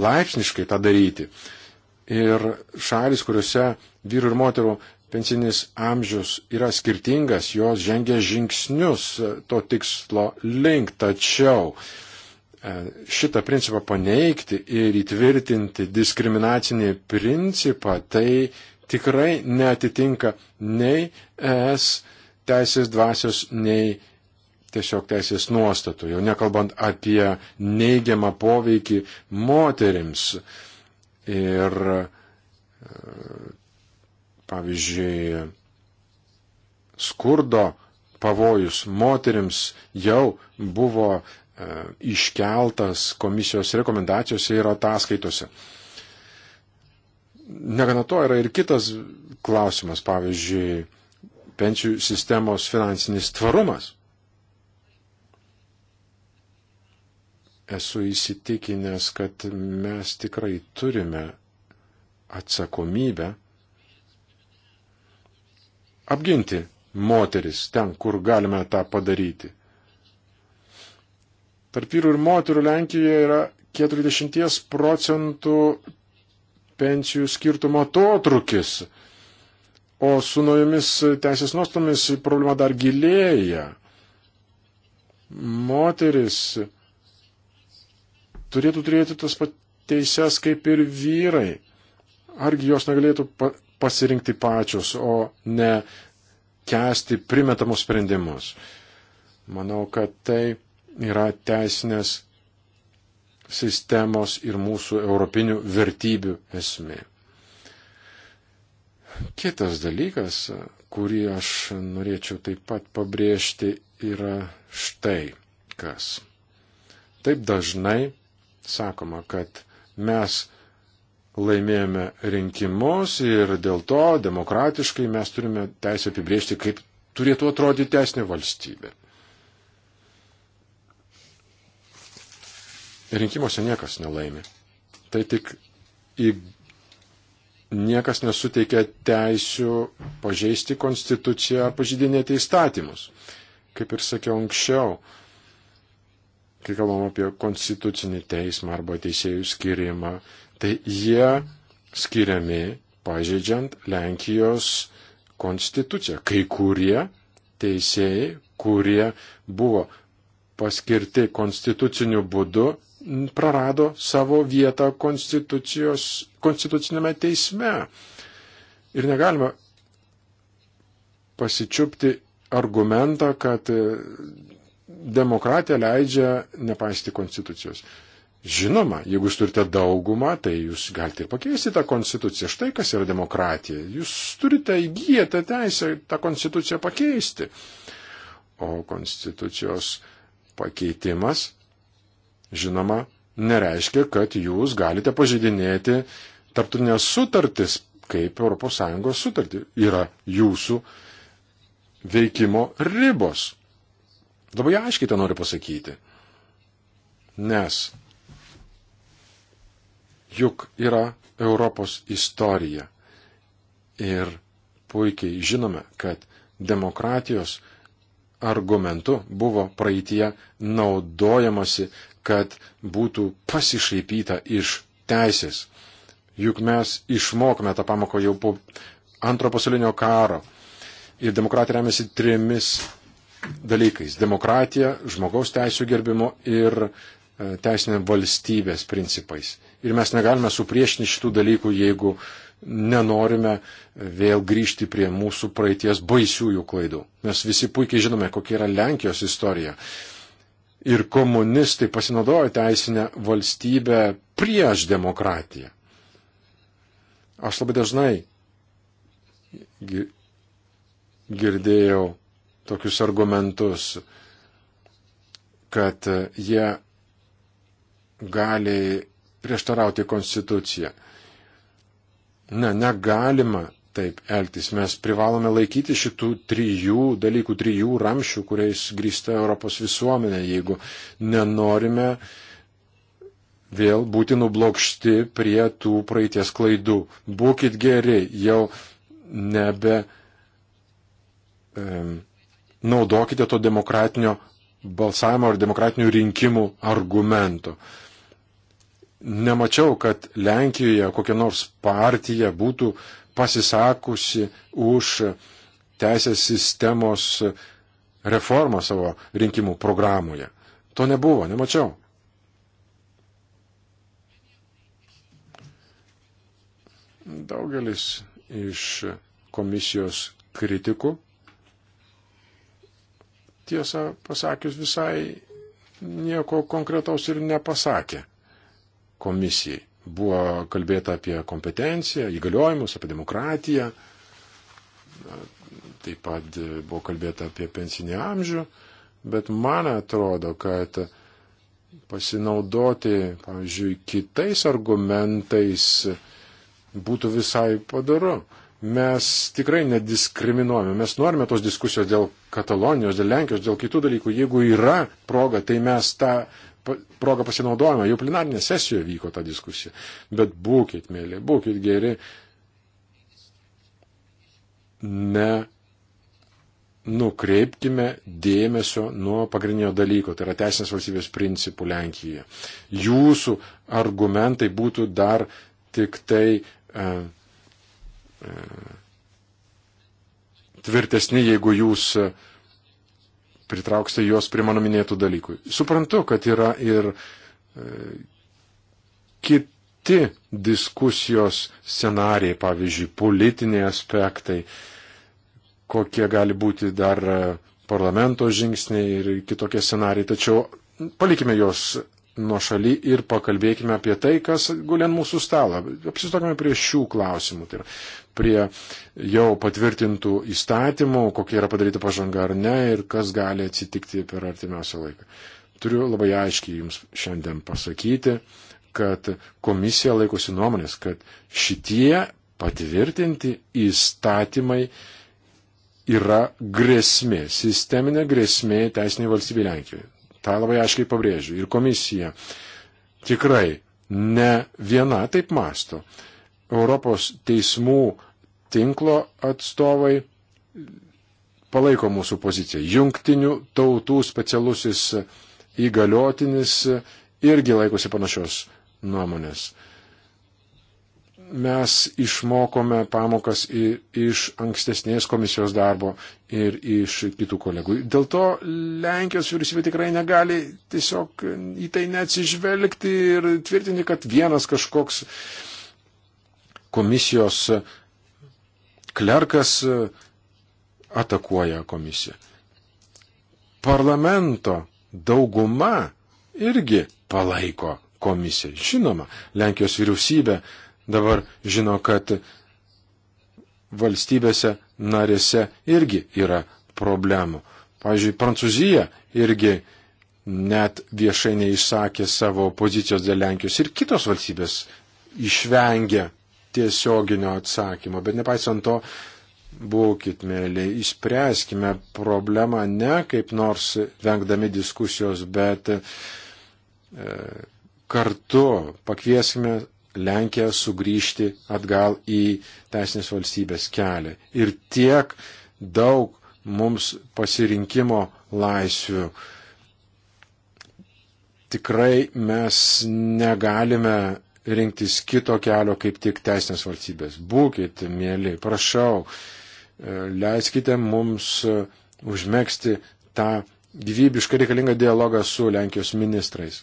laipsniškai tą daryti. Ir šalis, kuriuose vyrų ir moterų pensinis amžius yra skirtingas, jos žengia žingsnius to tikslo link, tačiau e, šitą principą paneigti ir įtvirtinti diskriminacinį principą, tai tikrai neatitinka nei ES teisės dvasios, nei tiesiog teisės nuostatų, jau nekalbant apie neigiamą poveikį moterims. Ir e, Pavyzdžiui, skurdo pavojus moteriams jau buvo e, iškeltas komisijos rekomendacijose ir ataskaitose. Negana to yra ir kitas klausimas, pavyzdžiui, pensijų sistemos finansinis tvarumas. Esu įsitikinęs, kad mes tikrai turime atsakomybę apginti moteris ten, kur galime tą padaryti. Tarp vyrų ir moterų Lenkijoje yra 40 procentų pensijų skirtumo atotrukis, o su naujomis teisės nuostomis problema dar gilėja. Moteris turėtų turėti tas pat teises kaip ir vyrai. Argi jos negalėtų pasirinkti pačios, o ne kesti primetamus sprendimus. Manau, kad tai yra teisinės sistemos ir mūsų europinių vertybių esmė. Kitas dalykas, kurį aš norėčiau taip pat pabrėžti, yra štai kas. Taip dažnai sakoma, kad mes laimėjome rinkimus ir dėl to demokratiškai mes turime teisę apibriežti, kaip turėtų atrodyti teisinė valstybė. Rinkimuose niekas nelaimė. Tai tik į niekas nesuteikia teisių pažeisti konstituciją ar pažydinėti įstatymus. Kaip ir sakiau anksčiau, kai kalbam apie konstitucinį teismą arba teisėjų skirimą, tai jie skiriami pažeidžiant Lenkijos konstituciją. Kai kurie teisėjai, kurie buvo paskirti konstituciniu būdu, prarado savo vietą konstitucinėme teisme. Ir negalima pasičiupti argumentą, kad demokratija leidžia nepaisti konstitucijos. Žinoma, jeigu jūs turite daugumą, tai jūs galite ir pakeisti tą konstituciją. Štai kas yra demokratija. Jūs turite įgyjętą teisę tą konstituciją pakeisti. O konstitucijos pakeitimas, žinoma, nereiškia, kad jūs galite pažydinėti tarptautinės sutartis, kaip ES sutartį. Yra jūsų veikimo ribos. Labai aiškiai tą noriu pasakyti. Nes juk yra Europos istorija. Ir puikiai žinome, kad demokratijos argumentu buvo praeitie naudojamasi, kad būtų pasišaipyta iš teisės. Juk mes išmokome tą pamoką jau po antro pasaulinio karo. Ir demokratija remiasi trimis dalykais - demokratija, žmogaus teisų gerbimo ir e, teisinė valstybės principais ir mes negalime supriešinti šitų dalykų, jeigu nenorime vėl grįžti prie mūsų praeities baisiųjų klaidų. Mes visi puikiai žinome, kokia yra Lenkijos istorija. Ir komunistai pasinaudojo teisinę valstybę prieš demokratiją. Aš labai dažnai girdėjau tokius argumentus, kad jie gali prieštarauti konstituciją. Na, negalima taip elgtis. Mes privalome laikyti šitų trijų dalykų, trijų ramšių, kuriais grįsta Europos visuomenė, jeigu nenorime vėl būti nublokšti prie tų praeities klaidų. Būkit geri, jau nebe um, naudokite to demokratinio balsavimo ar demokratinių rinkimų argumento. Uh, nemačiau, kad Lenkijoje kokia nors partija būtų pasisakusi už teisės sistemos reformą savo rinkimų programoje. To nebuvo, nemačiau. Daugelis iš komisijos kritikų, tiesą pasakius, visai nieko konkretaus ir nepasakė komisijai. Buvo kalbėta apie kompetenciją, įgaliojimus, apie demokratiją, taip pat e, buvo kalbėta apie pensinį amžių, bet man atrodo, kad pasinaudoti, pavyzdžiui, kitais argumentais būtų visai padaru. Mes tikrai nediskriminuojame, mes norime tos diskusijos dėl Katalonijos, dėl Lenkijos, dėl kitų dalykų. Jeigu yra proga, tai mes tą progą pasinaudojame, jau plenarinė sesijoje vyko ta diskusija. Bet būkit, mėly, būkit geri, ne nukreipkime dėmesio nuo pagrindinio dalyko, tai yra teisinės valstybės principų Lenkijoje. Jūsų argumentai būtų dar tik tai uh, uh, tvirtesni, jeigu jūs uh, pritrauksite juos prie mano minėtų dalykų. Suprantu, kad yra ir e, kiti diskusijos scenarijai, pavyzdžiui, politiniai aspektai, kokie gali būti dar e, parlamento žingsniai ir kitokie scenarijai, tačiau palikime juos nuo šaly ir pakalbėkime apie tai, kas guli ant mūsų stalo. Apsistokime prie šių klausimų, tai yra prie jau patvirtintų įstatymų, kokia yra padaryta pažanga ar ne ir kas gali atsitikti per artimiausią laiką. Turiu labai aiškiai Jums šiandien pasakyti, kad komisija laikosi nuomonės, kad šitie patvirtinti įstatymai yra grėsmė, sisteminė grėsmė teisiniai valstybė Lenkijoje tą labai aiškiai pabrėžiu. Ir komisija tikrai ne viena taip masto. Europos teismų tinklo atstovai palaiko mūsų poziciją. Jungtinių tautų specialusis įgaliotinis irgi laikosi panašios nuomonės mes išmokome pamokas ir iš ankstesnės komisijos darbo ir iš kitų kolegų. Dėl to Lenkijos vyriausybė tikrai negali tiesiog į tai neatsižvelgti ir tvirtinti, kad vienas kažkoks komisijos klerkas atakuoja komisiją. Parlamento dauguma irgi palaiko komisiją. Žinoma, Lenkijos vyriausybė dabar žino, kad valstybėse narėse irgi yra problemų. Pavyzdžiui, Prancūzija irgi net viešai neišsakė savo pozicijos dėl Lenkijos ir kitos valstybės išvengė tiesioginio atsakymo. Bet nepaisant to, būkit mėly, išspręskime problemą ne kaip nors vengdami diskusijos, bet e, kartu pakvieskime Lenkiją sugrįžti atgal į teisinės valstybės kelią. Ir tiek daug mums pasirinkimo laisvių. Tikrai mes negalime rinktis kito kelio kaip tik teisinės valstybės. Būkite, mėly, prašau, e, leiskite mums e, užmėgsti tą gyvybiškai reikalingą dialogą su Lenkijos ministrais.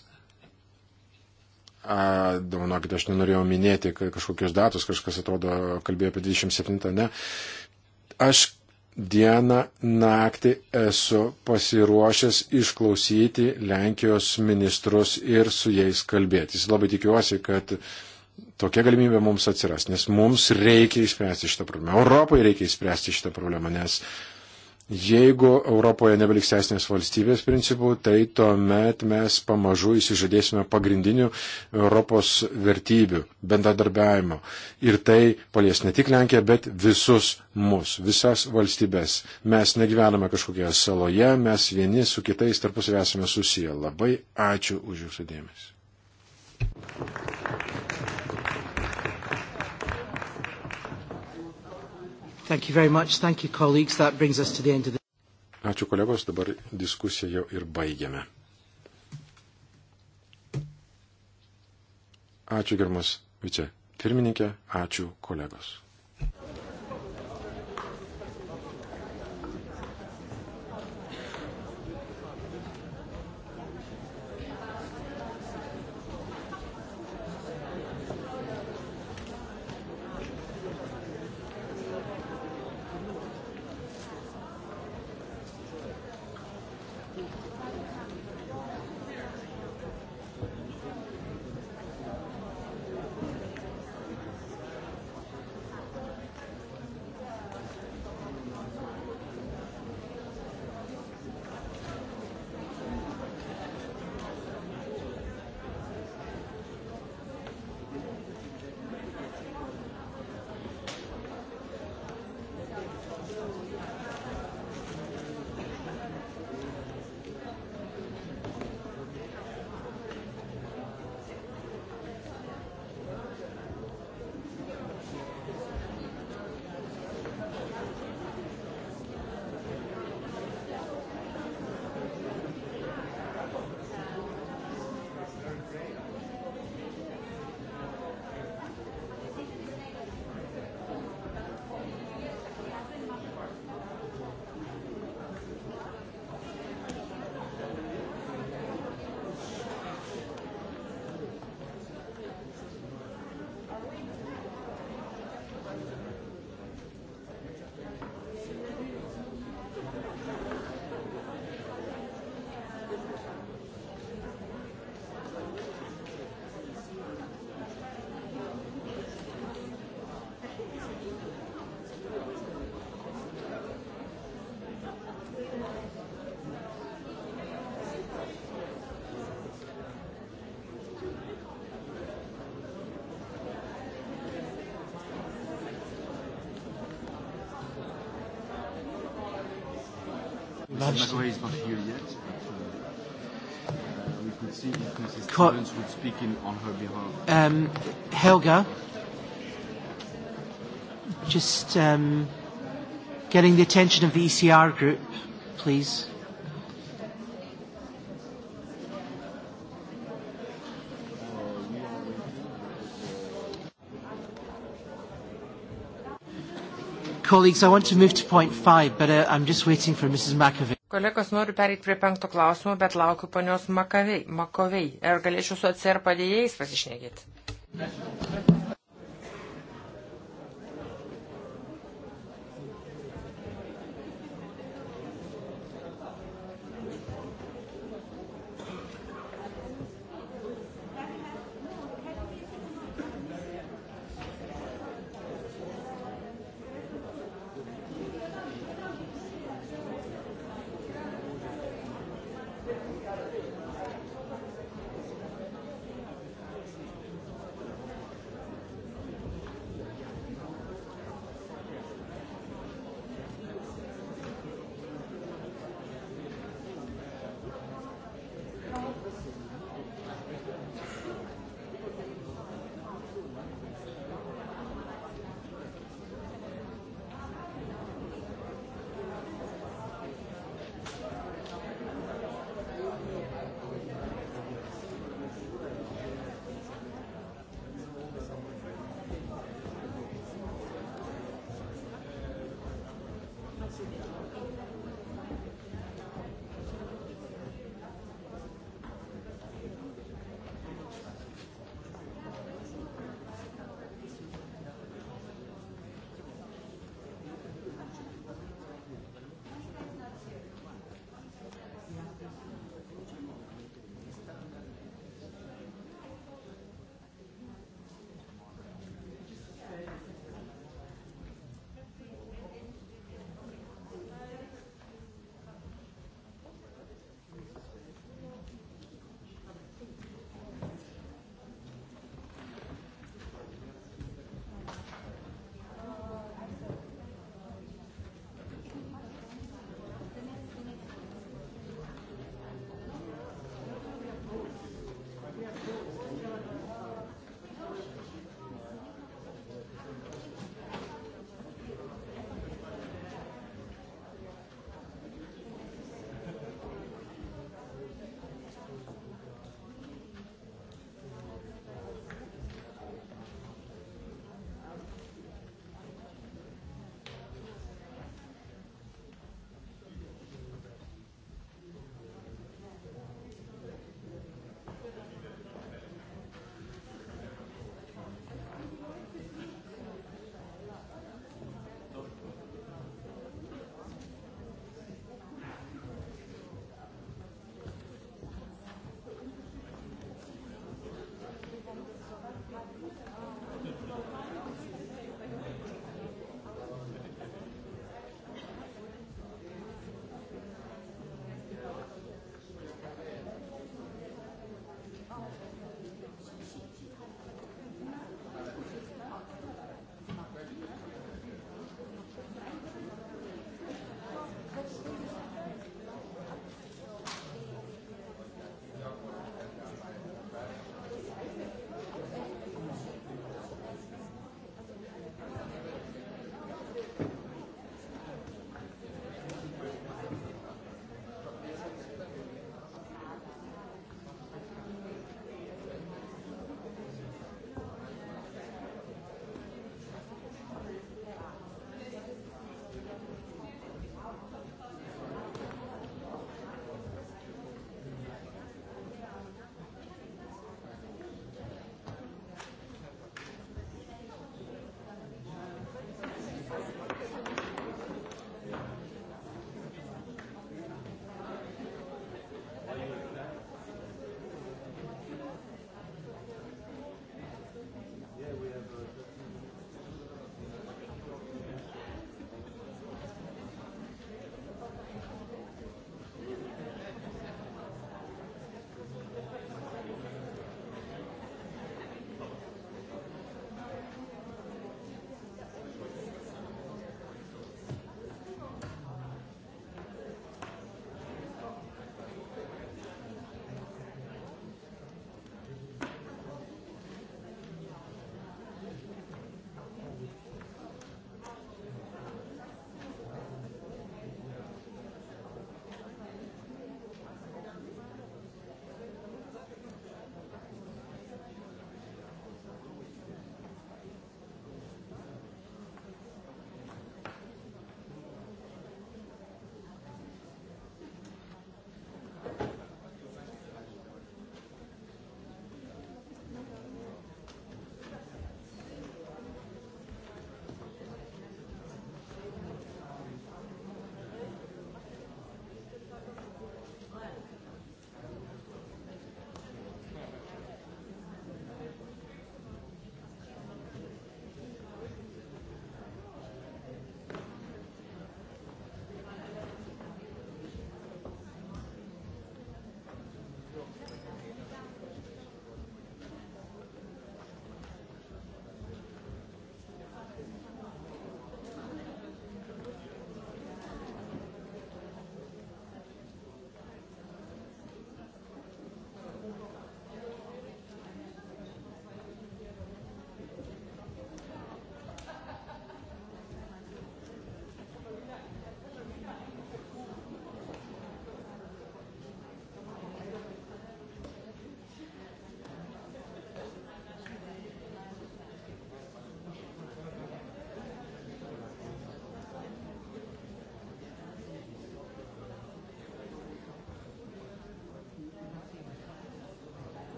Daunokit, aš nenorėjau minėti kažkokios datos, kažkas atrodo kalbėjo apie 27, ne. Aš dieną naktį esu pasiruošęs išklausyti Lenkijos ministrus ir su jais kalbėtis. Labai tikiuosi, kad tokia galimybė mums atsiras, nes mums reikia įspręsti šitą problemą. Europai reikia įspręsti šitą problemą, nes uh, Jeigu Europoje nebeliks teisinės valstybės principų, tai tuomet mes pamažu įsižadėsime pagrindinių Europos vertybių bendradarbiavimo. Ir tai palies ne tik Lenkiją, bet visus mus, visas valstybės. Mes negyvename kažkokioje saloje, mes vieni su kitais tarpusavį esame susiję. Labai ačiū už Jūsų dėmesį. Thank you very much. Thank you, colleagues. That brings us to the end of the... Ačiū kolegos, dabar diskusiją jau ir baigiame. Ačiū germas vice pirmininkė, ačiū kolegos. Magoe is not here yet, but uh, uh we could see if Mrs. Co- Stevens would speak in, on her behalf. Um, Helga, just um, getting the attention of the ECR group, please. Colleagues, I want to move to point five, but uh, I'm just waiting for Mrs McAvey. Kolegos, noriu pereiti prie penkto klausimo, bet laukiu ponios Makavei, Makovei. Ar galėčiau su atsir padėjėjais pasišnekėti?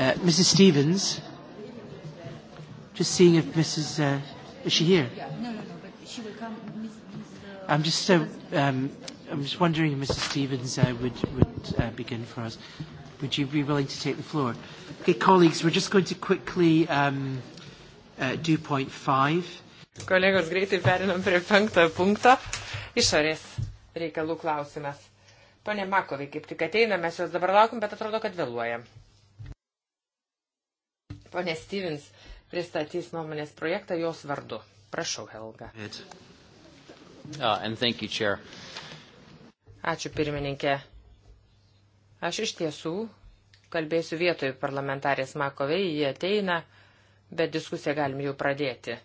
Uh, Mrs. Stevens, just seeing if Mrs. Uh, is she here? No, no, no, but she will come. Ms. Ms. Uh, I'm just uh, um, I'm just wondering if Mrs. Stevens uh, would would uh, begin for us. Would you be willing to take the floor? Okay, colleagues, we're just going to quickly um, uh, do point five. Kolegos, greitai perinam prie penktojo punkto. Išorės reikalų klausimas. Pone Makovai, kaip tik ateina, mes jos dabar laukim, bet atrodo, kad vėluojam. Pone Stevens pristatys nuomonės projektą jos vardu. Prašau, Helga. Uh, you, Ačiū pirmininkė. Aš iš tiesų kalbėsiu vietoj parlamentarės Makovei, jie ateina, bet diskusiją galim jau pradėti.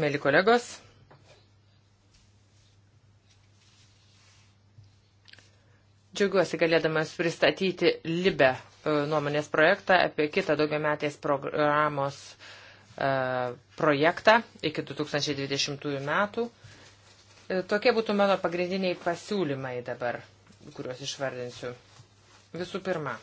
Mėly kolegos, džiaugiuosi galėdamas pristatyti Libę E, nuomonės projektą apie kitą daugiametės programos e, projektą iki 2020 metų. E, tokie būtų mano pagrindiniai pasiūlymai dabar, kuriuos išvardinsiu. Visų pirma,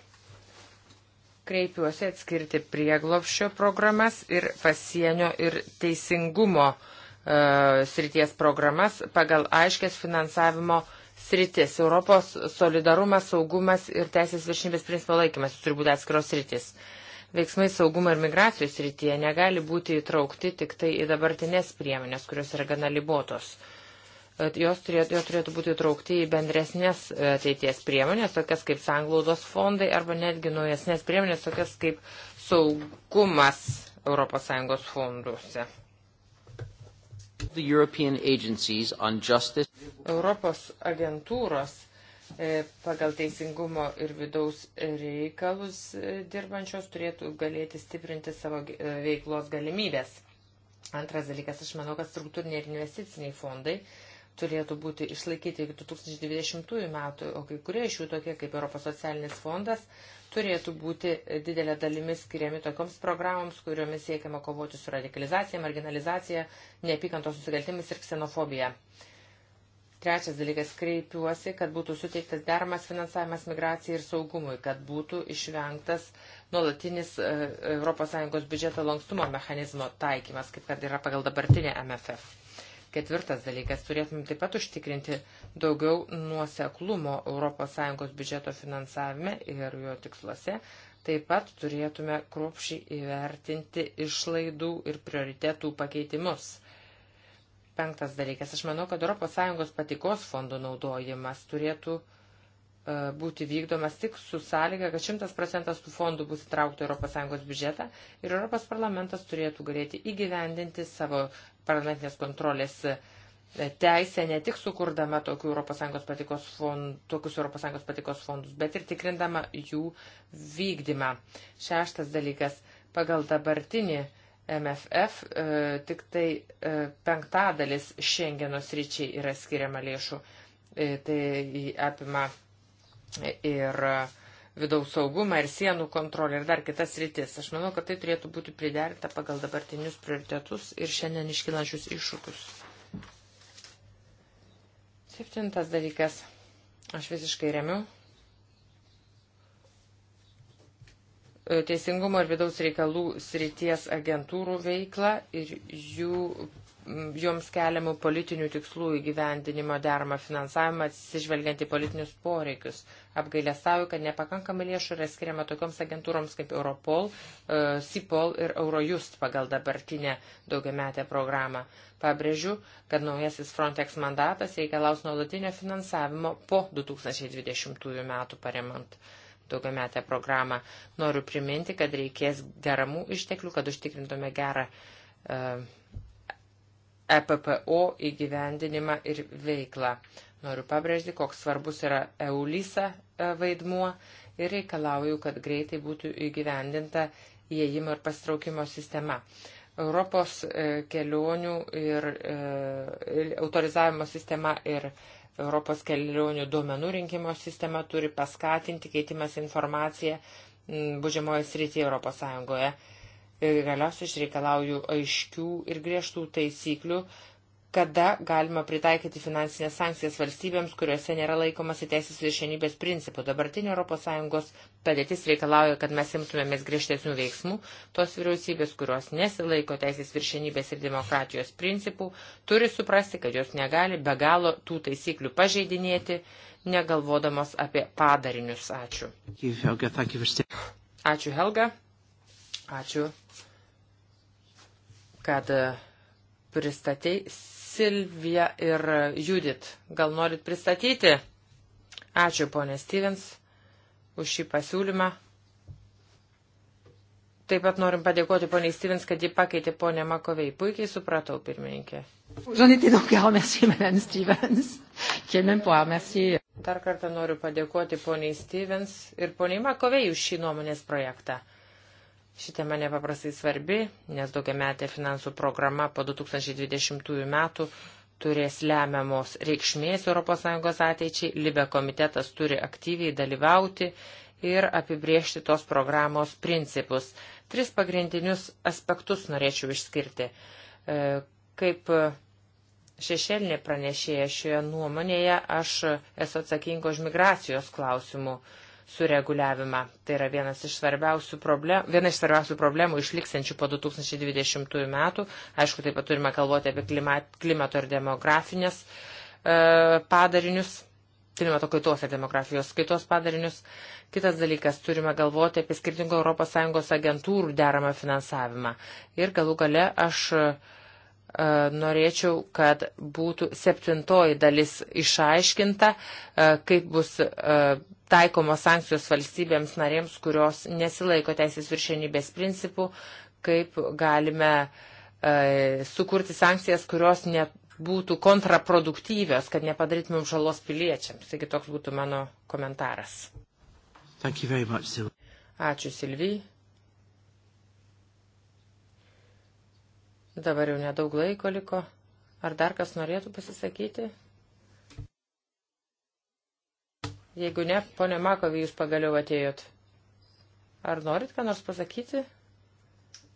kreipiuosi atskirti prieglopščio programas ir pasienio ir teisingumo e, srities programas pagal aiškės finansavimo e, sritis. Europos solidarumas, saugumas ir teisės viršinybės principo laikymas turi būti atskiros sritis. Veiksmai saugumo ir migracijos srityje negali būti įtraukti tik tai į dabartinės priemonės, kurios yra gana libotos. Jos turėtų, jos turėtų būti įtraukti į bendresnės e, ateities priemonės, tokias kaip sanglaudos fondai arba netgi naujesnės priemonės, tokias kaip saugumas ES fonduose. Europos agentūros e, pagal teisingumo ir vidaus reikalus e, dirbančios turėtų galėti stiprinti savo e, veiklos galimybės. Antras dalykas, aš manau, kad struktūriniai ir investiciniai fondai turėtų būti išlaikyti iki 2020 metų, o kai kurie iš jų tokie kaip Europos socialinis fondas turėtų būti didelė dalimi skiriami tokioms programoms, kuriomis siekiama kovoti su radikalizacija, marginalizacija, neapykantos nusikaltimis ir ksenofobija. Trečias dalykas, kreipiuosi, kad būtų suteiktas dermas finansavimas migracijai ir saugumui, kad būtų išvengtas nuolatinis ES e, biudžeto lankstumo mechanizmo taikymas, kaip kad yra pagal dabartinę MFF. Ketvirtas dalykas, turėtumėm taip pat užtikrinti daugiau nuoseklumo ES biudžeto finansavime ir jo tiksluose. Taip pat turėtume kruopšiai įvertinti išlaidų ir prioritetų pakeitimus. Penktas dalykas, aš manau, kad ES patikos fondų naudojimas turėtų e, būti vykdomas tik su sąlyga, kad 100 procentas tų fondų bus įtraukta ES biudžetą ir ES parlamentas turėtų galėti įgyvendinti savo parlamentinės kontrolės teisę ne tik sukurdama ES patikos fond, tokius ES patikos fondus, bet ir tikrindama jų vykdymą. Šeštas dalykas. Pagal dabartinį MFF e, tik tai e, penktadalis šiandienos ryčiai yra skiriama lėšų. E, tai apima ir e, vidaus saugumą ir sienų kontrolę ir dar kitas rytis. Aš manau, kad tai turėtų būti priderinta pagal dabartinius prioritetus ir šiandien iškilančius iššūkius. Septintas dalykas. Aš visiškai remiu. Teisingumo ir vidaus reikalų srities agentūrų veiklą ir jų joms keliamų politinių tikslų įgyvendinimo deramą finansavimą atsižvelgiant į politinius poreikius. Apgailę savo, kad nepakankamai lėšų yra skiriama tokioms agentūroms kaip Europol, e, SIPOL ir Eurojust pagal dabartinę daugiametę programą. Pabrėžiu, kad naujasis Frontex mandatas reikalaus nuolatinio finansavimo po 2020 metų paremant daugiametę programą. Noriu priminti, kad reikės deramų išteklių, kad užtikrintume gerą e, EPPO įgyvendinimą ir veiklą. Noriu pabrėžti, koks svarbus yra EULISA e, vaidmuo ir reikalauju, kad greitai būtų įgyvendinta įėjimo ir pastraukimo sistema. Europos e, kelionių ir e, autorizavimo sistema ir Europos kelionių duomenų rinkimo sistema turi paskatinti keitimas informaciją bužimoje srityje Europos Sąjungoje Ir galiausiai išreikalauju aiškių ir griežtų taisyklių, kada galima pritaikyti finansinės sankcijas valstybėms, kuriuose nėra laikomasi teisės viršenybės principų. Dabartinė ES padėtis reikalauja, kad mes imtumėmės griežtesnių veiksmų. Tos vyriausybės, kurios nesilaiko teisės viršenybės ir demokratijos principų, turi suprasti, kad jos negali be galo tų taisyklių pažeidinėti, negalvodamos apie padarinius. Ačiū. Ačiū, Helga. Ačiū, kad pristatei Silvija ir Judit. Gal norit pristatyti? Ačiū, ponė Stevens, už šį pasiūlymą. Taip pat norim padėkoti poniai Stevens, kad ji pakeitė ponę Makovei. Puikiai supratau, pirmininkė. Dar kartą noriu padėkoti poniai Stevens ir poniai Makovei už šį nuomonės projektą. Šitą mane paprastai svarbi, nes daugia metė finansų programa po 2020 metų turės lemiamos reikšmės ES ateičiai. Libe komitetas turi aktyviai dalyvauti ir apibriežti tos programos principus. Tris pagrindinius aspektus norėčiau išskirti. E, kaip šešėlinė pranešėja šioje nuomonėje, aš esu atsakinga už migracijos klausimų sureguliavimą. Tai yra vienas iš svarbiausių problemų, viena iš svarbiausių problemų išliksančių po 2020 metų. Aišku, taip pat turime kalbėti apie klimat, klimato ir demografinės e, padarinius, klimato kaitos ir demografijos kaitos padarinius. Kitas dalykas, turime galvoti apie skirtingų ES agentūrų deramą finansavimą. Ir galų gale aš e, norėčiau, kad būtų septintoji dalis išaiškinta, e, kaip bus e, taikomos sankcijos valstybėms narėms, kurios nesilaiko teisės viršenybės principų, kaip galime e, sukurti sankcijas, kurios nebūtų kontraproduktyvios, kad nepadarytumėm žalos piliečiams. Taigi toks būtų mano komentaras. Much, Silvi. Ačiū Silvijai. Dabar jau nedaug laiko liko. Ar dar kas norėtų pasisakyti? Jeigu ne, ponė Makovė, jūs pagaliau atėjot. Ar norit ką nors pasakyti?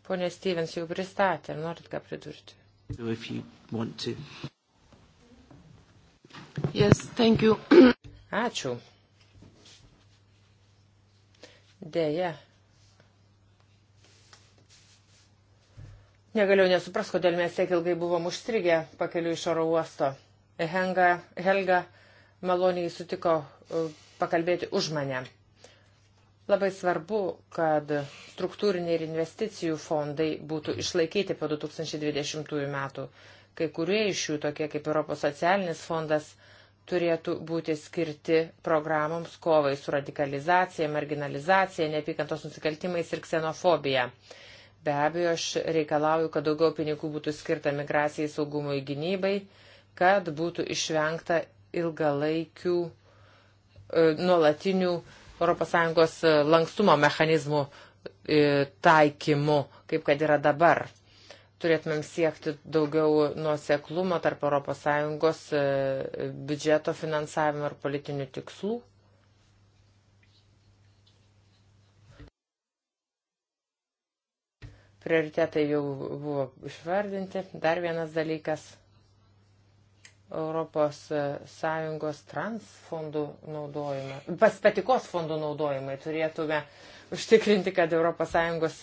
Pone Stevens jau pristatė, ar norit ką pridurti? Yes, thank you. Ačiū. Deja. Negaliu nesupras, kodėl mes tiek ilgai buvom užstrigę pakeliu iš oro uosto. Henga, Helga maloniai sutiko E, pakalbėti už mane. Labai svarbu, kad struktūriniai ir investicijų fondai būtų išlaikyti po 2020 metų. Kai kurie iš jų, tokie kaip Europos socialinis fondas, turėtų būti skirti programoms kovai su radikalizacija, marginalizacija, neapykantos nusikaltimais ir ksenofobija. Be abejo, aš reikalauju, kad daugiau pinigų būtų skirta migracijai, saugumui, gynybai, kad būtų išvengta ilgalaikių E, nuolatinių ES e, lankstumo mechanizmų e, taikymu, kaip kad yra dabar. Turėtumėm siekti daugiau nuoseklumo tarp ES biudžeto finansavimo ir politinių tikslų. Prioritetai jau buvo išvardinti. Dar vienas dalykas ES e, transfondų naudojimą, patikos fondų naudojimai turėtume užtikrinti, kad ES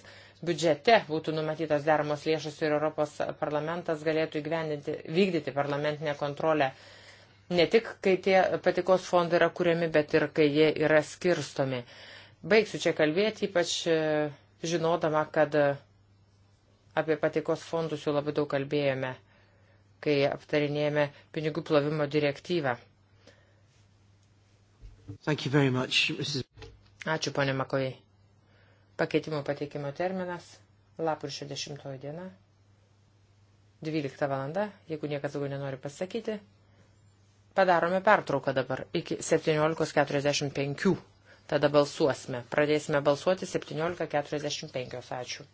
biudžete būtų numatytos deramos lėšos ir Europos parlamentas galėtų vykdyti parlamentinę kontrolę ne tik, kai tie patikos fondai yra kuriami, bet ir kai jie yra skirstomi. Baigsiu čia kalbėti, ypač e, žinodama, kad e, apie patikos fondus jau labai daug kalbėjome kai aptarinėjame pinigų plovimo direktyvą. Much, Mrs... Ačiū, ponė Makovai. Pakeitimo pateikimo terminas lapkričio 10 diena, 12 valanda, jeigu niekas daugiau nenori pasakyti. Padarome pertrauką dabar iki 17.45. Tada balsuosime. Pradėsime balsuoti 17.45. Ačiū.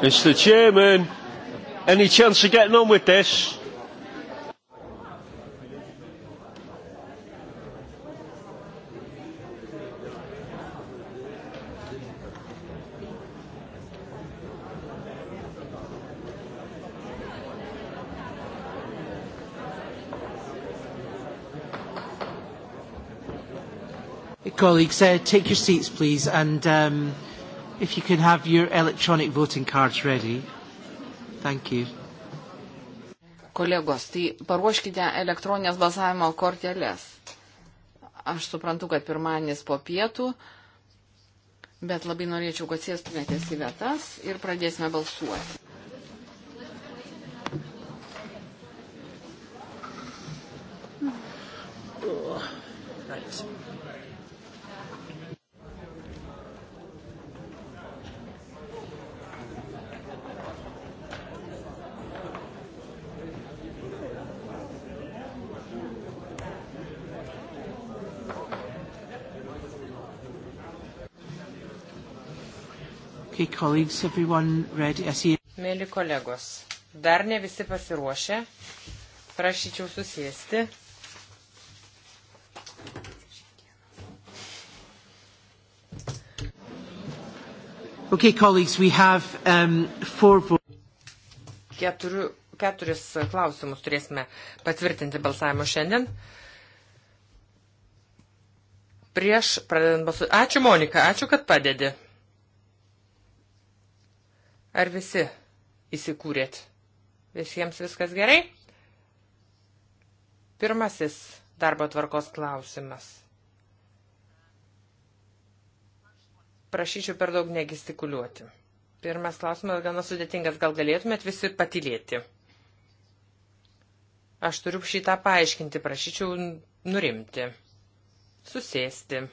Mr. Chairman, any chance of getting on with this? Colleagues, uh, take your seats, please, and um, If you can have your electronic voting cards ready. Thank you. Kolegos, tai paruoškite elektroninės balsavimo korteles. Aš suprantu, kad pirmanis po pietų, bet labai norėčiau, kad sėstumėte į vietas ir pradėsime balsuoti. colleagues, everyone ready? I see. Mėly kolegos, dar ne visi pasiruošę. Prašyčiau susėsti. Okay, colleagues, we have um, four Keturių, keturis klausimus turėsime patvirtinti balsavimo šiandien. Prieš pradedant balsuoti. Ačiū, Monika, ačiū, kad padedi. Ar visi įsikūrėt? Visiems viskas gerai? Pirmasis darbo tvarkos klausimas. Prašyčiau per daug negistikuliuoti. Pirmas klausimas gana sudėtingas, gal galėtumėt visi patilėti. Aš turiu šitą paaiškinti, prašyčiau nurimti, susėsti.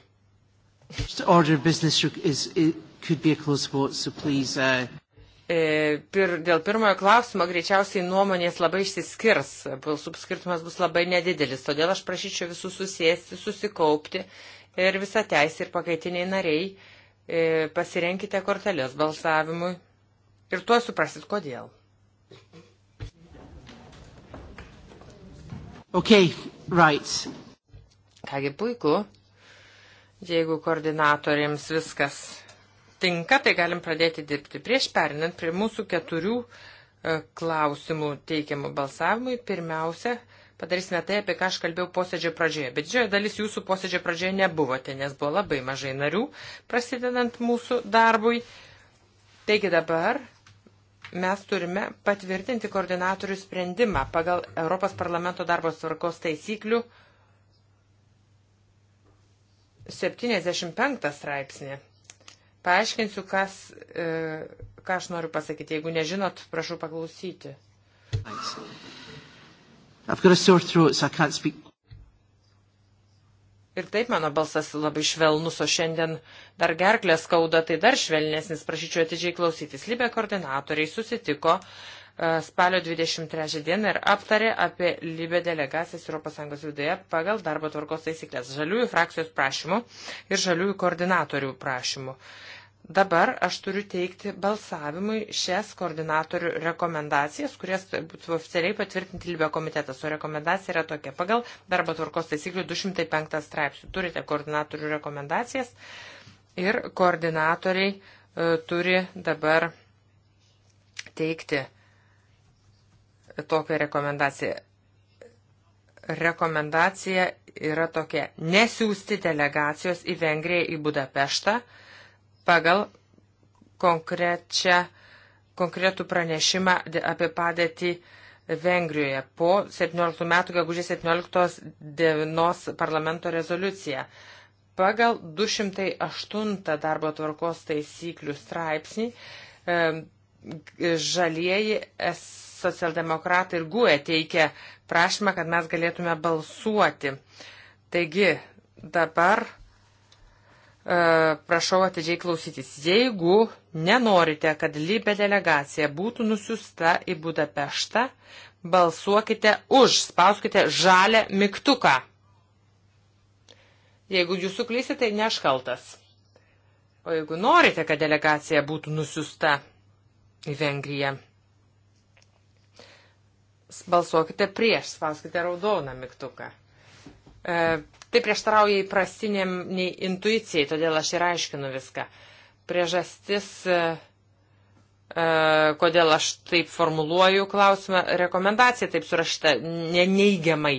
Order business is, it could be a close vote, so please. Uh... E, pir, dėl pirmojo klausimo greičiausiai nuomonės labai išsiskirs, balsų skirtumas bus labai nedidelis, todėl aš prašyčiau visus susėsti, susikaupti ir visą teisę ir pakaitiniai nariai e, pasirenkite kortelės balsavimui ir tuo suprasit kodėl. Okay, right. Kągi puiku, jeigu koordinatoriams viskas tinka, tai galim pradėti dirbti. Prieš perinant prie mūsų keturių e, klausimų teikiamų balsavimui, pirmiausia, padarysime tai, apie ką aš kalbėjau posėdžio pradžioje. Bet didžioji dalis jūsų posėdžio pradžioje nebuvote, nes buvo labai mažai narių, prasidedant mūsų darbui. Taigi dabar mes turime patvirtinti koordinatorių sprendimą pagal Europos parlamento darbo tvarkos taisyklių 75 straipsnį. Paaiškinsiu, kas, e, ką aš noriu pasakyti. Jeigu nežinot, prašau paklausyti. Ir taip mano balsas labai švelnus, o šiandien dar gerklė skauda, tai dar švelnesnis, prašyčiau atidžiai klausytis. Libė koordinatoriai susitiko uh, spalio 23 dieną ir aptarė apie Libę delegacijas ES viduje pagal darbo tvarkos taisyklės žaliųjų frakcijos prašymų ir žaliųjų koordinatorių prašymų. Dabar aš turiu teikti balsavimui šias koordinatorių rekomendacijas, kurias būtų oficialiai patvirtinti Libio komitetas. O rekomendacija yra tokia. Pagal darbo tvarkos taisyklių 205 straipsnių turite koordinatorių rekomendacijas ir koordinatoriai e, turi dabar teikti tokią rekomendaciją. Rekomendacija yra tokia - nesiųsti delegacijos į Vengriją, į Budapeštą pagal konkrečią, konkretų pranešimą apie padėtį Vengrijoje po 17 metų, gegužės 17 dienos parlamento rezoliuciją. Pagal 208 darbo tvarkos taisyklių straipsnį žalieji socialdemokratai ir guė teikia prašymą, kad mes galėtume balsuoti. Taigi dabar e, prašau atidžiai klausytis. Jeigu nenorite, kad Libė delegacija būtų nusiusta į Budapeštą, balsuokite už, spauskite žalę mygtuką. Jeigu jūs suklysite, tai neškaltas. O jeigu norite, kad delegacija būtų nusiusta į Vengriją. Balsuokite prieš, spauskite raudoną mygtuką. E, tai prieštarauja įprastiniam nei intuicijai, todėl aš ir aiškinu viską. Priežastis, e, e kodėl aš taip formuluoju klausimą, rekomendacija taip surašyta neneigiamai.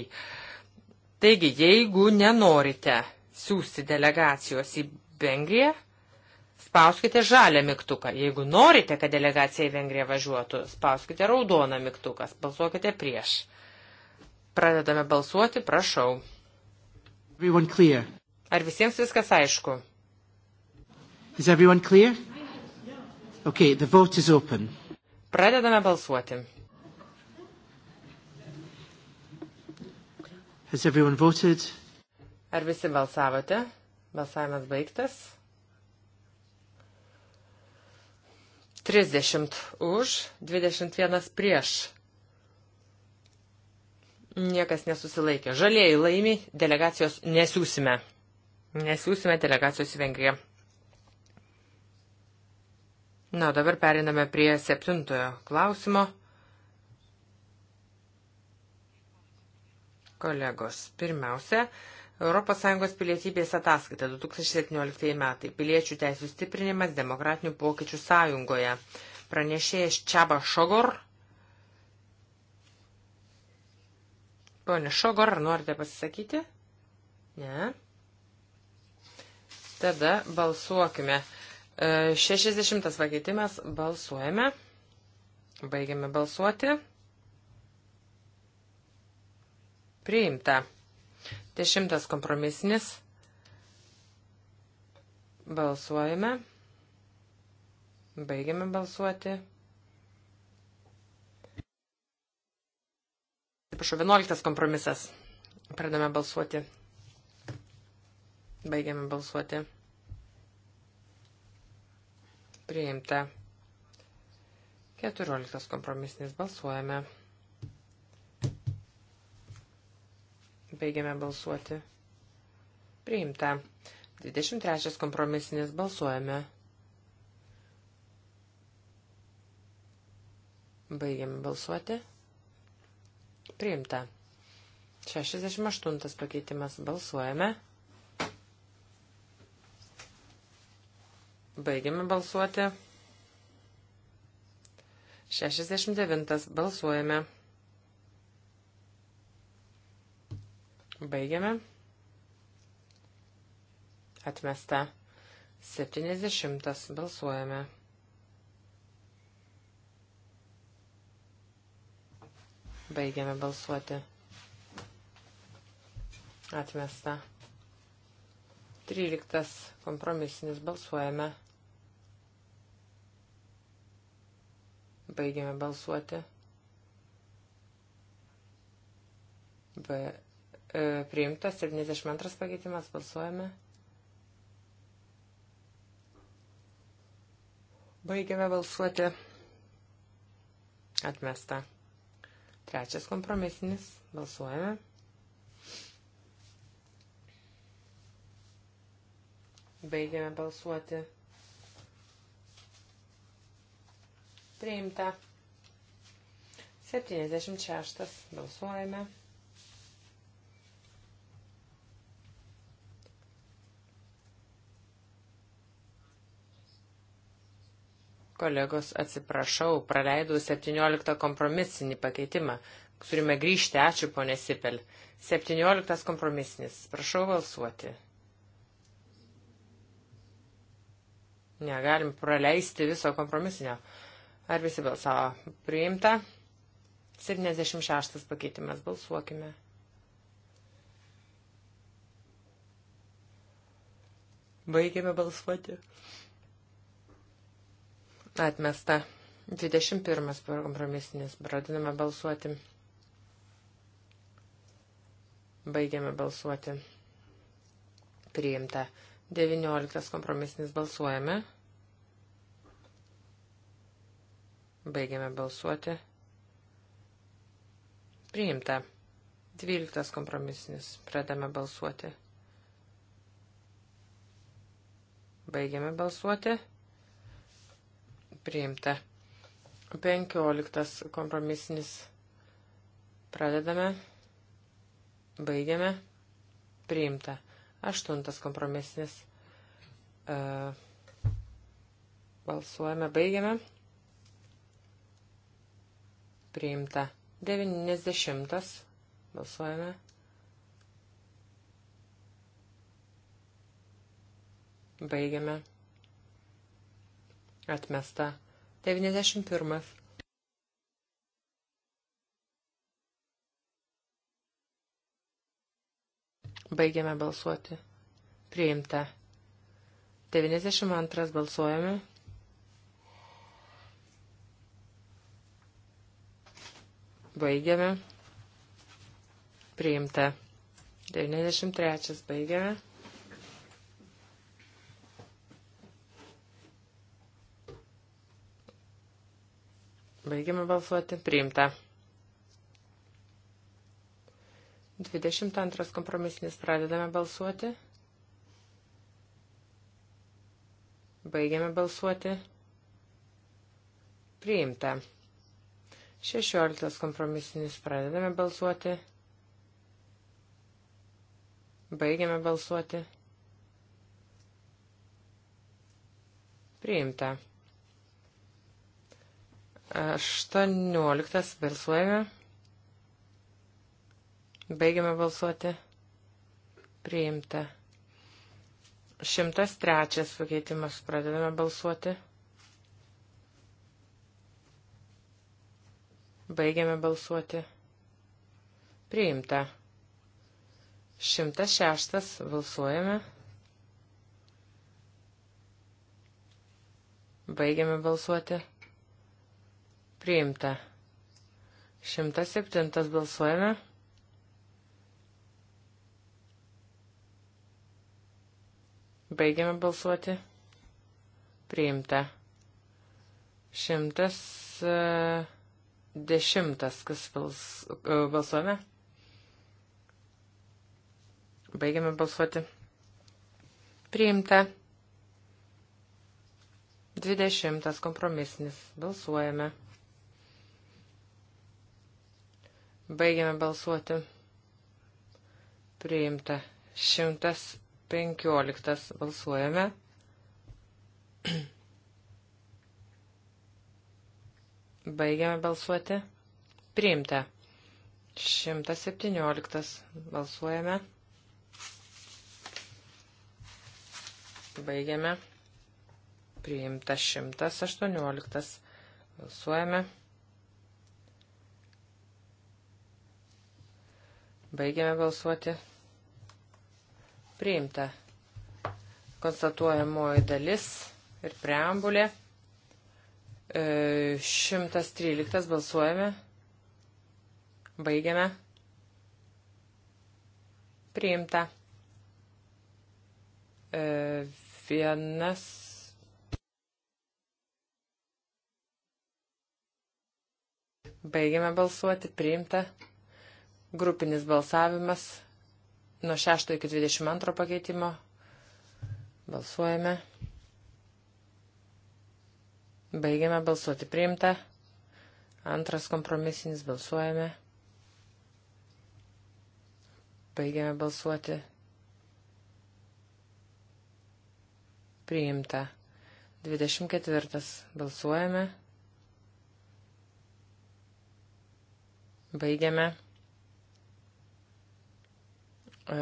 Taigi, jeigu nenorite siūsti delegacijos į Vengriją, spauskite žalią mygtuką. Jeigu norite, kad delegacija į Vengriją važiuotų, spauskite raudoną mygtuką, balsuokite prieš. Pradedame balsuoti, prašau. Ar visiems viskas aišku? Okay, Pradedame balsuoti. Ar visi balsavote? Balsavimas baigtas. 30 už, 21 prieš. Niekas nesusilaikė. Žalieji laimi, delegacijos nesiūsime. Nesiūsime delegacijos į Vengriją. Na, dabar periname prie septintojo klausimo. Kolegos, pirmiausia, ES pilietybės ataskaita 2017 metai. Piliečių teisų stiprinimas demokratinių pokyčių sąjungoje. Pranešėjas Čiaba Šogor. Pone Šogor, ar norite pasisakyti? Ne. Tada balsuokime. 60 e, pakeitimas. Balsuojame. Baigiame balsuoti. Priimta. Dešimtas kompromisinis. Balsuojame. Baigiame balsuoti. Atsiprašau, vienuoliktas kompromisas. Pradame balsuoti. Baigiame balsuoti. Priimta. Keturioliktas kompromisinis balsuojame. Baigiame balsuoti. Priimta. 23 kompromisinis balsuojame. Baigiame balsuoti. Priimta. 68 pakeitimas balsuojame. Baigiame balsuoti. 69 balsuojame. Baigiame. Atmesta. 70. Balsuojame. Baigiame balsuoti. Atmesta. 13. Kompromisinis. Balsuojame. Baigiame balsuoti. B E, priimtas 72 pakeitimas, balsuojame. Baigiame balsuoti. Atmesta. Trečias kompromisinis. Balsuojame. Baigiame balsuoti. Priimta. 76. Balsuojame. Kolegos, atsiprašau, praleidau 17 kompromisinį pakeitimą. Turime grįžti, ačiū, ponė Sipel. 17 kompromisinis. Prašau balsuoti. Negalim praleisti viso kompromisinio. Ar visi balsavo? Priimta. 76 pakeitimas. Balsuokime. Baigėme balsuoti. Atmesta. 21 kompromisinis. Pradiname balsuoti. Baigiame balsuoti. Priimta. 19 kompromisinis balsuojame. Baigiame balsuoti. Priimta. 12 kompromisinis. Pradame balsuoti. Baigiame balsuoti priimta. 15 kompromisinis. Pradedame. Baigiame. Priimta. 8 kompromisinis. E, balsuojame. Baigiame. Priimta. 90. Balsuojame. Baigiame. Atmesta. 91. Baigiame balsuoti. Priimta. 92 balsuojame. Baigiame. Priimta. 93 baigiame. Baigiame balsuoti. Priimta. 22 kompromisinis pradedame balsuoti. Baigiame balsuoti. Priimta. 16 kompromisinis pradedame balsuoti. Baigiame balsuoti. Priimta. 18 balsuojame. Baigiame balsuoti. Priimta. 103 pakeitimas. Pradedame balsuoti. Baigiame balsuoti. Priimta. 106 balsuojame. Baigiame balsuoti. Priimta. 107 balsuojame. Baigiame balsuoti. Priimta. 110. E, kas bals, e, balsuojame? Baigiame balsuoti. Priimta. 20. Kompromisinis. Balsuojame. Baigiame balsuoti. Priimta. 115 balsuojame. Baigiame balsuoti. Priimta. 117 balsuojame. Baigiame. Priimta 118. Balsuojame. Baigiame balsuoti. Priimta. Konstatuojamoji dalis ir preambulė. 113 e, balsuojame. Baigiame. Priimta. E, vienas. Baigiame balsuoti. Priimta. Grupinis balsavimas nuo 6 iki 22 pakeitimo. Balsuojame. Baigiame balsuoti priimta. Antras kompromisinis balsuojame. Baigiame balsuoti. Priimta. 24. Balsuojame. Baigiame. E,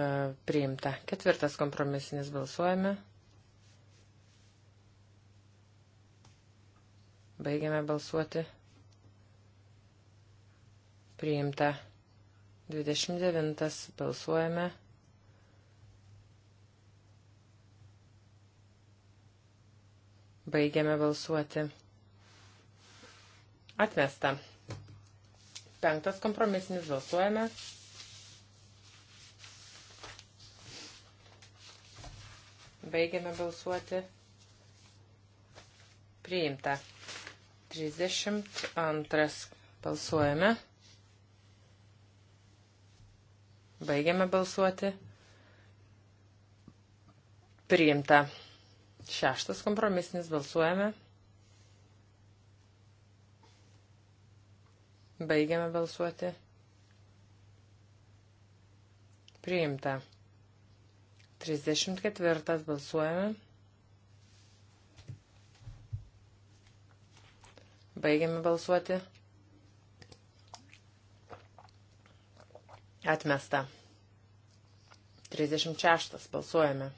priimta. Ketvirtas kompromisinis balsuojame. Baigiame balsuoti. Priimta. 29 balsuojame. Baigiame balsuoti. Atmesta. Penktas kompromisinis balsuojame. Baigiame balsuoti. Priimta. 32. Balsuojame. Baigiame balsuoti. Priimta. Šeštas kompromisinis balsuojame. Baigiame balsuoti. Priimta. 34 balsuojame. Baigiame balsuoti. Atmesta. 36 balsuojame.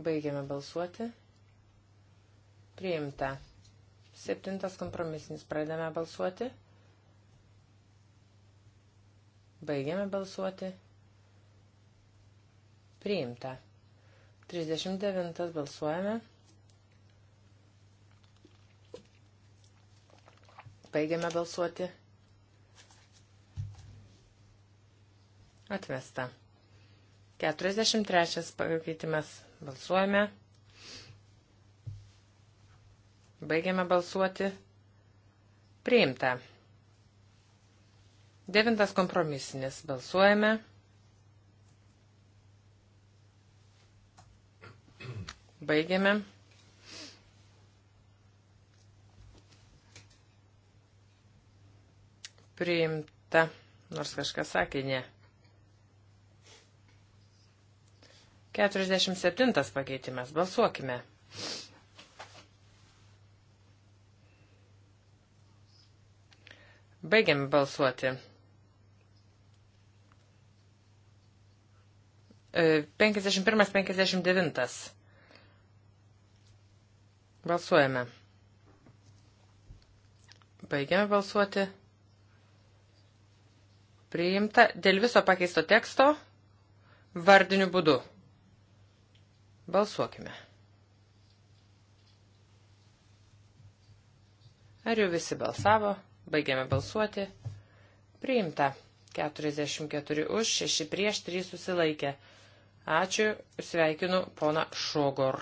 Baigiame balsuoti. Priimta. Septintas kompromisinis. Pradame balsuoti. Baigiame balsuoti. Priimta. 39 balsuojame. Baigiame balsuoti. Atmesta. 43 pakeitimas. Balsuojame. Baigiame balsuoti. Priimta. Devintas kompromisinis. Balsuojame. Baigiame. Priimta, nors kažkas sakė ne. 47 pakeitimas. Balsuokime. Baigiam balsuoti. 51-59. E, Balsuojame. Baigiame balsuoti. Priimta dėl viso pakeisto teksto vardiniu būdu. Balsuokime. Ar jau visi balsavo? Baigiame balsuoti. Priimta. 44 už, 6 prieš, 3 susilaikė. Ačiū, sveikinu pona Šogor.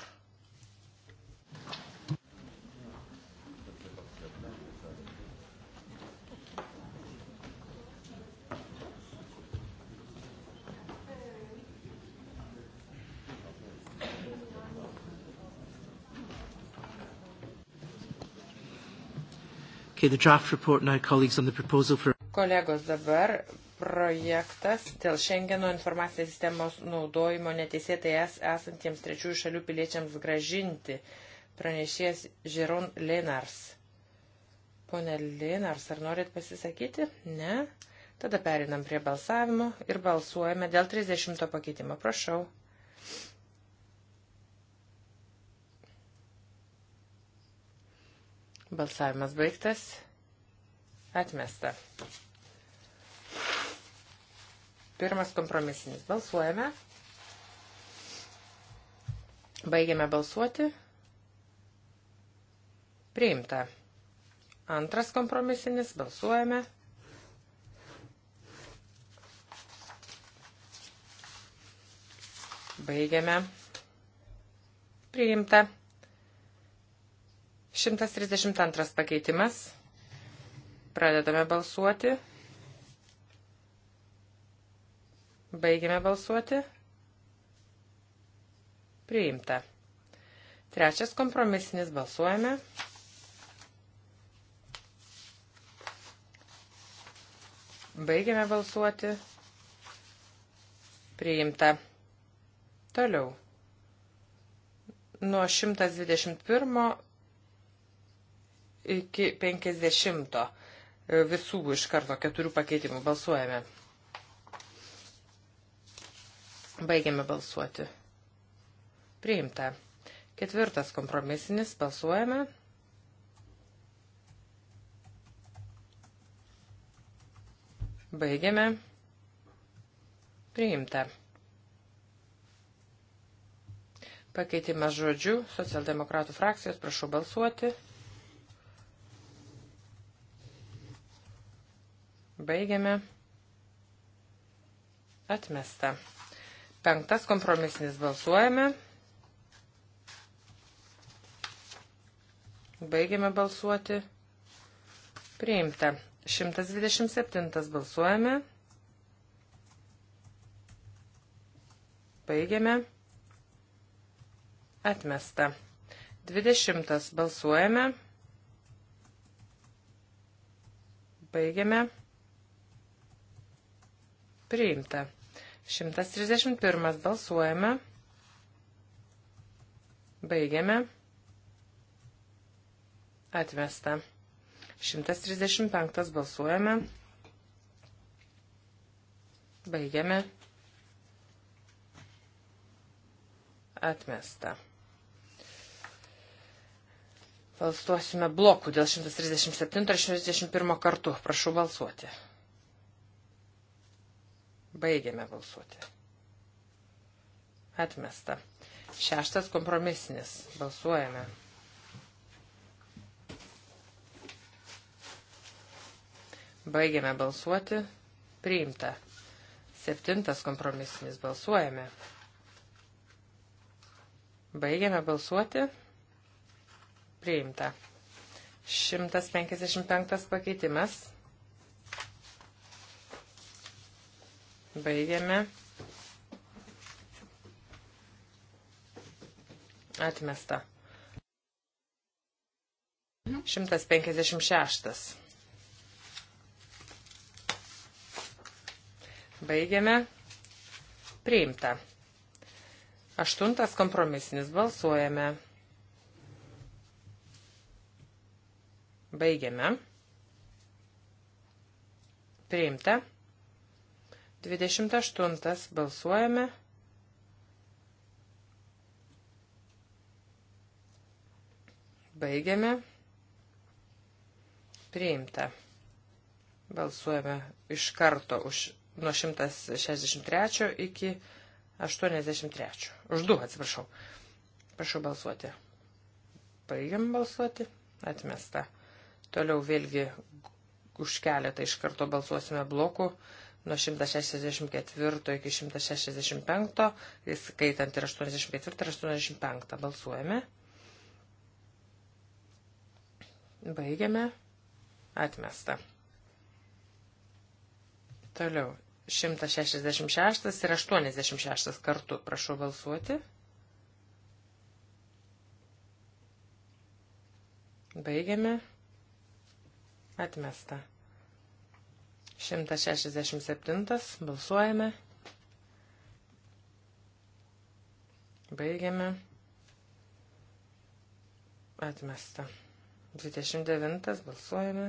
Okay, the draft report now, colleagues, on the proposal for... Kolegos, dabar projektas dėl Šengeno informacinės sistemos naudojimo neteisėtai es esantiems trečiųjų šalių piliečiams gražinti, pranešės Žiron Lenars. Pone Lenars, ar norit pasisakyti? Ne. Tada perinam prie balsavimo ir balsuojame dėl 30 pakeitimo. Prašau. Balsavimas baigtas. Atmesta. Pirmas kompromisinis. Balsuojame. Baigiame balsuoti. Priimta. Antras kompromisinis. Balsuojame. Baigiame. Priimta. 132 pakeitimas. Pradedame balsuoti. Baigiame balsuoti. Priimta. Trečias kompromisinis balsuojame. Baigiame balsuoti. Priimta. Toliau. Nuo 121 iki 50 visų iš karto keturių pakeitimų balsuojame. Baigiame balsuoti. Priimta. Ketvirtas kompromisinis. Balsuojame. Baigiame. Priimta. Pakeitimas žodžių. Socialdemokratų frakcijos. Prašau balsuoti. Baigiame. Atmesta. Penktas kompromisinis balsuojame. Baigiame balsuoti. Priimta. 127 balsuojame. Baigiame. Atmesta. 20 balsuojame. Baigiame. Priimta. 131 balsuojame. Baigiame. Atmesta. 135 balsuojame. Baigiame. Atmesta. Balsuosime blokų dėl 137 ir 61 kartų. Prašau balsuoti. Baigėme balsuoti. Atmesta. Šeštas kompromisinis. Balsuojame. Baigėme balsuoti. Priimta. Septintas kompromisinis. Balsuojame. Baigėme balsuoti. Priimta. 155 pakeitimas. Baigiame. Atmesta. 156. Baigiame. Priimta. Aštuntas kompromisinis. Balsuojame. Baigiame. Priimta. 28 balsuojame. Baigiame. Priimta. Balsuojame iš karto už nuo 163 iki 83. Už 2, atsiprašau. Prašau balsuoti. Baigiam balsuoti. Atmesta. Toliau vėlgi už keletą iš karto balsuosime blokų nuo 164 iki 165, skaitant ir 84 ir 85. Balsuojame. Baigiame. Atmesta. Toliau. 166 ir 86 kartu. Prašau balsuoti. Baigiame. Atmesta. 167. Balsuojame. Baigiame. Atmesta. 29. Balsuojame.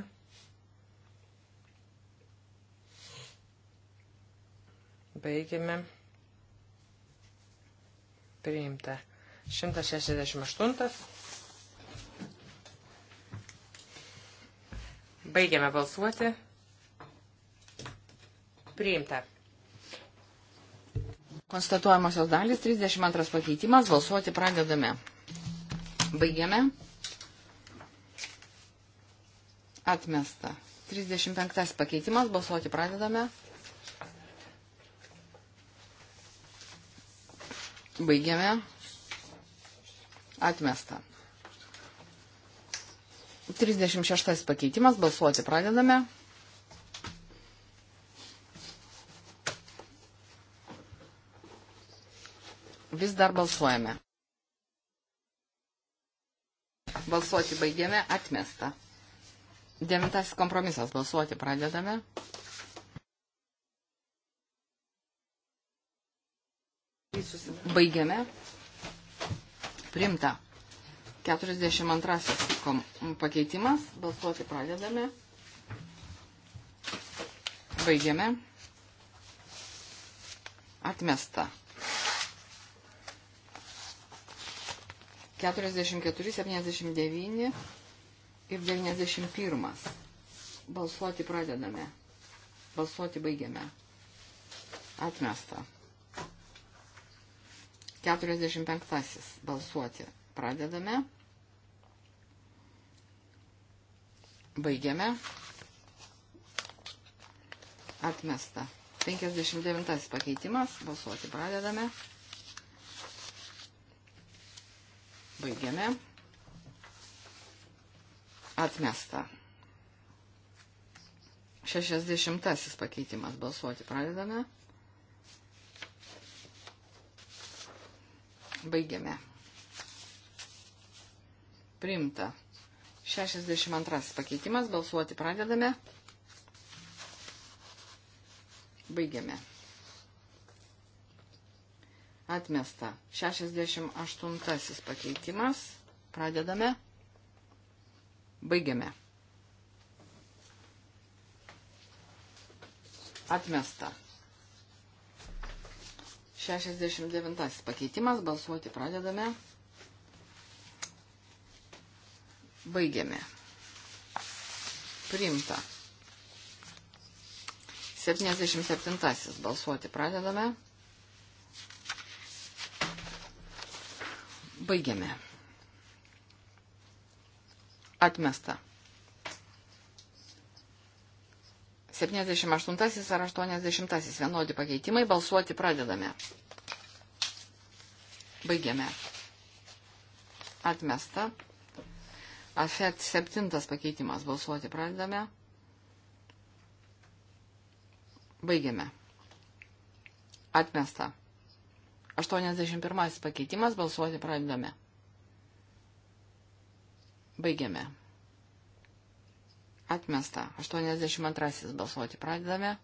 Baigiame. Priimta. 168. Baigiame balsuoti. Priimta. Konstatuojamosios dalys 32 pakeitimas. Balsuoti pradedame. Baigiame. Atmesta. 35 pakeitimas. Balsuoti pradedame. Baigiame. Atmesta. 36 pakeitimas. Balsuoti pradedame. vis dar balsuojame. Balsuoti baigiame, atmesta. Devintasis kompromisas, balsuoti pradedame. Baigiame. Primta. 42 kom... pakeitimas, balsuoti pradedame. Baigiame. Atmesta. 44, 79 ir 91. Balsuoti pradedame. Balsuoti baigiame. Atmesta. 45. Balsuoti pradedame. Baigiame. Atmesta. 59 pakeitimas. Balsuoti pradedame. Baigiame. Atmesta. 60 pakeitimas. Balsuoti pradedame. Baigiame. Primta. 62 pakeitimas. Balsuoti pradedame. Baigiame. Atmesta. 68 pakeitimas. Pradedame. Baigiame. Atmesta. 69 pakeitimas. Balsuoti pradedame. Baigiame. Priimta. 77 balsuoti pradedame. Baigiame. Atmesta. 78 ar 80 vienodi pakeitimai. Balsuoti pradedame. Baigiame. Atmesta. Afet septintas pakeitimas. Balsuoti pradedame. Baigiame. Atmesta. 81 pakeitimas, balsuoti pradedame. Baigiame. Atmesta. 82 balsuoti pradedame.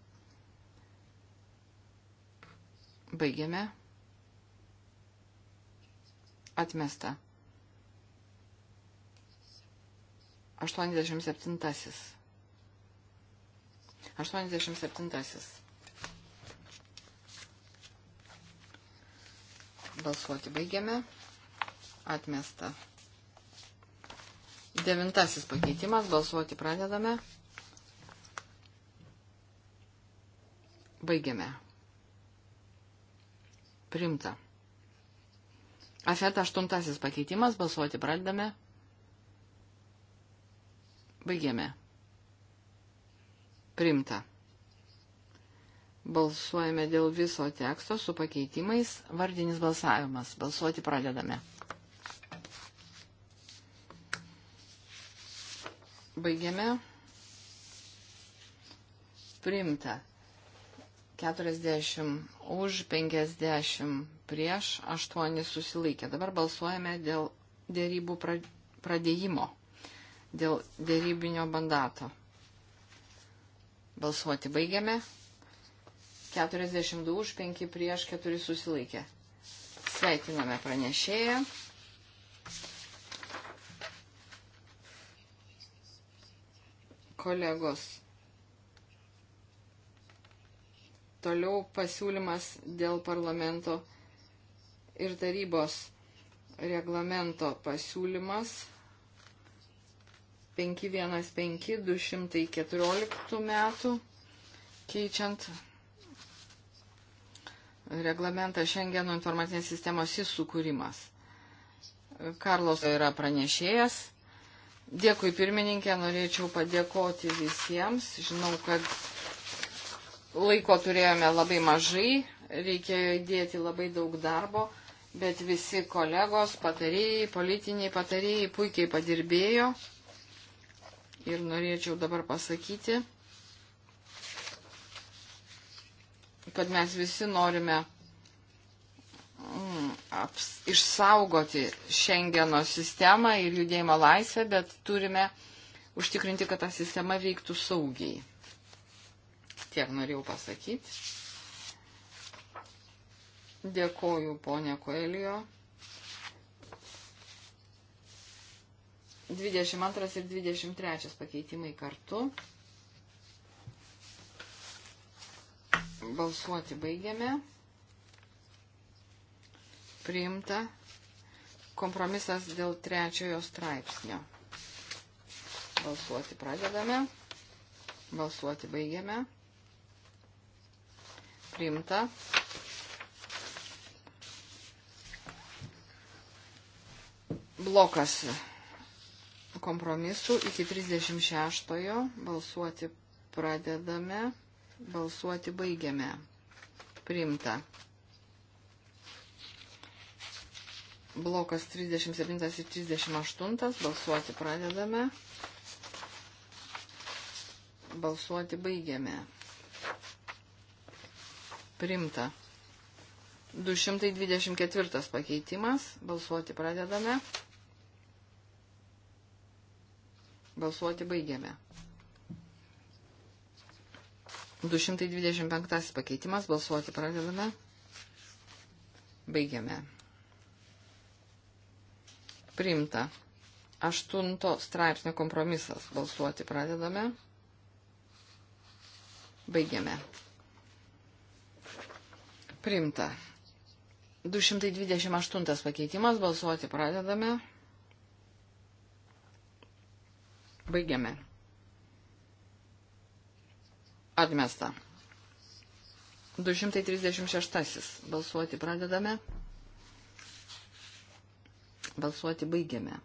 Baigiame. Atmesta. 87. 87. Balsuoti baigiame. Atmesta. Devintasis pakeitimas. Balsuoti pradedame. Baigiame. Primta. Afeta aštuntasis pakeitimas. Balsuoti pradedame. Baigiame. Primta. Balsuojame dėl viso teksto su pakeitimais. Vardinis balsavimas. Balsuoti pradedame. Baigiame. Primta. 40 už, 50 prieš, 8 susilaikė. Dabar balsuojame dėl dėrybų pradėjimo, dėl dėrybinio bandato. Balsuoti baigiame. 42 už 5 prieš 4 susilaikė. Sveikiname pranešėją. Kolegos. Toliau pasiūlymas dėl parlamento ir tarybos reglamento pasiūlymas 515-214 metų keičiant reglamentas Šengeno informacinės sistemos įsukūrimas. Karlos yra pranešėjas. Dėkui pirmininkė, norėčiau padėkoti visiems. Žinau, kad laiko turėjome labai mažai, reikėjo įdėti labai daug darbo, bet visi kolegos, patarėjai, politiniai patarėjai puikiai padirbėjo. Ir norėčiau dabar pasakyti, kad mes visi norime mm, aps, išsaugoti Šengeno sistemą ir judėjimo laisvę, bet turime užtikrinti, kad ta sistema veiktų saugiai. Tiek norėjau pasakyti. Dėkoju, ponė Koelio. 22 ir 23 pakeitimai kartu. Balsuoti baigiame. Priimta kompromisas dėl trečiojo straipsnio. Balsuoti pradedame. Balsuoti baigiame. Priimta. Blokas kompromisų iki 36. Balsuoti pradedame. Balsuoti baigiame. Priimta. Blokas 37 ir 38. Balsuoti pradedame. Balsuoti baigiame. Primta. 224 pakeitimas. Balsuoti pradedame. Balsuoti baigiame. 225 pakeitimas. Balsuoti pradedame. Baigiame. Priimta. Aštunto straipsnio kompromisas. Balsuoti pradedame. Baigiame. Primta. 228 pakeitimas. Balsuoti pradedame. Baigiame. Atmesta. 236. Balsuoti pradedame. Balsuoti baigiame.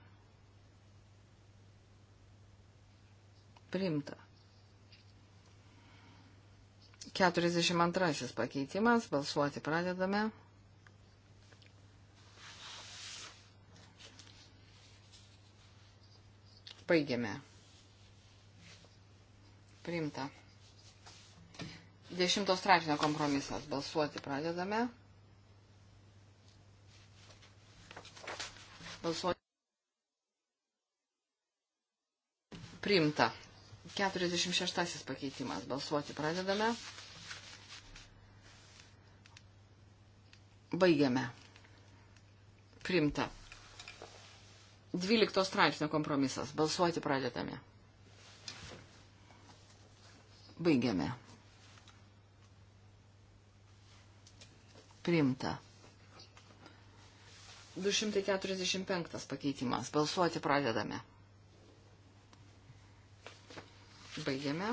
Primta. 42 pakeitimas. Balsuoti pradedame. Baigiame. Primta. Dešimtos straipsnio kompromisas. Balsuoti pradedame. Balsuoti. Primta. 46 pakeitimas. Balsuoti pradedame. Baigiame. Primta. 12 straipsnio kompromisas. Balsuoti pradedame. Baigiame. Primta. 245 pakeitimas. Balsuoti pradedame. Baigiame.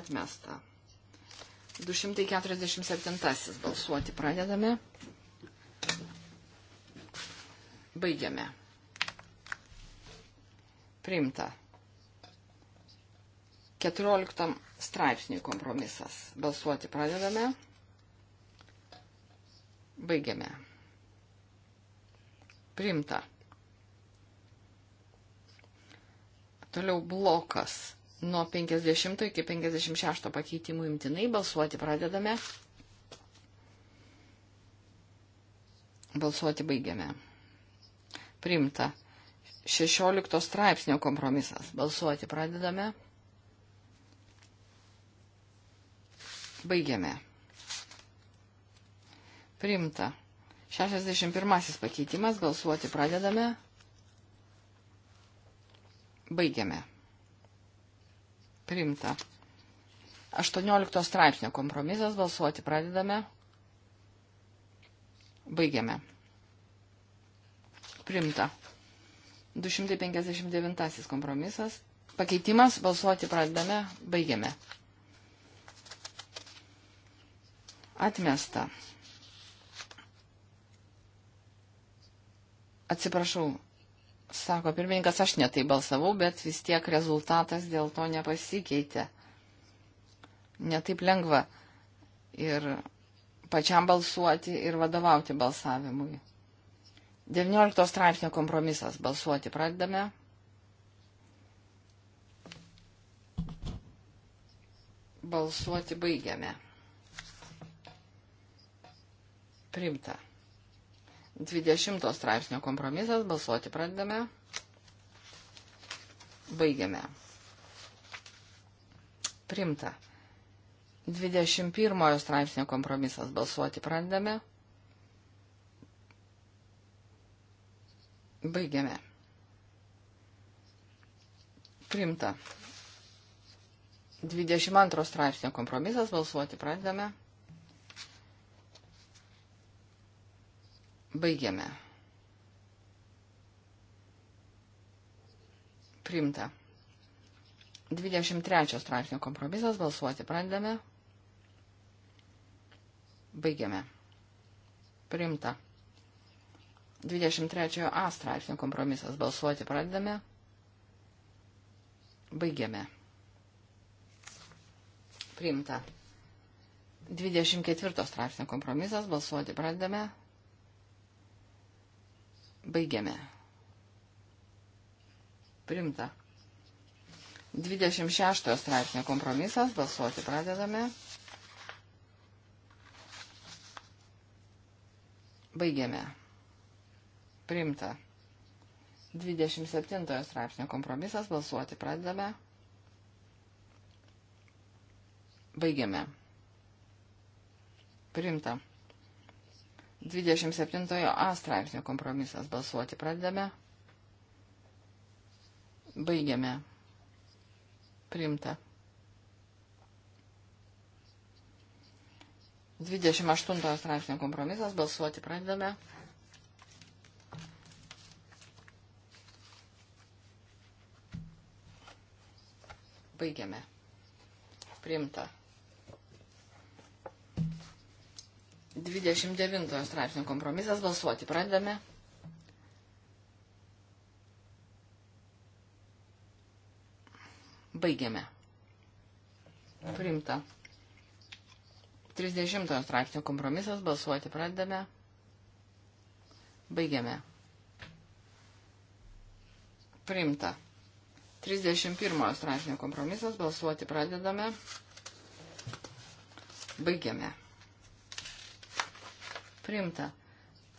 Atmesta. 247 balsuoti pradedame. Baigiame. Primta. 14 straipsnių kompromisas. Balsuoti pradedame. Baigiame. Primta. Toliau blokas. Nuo 50 iki 56 pakeitimų imtinai balsuoti pradedame. Balsuoti baigiame. Primta. 16 straipsnio kompromisas. Balsuoti pradedame. Baigiame. Primta. 61 pakeitimas. Balsuoti pradedame. Baigiame. Primta. 18 straipsnio kompromisas. Balsuoti pradedame. Baigiame. Primta. 259 kompromisas. Pakeitimas. Balsuoti pradedame. Baigiame. Atmesta. Atsiprašau, sako pirmininkas, aš netai balsavau, bet vis tiek rezultatas dėl to nepasikeitė. Netaip lengva ir pačiam balsuoti ir vadovauti balsavimui. 19 straipsnio kompromisas balsuoti pradedame. Balsuoti baigiame. Primta. 20 straipsnio kompromisas. Balsuoti pradedame. Baigiame. Primta. 21 straipsnio kompromisas. Balsuoti pradedame. Baigiame. Primta. 22 straipsnio kompromisas. Balsuoti pradedame. Baigiame. Primta. 23 straipsnio kompromisas. Balsuoti pradedame. Baigiame. Primta. 23 A straipsnio kompromisas. Balsuoti pradedame. Baigiame. Primta. 24 straipsnio kompromisas. Balsuoti pradedame. Baigiame. Primta. 26 straipsnio kompromisas. Balsuoti pradedame. Baigiame. Primta. 27 straipsnio kompromisas. Balsuoti pradedame. Baigiame. Primta. 27 A straipsnio kompromisas balsuoti pradedame. Baigiame. Primta. 28 straipsnio kompromisas balsuoti pradedame. Baigiame. Primta. 29 straipsnio kompromisas balsuoti pradedame. Baigiame. Primta. 30 straipsnio kompromisas balsuoti pradedame. Baigiame. Primta. 31 straipsnio kompromisas balsuoti pradedame. Baigiame. Primta.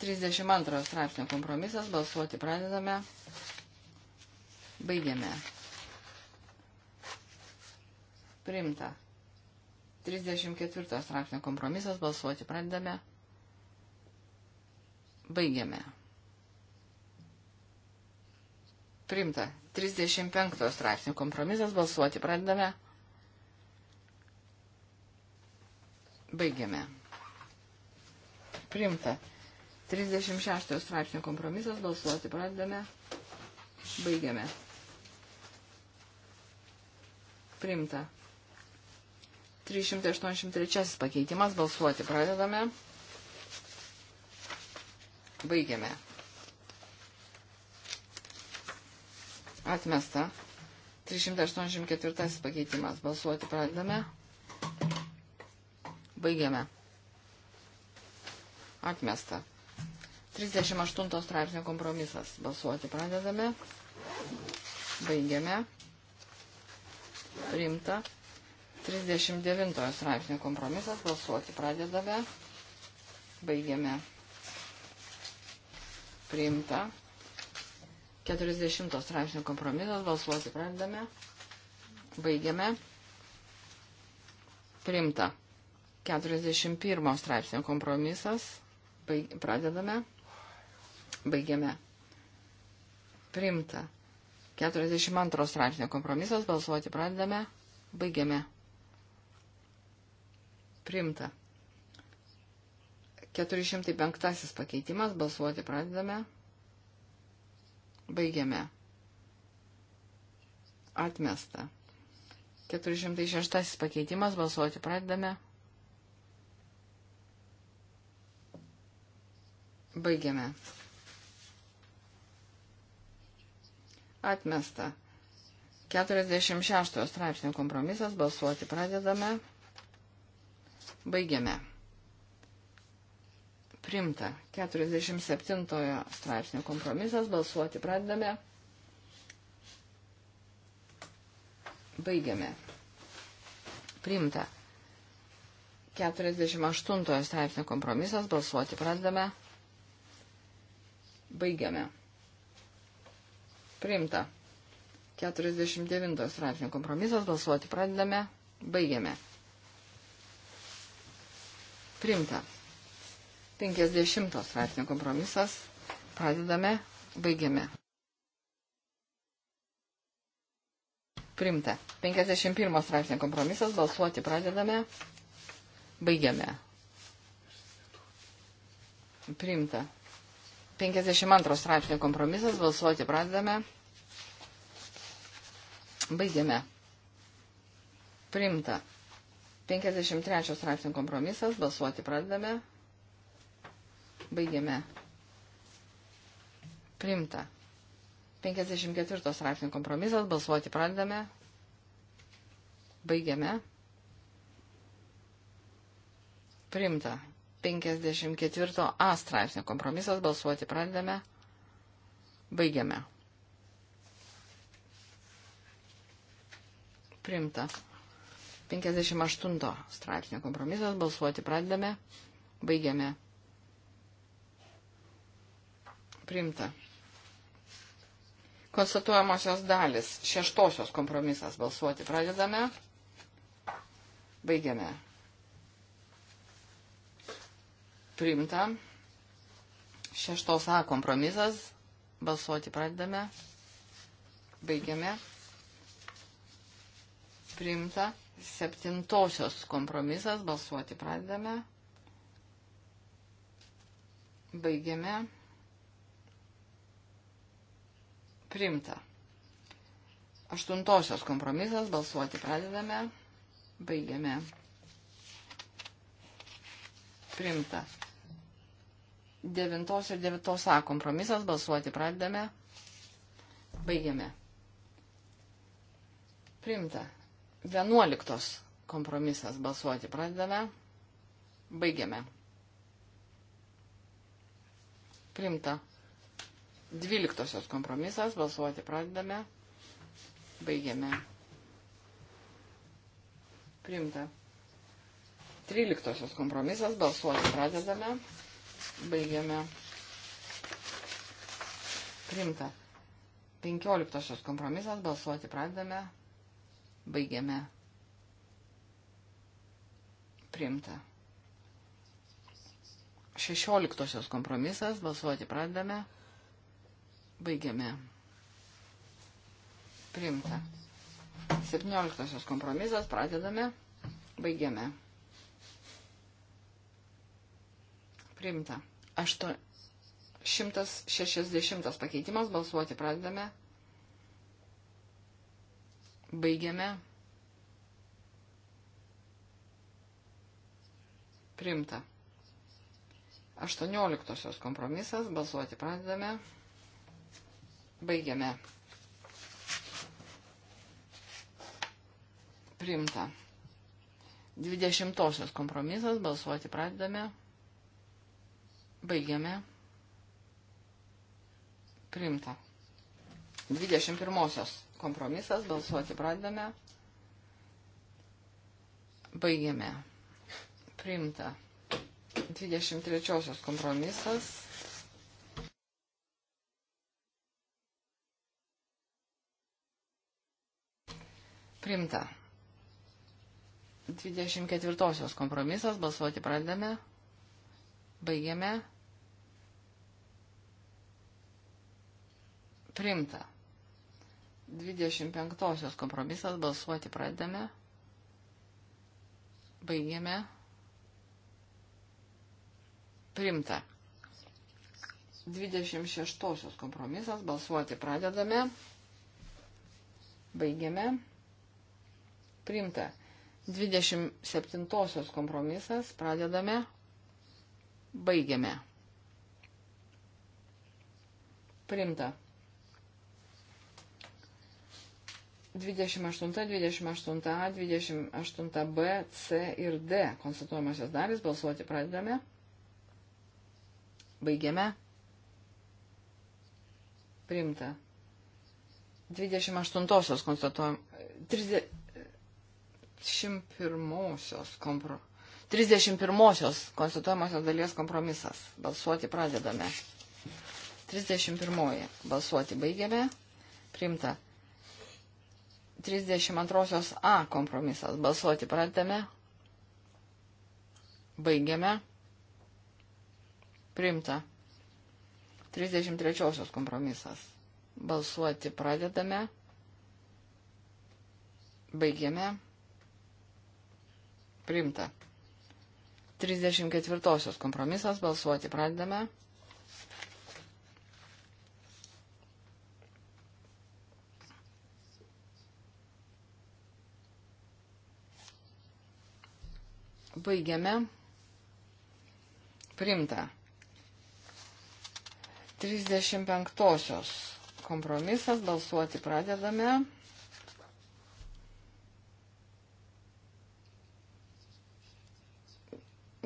32 straipsnio kompromisas. Balsuoti pradedame. Baigiame. Primta. 34 straipsnio kompromisas. Balsuoti pradedame. Baigiame. Primta. 35 straipsnių kompromisas. Balsuoti pradedame. Baigiame. Primta. 36 straipsnio kompromisas. Balsuoti pradedame. Baigiame. Primta. 383 pakeitimas. Balsuoti pradedame. Baigiame. Atmesta. 384 pakeitimas. Balsuoti pradedame. Baigiame. Atmesta. 38 straipsnio kompromisas. Balsuoti pradedame. Baigiame. Rimta. 39 straipsnio kompromisas. Balsuoti pradedame. Baigiame. Priimta. 40 straipsnio kompromisas. Balsuoti pradedame. Baigiame. Priimta. 41 straipsnio kompromisas. Baig, pradedame, baigiame. Primta. 42 straipsnio kompromisas, balsuoti pradedame, baigiame. Primta. 405 pakeitimas, balsuoti pradedame, baigiame. Atmesta. 406 pakeitimas, balsuoti pradedame, Baigiame. Atmesta. 46 straipsnio kompromisas. Balsuoti pradedame. Baigiame. Primta. 47 straipsnio kompromisas. Balsuoti pradedame. Baigiame. Primta. 48 straipsnio kompromisas. Balsuoti pradedame. Baigiame. Priimta. 49 straipsnio kompromisas. Balsuoti pradedame. Baigiame. Primta. 50 straipsnio kompromisas. Pradedame. Baigiame. Primta. 51 straipsnio kompromisas. Balsuoti pradedame. Baigiame. Primta. 52 straipsnio kompromisas, balsuoti pradedame. Baigiame. Primta. 53 straipsnio kompromisas, balsuoti pradedame. Baigiame. Primta. 54 straipsnio kompromisas, balsuoti pradedame. Baigiame. Primta. 54 A straipsnio kompromisas balsuoti pradedame. Baigiame. Primta. 58 straipsnio kompromisas balsuoti pradedame. Baigiame. Primta. Konstatuojamosios dalis. Šeštosios kompromisas balsuoti pradedame. Baigiame. priimta. Šeštos A kompromisas. Balsuoti pradedame. Baigiame. Priimta. Septintosios kompromisas. Balsuoti pradedame. Baigiame. Priimta. Aštuntosios kompromisas. Balsuoti pradedame. Baigiame. Priimta. 9 ir 9a kompromisas. Balsuoti pradedame. Baigiame. Primta. 11 kompromisas. Balsuoti pradedame. Baigiame. Primta. 12 kompromisas. Balsuoti pradedame. Baigiame. Primta. 13 kompromisas. Balsuoti pradedame. Baigiame. Primta. 15 kompromisas. Balsuoti pradedame. Baigiame. Primta. 16 kompromisas, balsuoti pradedame, baigiame. Primta. 17 kompromisas, pradedame, baigiame. Primta. 160 pakeitimas. Balsuoti pradedame. Baigiame. Primta. 18 kompromisas. Balsuoti pradedame. Baigiame. Primta. 20 kompromisas. Balsuoti pradedame. Baigiame. Primta. 21 kompromisas. Balsuoti pradedame. Baigiame. Primta. 23 kompromisas. Primta. 24 kompromisas. Balsuoti pradedame. Baigiame. Primta. 25 kompromisas balsuoti pradedame. Baigiame. Primta. 26 kompromisas balsuoti pradedame. Baigiame. Primta. 27 kompromisas pradedame. Baigiame. Primta. 28, 28a, 28b, c ir d konstatuojamosios dalys. Balsuoti pradedame. Baigiame. Primta. 28 konstatuojam. 31 kompro. 31 konstatuojamosios dalies kompromisas. Balsuoti pradedame. 31. Balsuoti baigiame. Primta. 32 A kompromisas. Balsuoti pradedame. Baigiame. Primta. 33 kompromisas. Balsuoti pradedame. Baigiame. Primta. 34 kompromisas balsuoti pradedame. Baigiame. Primta. 35 kompromisas balsuoti pradedame.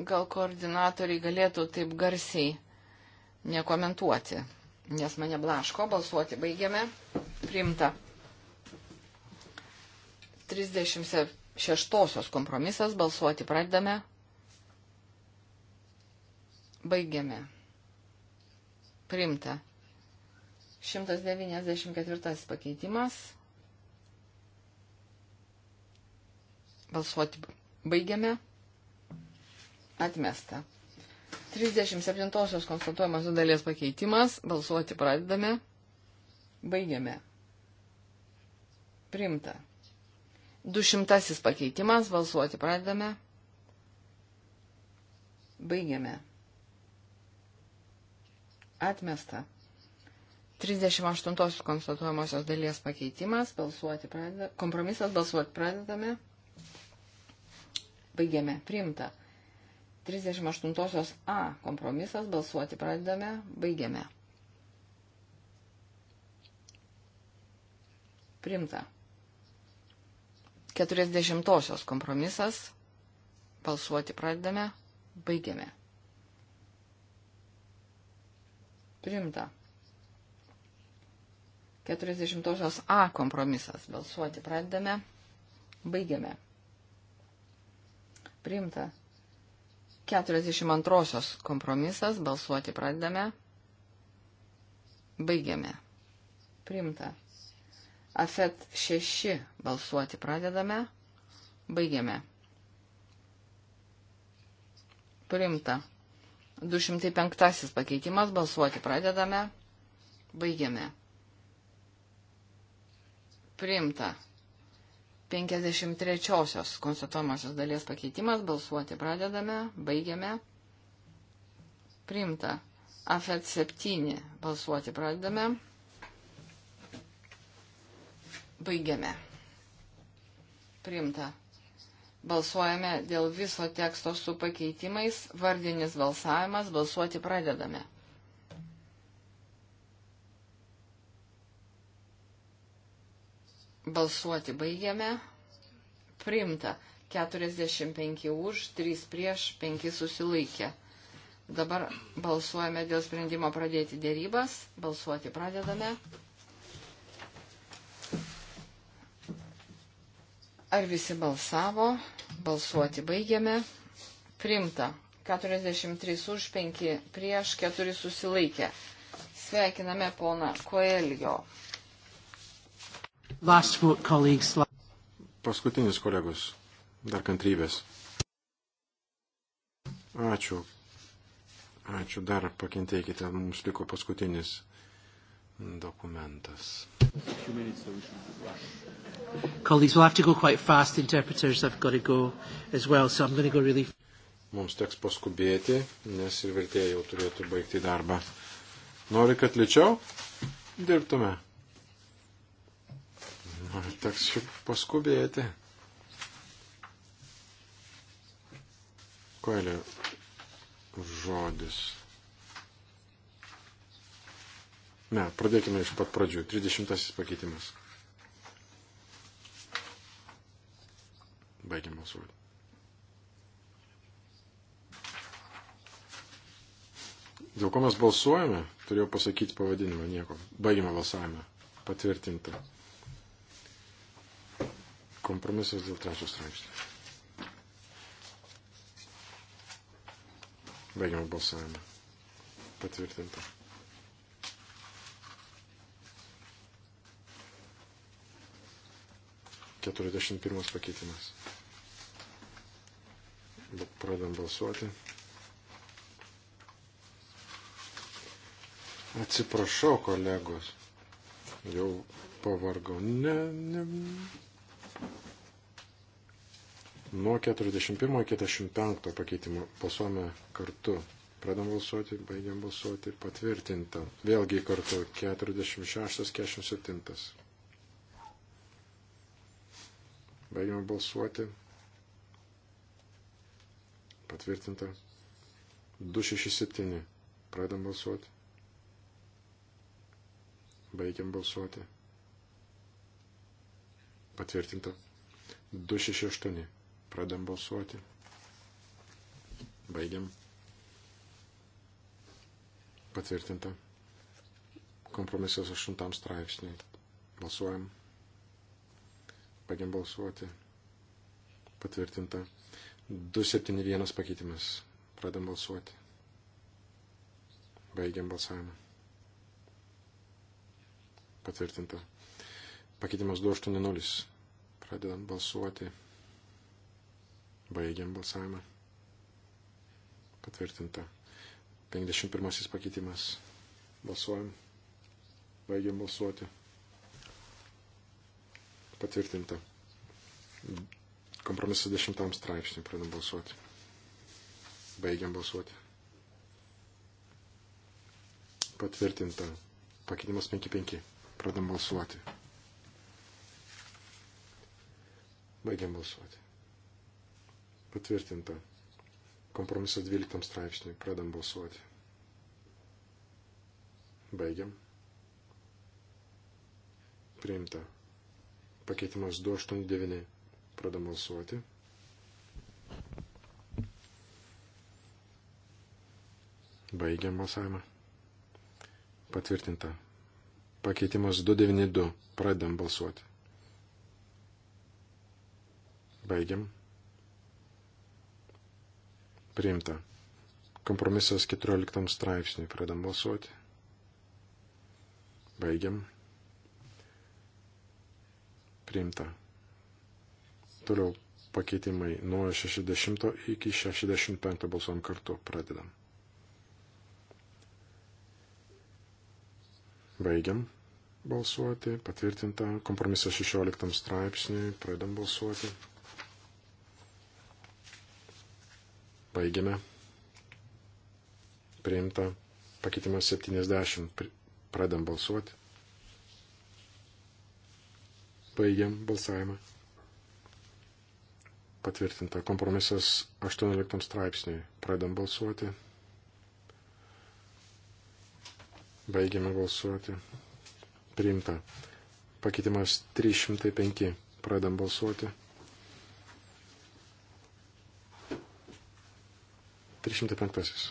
Gal koordinatoriai galėtų taip garsiai nekomentuoti, nes mane blaško, balsuoti baigiame, priimta. 36 kompromisas, balsuoti pradedame, baigiame, priimta. 194 pakeitimas, balsuoti baigiame. Atmesta. 37 konstatuojamos dalies pakeitimas. Balsuoti pradedame. Baigiame. Primta. 200 pakeitimas. Balsuoti pradedame. Baigiame. Atmesta. 38 konstatuojamosios dalies pakeitimas. Balsuoti pradedame. Kompromisas. Balsuoti pradedame. Baigiame. Primta. 38 A kompromisas balsuoti pradedame, baigiame. Primta. 40 kompromisas balsuoti pradedame, baigiame. Primta. 40 A kompromisas balsuoti pradedame, baigiame. Primta. 42 kompromisas. Balsuoti pradedame. Baigiame. Primta. Afet 6. Balsuoti pradedame. Baigiame. Primta. 205 pakeitimas. Balsuoti pradedame. Baigiame. Primta. 53 konstatuomasios dalies pakeitimas. Balsuoti pradedame, baigiame. Primta. AFET 7. Balsuoti pradedame. Baigiame. Primta. Balsuojame dėl viso teksto su pakeitimais. Vardinis balsavimas. Balsuoti pradedame. Balsuoti baigiame. Priimta 45 už, 3 prieš, 5 susilaikė. Dabar balsuojame dėl sprendimo pradėti dėrybas. Balsuoti pradedame. Ar visi balsavo? Balsuoti baigiame. Primta. 43 už, 5 prieš, 4 susilaikė. Sveikiname pona Koelio. Last vote, colleagues. Paskutinis kolegos, dar kantrybės. Ačiū. Ačiū dar pakentėkite, mums liko paskutinis dokumentas. Colleagues, we'll have to go quite fast. Interpreters have got to go as well, so I'm going to go really. Mums teks paskubėti, nes ir vertėjai jau turėtų baigti darbą. Nori, kad ličiau dirbtume? Teks šiaip paskubėti. Koelio žodis. Ne, pradėkime iš pat pradžių. 30 pakeitimas. Baigiam balsuoti. Dėl ko mes balsuojame, turėjau pasakyti pavadinimą nieko. Baigime balsavimą. Patvirtinta. Kompromisas dėl trečios straipsnio. Baigiam balsavimą. Patvirtinta. Keturiasdešimt pirmas pakeitimas. Pradam balsuoti. Atsiprašau, kolegos. Jau pavargau. Ne, ne, Nuo 41 iki 45 pakeitimo balsuome kartu. Pradam balsuoti, baigiam balsuoti, patvirtinta. Vėlgi kartu 46, 47. Baigiam balsuoti. Patvirtinta. 267. Pradam balsuoti. Baigiam balsuoti. Patvirtinta. 268. Pradam balsuoti. Baigiam. Patvirtinta. Kompromisas 8 straipsniai. Balsuojam. Baigiam balsuoti. Patvirtinta. 271 pakeitimas. Pradam balsuoti. Baigiam balsavimą. Patvirtinta. Pakeitimas 280. Pradedam balsuoti. Baigiam balsavimą. Patvirtinta. 51 pakeitimas. Balsuojam. Baigiam balsuoti. Patvirtinta. Kompromisas 10 straipsnį. Pradedam balsuoti. Baigiam balsuoti. Patvirtinta. Pakeitimas 55. Pradedam balsuoti. Baigiam balsuoti. Patvirtinta. Kompromisas 12 straipsniui. Pradam balsuoti. Baigiam. Priimta. Pakeitimas 289. Pradam balsuoti. Baigiam balsavimą. Patvirtinta. Pakeitimas 292. Pradam balsuoti. Baigiam. Priimta. Kompromisas 14 straipsniui. Pradam balsuoti. Baigiam. Priimta. Toliau pakeitimai nuo 60 iki 65 balsuom kartu. Pradedam. Baigiam balsuoti. Patvirtinta. Kompromisas 16 straipsniui. Pradedam balsuoti. Baigiame. Priimta. Pakeitimas 70. Pradam balsuoti. Baigiam balsavimą. Patvirtinta. Kompromisas 18 straipsniui. Pradam balsuoti. Baigiame balsuoti. Priimta. Pakeitimas 305. Pradam balsuoti. 305.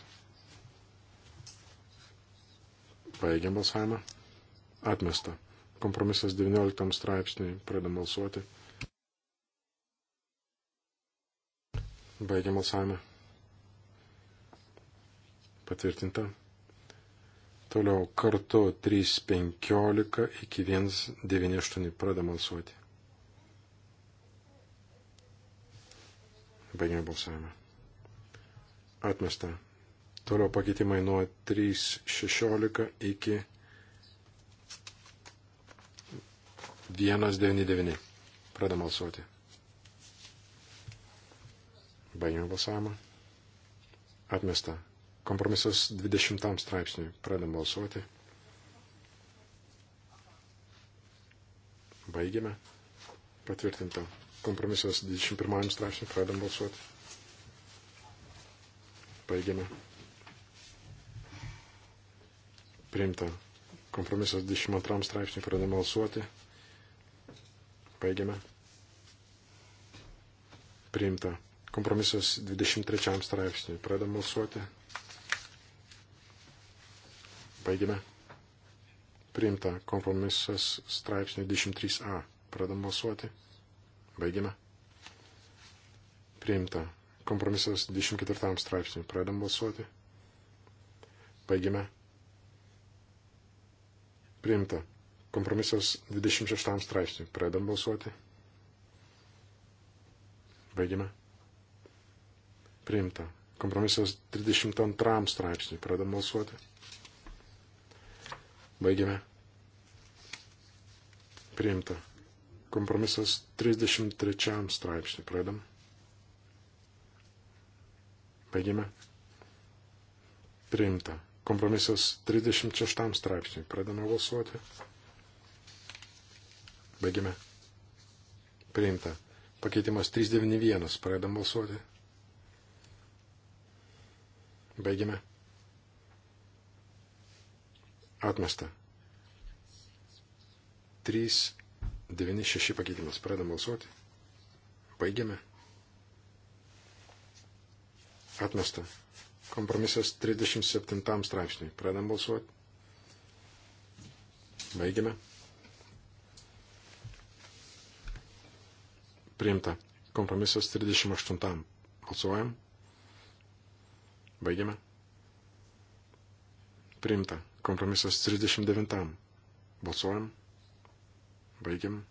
Paėgiam balsavimą. Atmesta. Kompromisas 19 straipsniui. Pradam balsuoti. Baigiam balsavimą. Patvirtinta. Toliau kartu 3.15 iki 1.98 pradam balsuoti. Baigiam balsavimą atmesta. Toliau pakeitimai nuo 3.16 iki 1.99. Pradam balsuoti. Baigime balsavimą. Atmesta. Kompromisas 20 straipsniui. Pradam balsuoti. Baigime. Patvirtinta. Kompromisas 21 straipsniui. Pradam balsuoti. Baigiame. Priimta. Kompromisas 22 straipsnį pradame balsuoti. Baigiame. Priimta. Kompromisas 23 straipsniui. Pradam balsuoti. Baigiame. Priimta. Kompromisas straipsniui 23a. Pradam balsuoti. Baigiame. Priimta. Kompromisas 24 straipsniui. Pradam balsuoti. Baigime. Priimta. Kompromisas 26 straipsniui. Pradam balsuoti. Baigime. Priimta. Kompromisas 32 straipsniui. Pradam balsuoti. Baigime. Priimta. Kompromisas 33 straipsniui. Pradam. Baigiame. Priimta. Kompromisas 36 straipsniui. Pradame balsuoti. Baigiame. Priimta. Pakeitimas 391. Pradedam balsuoti. Baigiame. Atmesta. 396 pakeitimas. Pradedam balsuoti. Baigiame. Atmesta. Kompromisas 37 straipsniui. Pradam balsuoti. Baigiame. Priimta. Kompromisas 38. Balsuojam. Baigiame. Priimta. Kompromisas 39. Balsuojam. Baigiam.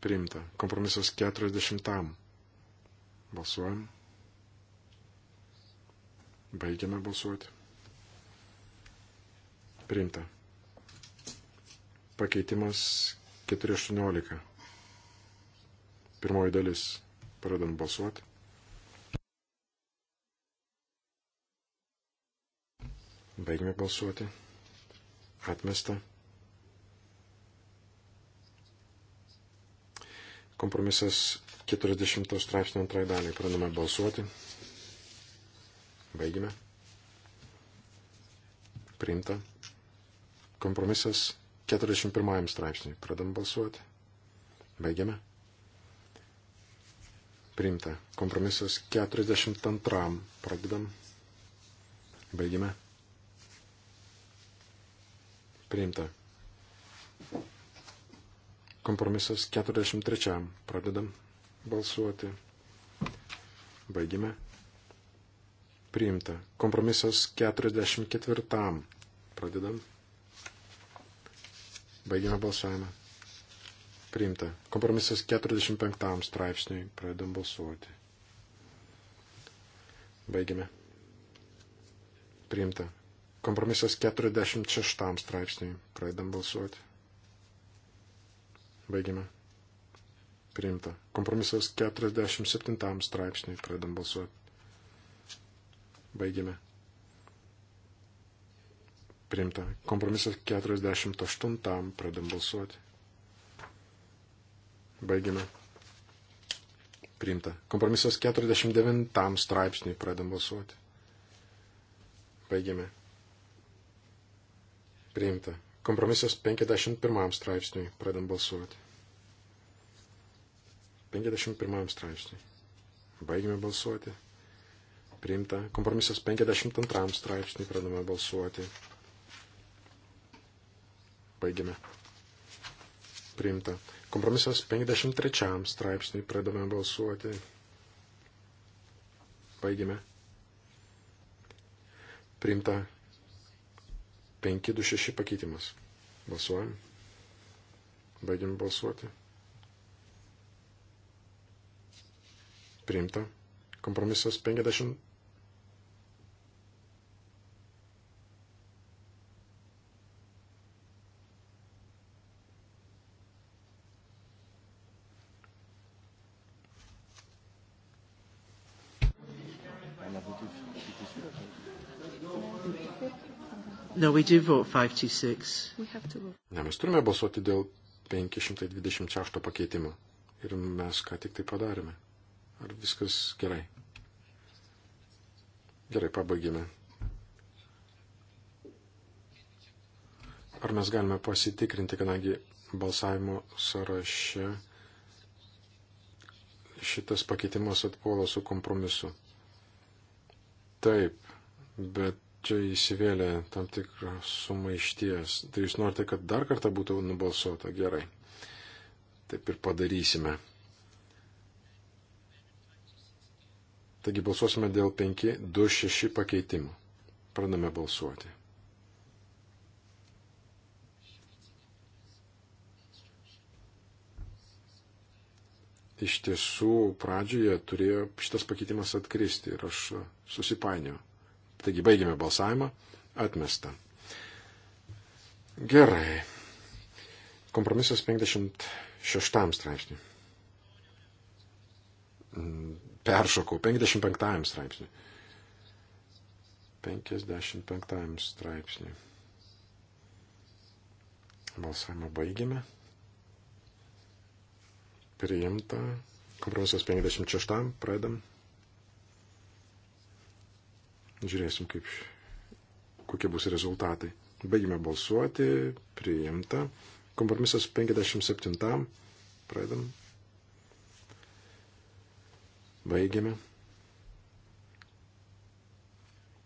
Priimta. Kompromisas 40. Balsuojam. Baigiame balsuoti. Priimta. Pakeitimas 418. Pirmoji dalis. Pradam balsuoti. Baigime balsuoti. Atmesta. Kompromisas 40 straipsnio antrai daliai. Pradame balsuoti. Baigime. Priimta. Kompromisas 41 straipsniui. Pradam balsuoti. Baigiame. Priimta. Kompromisas 42. Pradedam. Baigime. Priimta. Kompromisas 43. Pradedam balsuoti. Baigime priimta. Kompromisas 44. Pradedam. Baigiame balsavimą. Priimta. Kompromisas 45 straipsniui. Pradedam balsuoti. Baigiame. Priimta. Kompromisas 46 straipsniui. Pradedam balsuoti. Baigiame. Priimta. Kompromisas 47 straipsniui. Pradedam balsuoti. Baigėme. Priimta. Kompromisas 48. Pradam balsuoti. Baigėme. Priimta. Kompromisas 49 straipsniui pradam balsuoti. Baigėme. Priimta. Kompromisas 51 straipsniui pradam balsuoti. 51 straipsniui. Baigėme balsuoti priimta. Kompromisas 52 straipsnį pradame balsuoti. Baigiame. Priimta. Kompromisas 53 straipsnį pradame balsuoti. Baigiame. Priimta 526 pakeitimas. Balsuojam. Baigiam balsuoti. Priimta. Kompromisas 54 No, we do vote 526. We have to vote. Ne, mes turime balsuoti dėl 526 pakeitimo. Ir mes ką tik tai padarėme. Ar viskas gerai? Gerai, pabaigėme. Ar mes galime pasitikrinti, kadangi balsavimo sąraše šitas pakeitimas atpuola su kompromisu? Taip, bet čia įsivėlė tam tikras sumaišties. Tai jūs norite, kad dar kartą būtų nubalsuota gerai. Taip ir padarysime. Taigi balsuosime dėl 5-2-6 pakeitimų. Pradame balsuoti. Iš tiesų, pradžioje turėjo šitas pakeitimas atkristi ir aš susipainiojau. Taigi baigiame balsavimą. Atmesta. Gerai. Kompromisas 56 straipsniui. Mm, peršokau 55 straipsniui. 55 straipsniui. Balsavimą baigėme. Priimta. Kompromisas 56. Pradam. Žiūrėsim, kaip, kokie bus rezultatai. Baigime balsuoti, priimta. Kompromisas 57. Pradedam. Baigiame.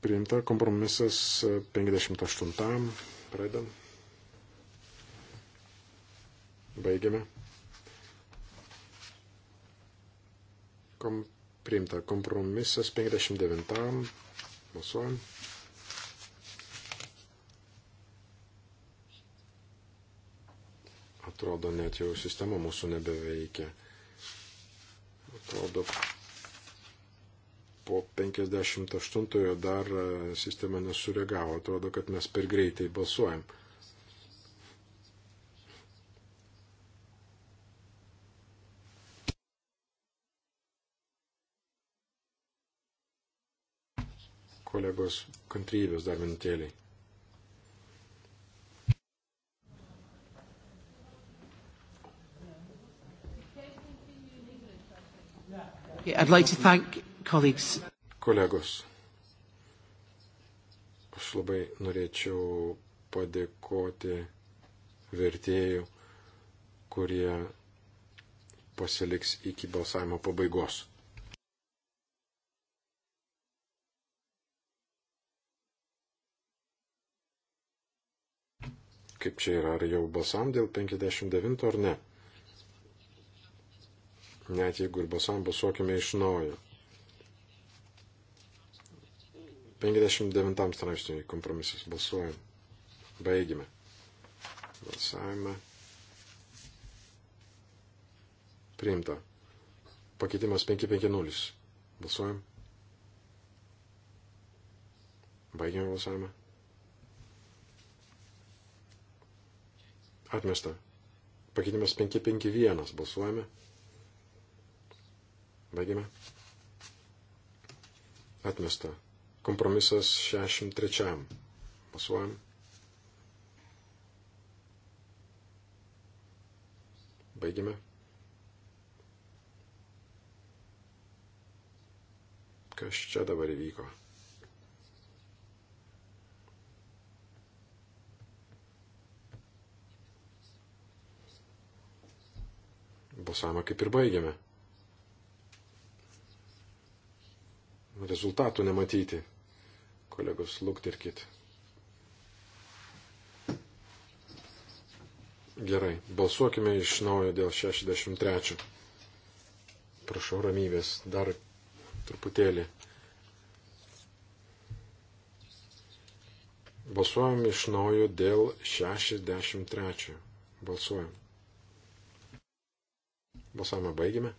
Priimta kompromisas 58. Pradedam. Baigiame. Kom, priimta kompromisas 59. Balsuojam. Atrodo, net jau sistema mūsų nebeveikia. Atrodo, po 58-ojo dar e, sistema nesureagavo. Atrodo, kad mes per greitai balsuojam. kolegos kantrybės dar minutėliai. Like kolegos, aš labai norėčiau padėkoti vertėjų, kurie pasiliks iki balsavimo pabaigos. kaip čia yra, ar jau balsam dėl 59 ar ne. Net jeigu ir balsam balsuokime iš naujo. 59 straipsniui kompromisas balsuojam. Baigime. Balsavimą. Priimta. Pakeitimas 550. Balsuojam. Baigėme balsavimą. Atmesta. Pakeitimas 551. Balsuojame. Baigime. Atmesta. Kompromisas 63. Balsuojam. Baigime. Kas čia dabar įvyko? Balsavimą kaip ir baigiame. Rezultatų nematyti, kolegos, luktirkit. Gerai, balsuokime iš naujo dėl 63. Prašau ramybės, dar truputėlį. Balsuojam iš naujo dėl 63. Balsuojam. Balsavimą baigėme.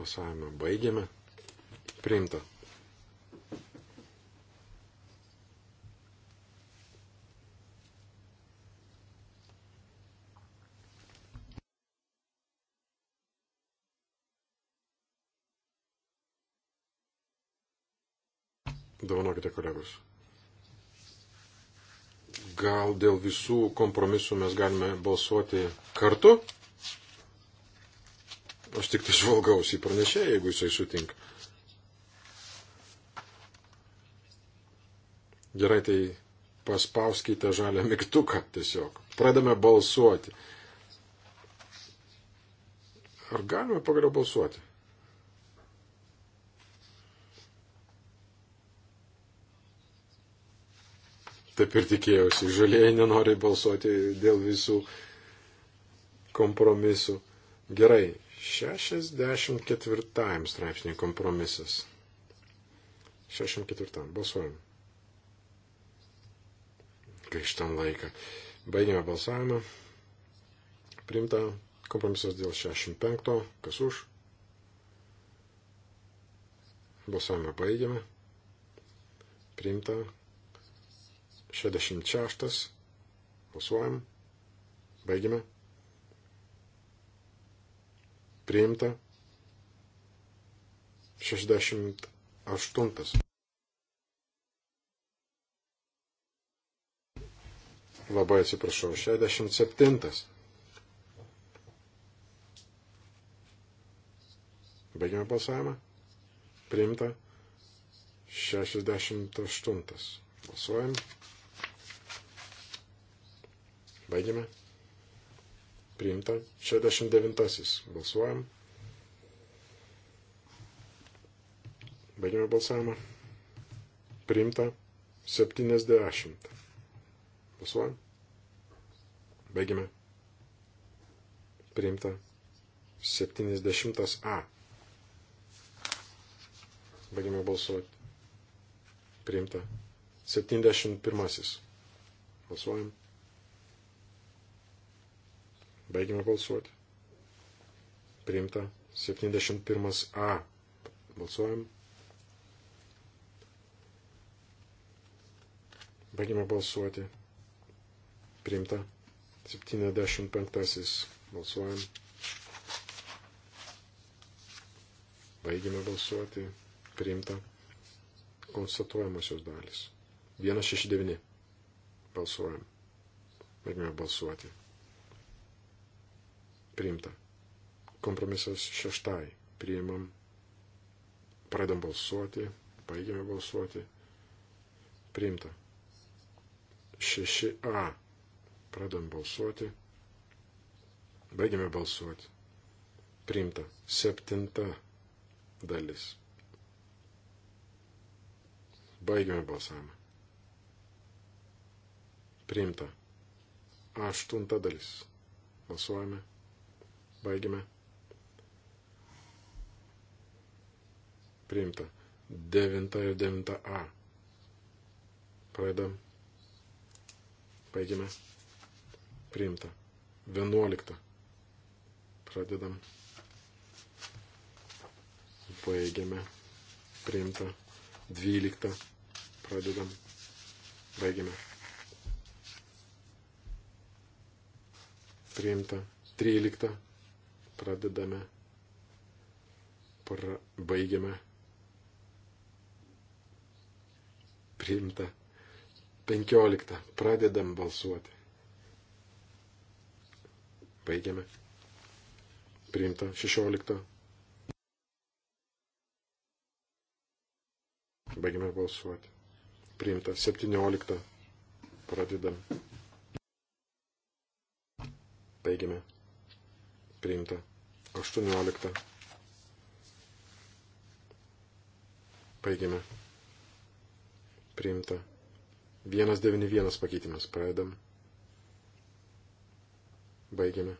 Balsavimą baigėme. Priimta. Dovanokite kolegos. Gal dėl visų kompromisų mes galime balsuoti kartu? Aš tik tai žvalgausi į pranešėją, jeigu jisai sutinka. Gerai, tai paspauskite žalią mygtuką tiesiog. Pradame balsuoti. Ar galime pagaliau balsuoti? Taip ir tikėjausi. Žalieji nenori balsuoti dėl visų kompromisų. Gerai. 64 straipsniai kompromisas. 64. Balsuojam. Grįžtam laiką. Baigėme balsavimą. Primta kompromisas dėl 65. Kas už? Balsavimą baigėme. Primta 66. Balsuojam. Baigime. Priimta. 68. Labai atsiprašau, 67. Baigiame balsavimą. Priimta 68. Balsuojam. Baigiame. Priimta. 69. Balsuojam. Baigiame balsavimą. Priimta. 70. Balsuojam. Baigiame. Priimta. 70A. Baigiame balsuoti. Priimta. 71. Balsuojam. Baigime balsuoti. Priimta 71A. Balsuojam. Baigime balsuoti. Priimta 75. Balsuojam. Baigime balsuoti. Priimta konstatuojamosios dalys. 169. Balsuojam. Baigime balsuoti priimta. Kompromisas šeštai priimam, pradam balsuoti, baigiame balsuoti, priimta. 6a pradam balsuoti, baigiame balsuoti, priimta. Septinta dalis. Baigiame balsavimą. Priimta. Aštunta dalis. Balsuojame. Baigime. Priimta. 9 ir 9a. Pradedam. Baigime. Priimta. 11. Pradedam. Baigiame. Priimta. 12. Pradedam. Baigiame. Priimta. 13 pradedame, pra, baigiame, priimta. 15. Pradedam balsuoti. Baigiame. Priimta. 16. Baigiame balsuoti. Priimta. 17. Pradedam. Baigiame. Priimta. 18. Paigėme. Priimta. 191 pakeitimas. Pradedam. Baigiame.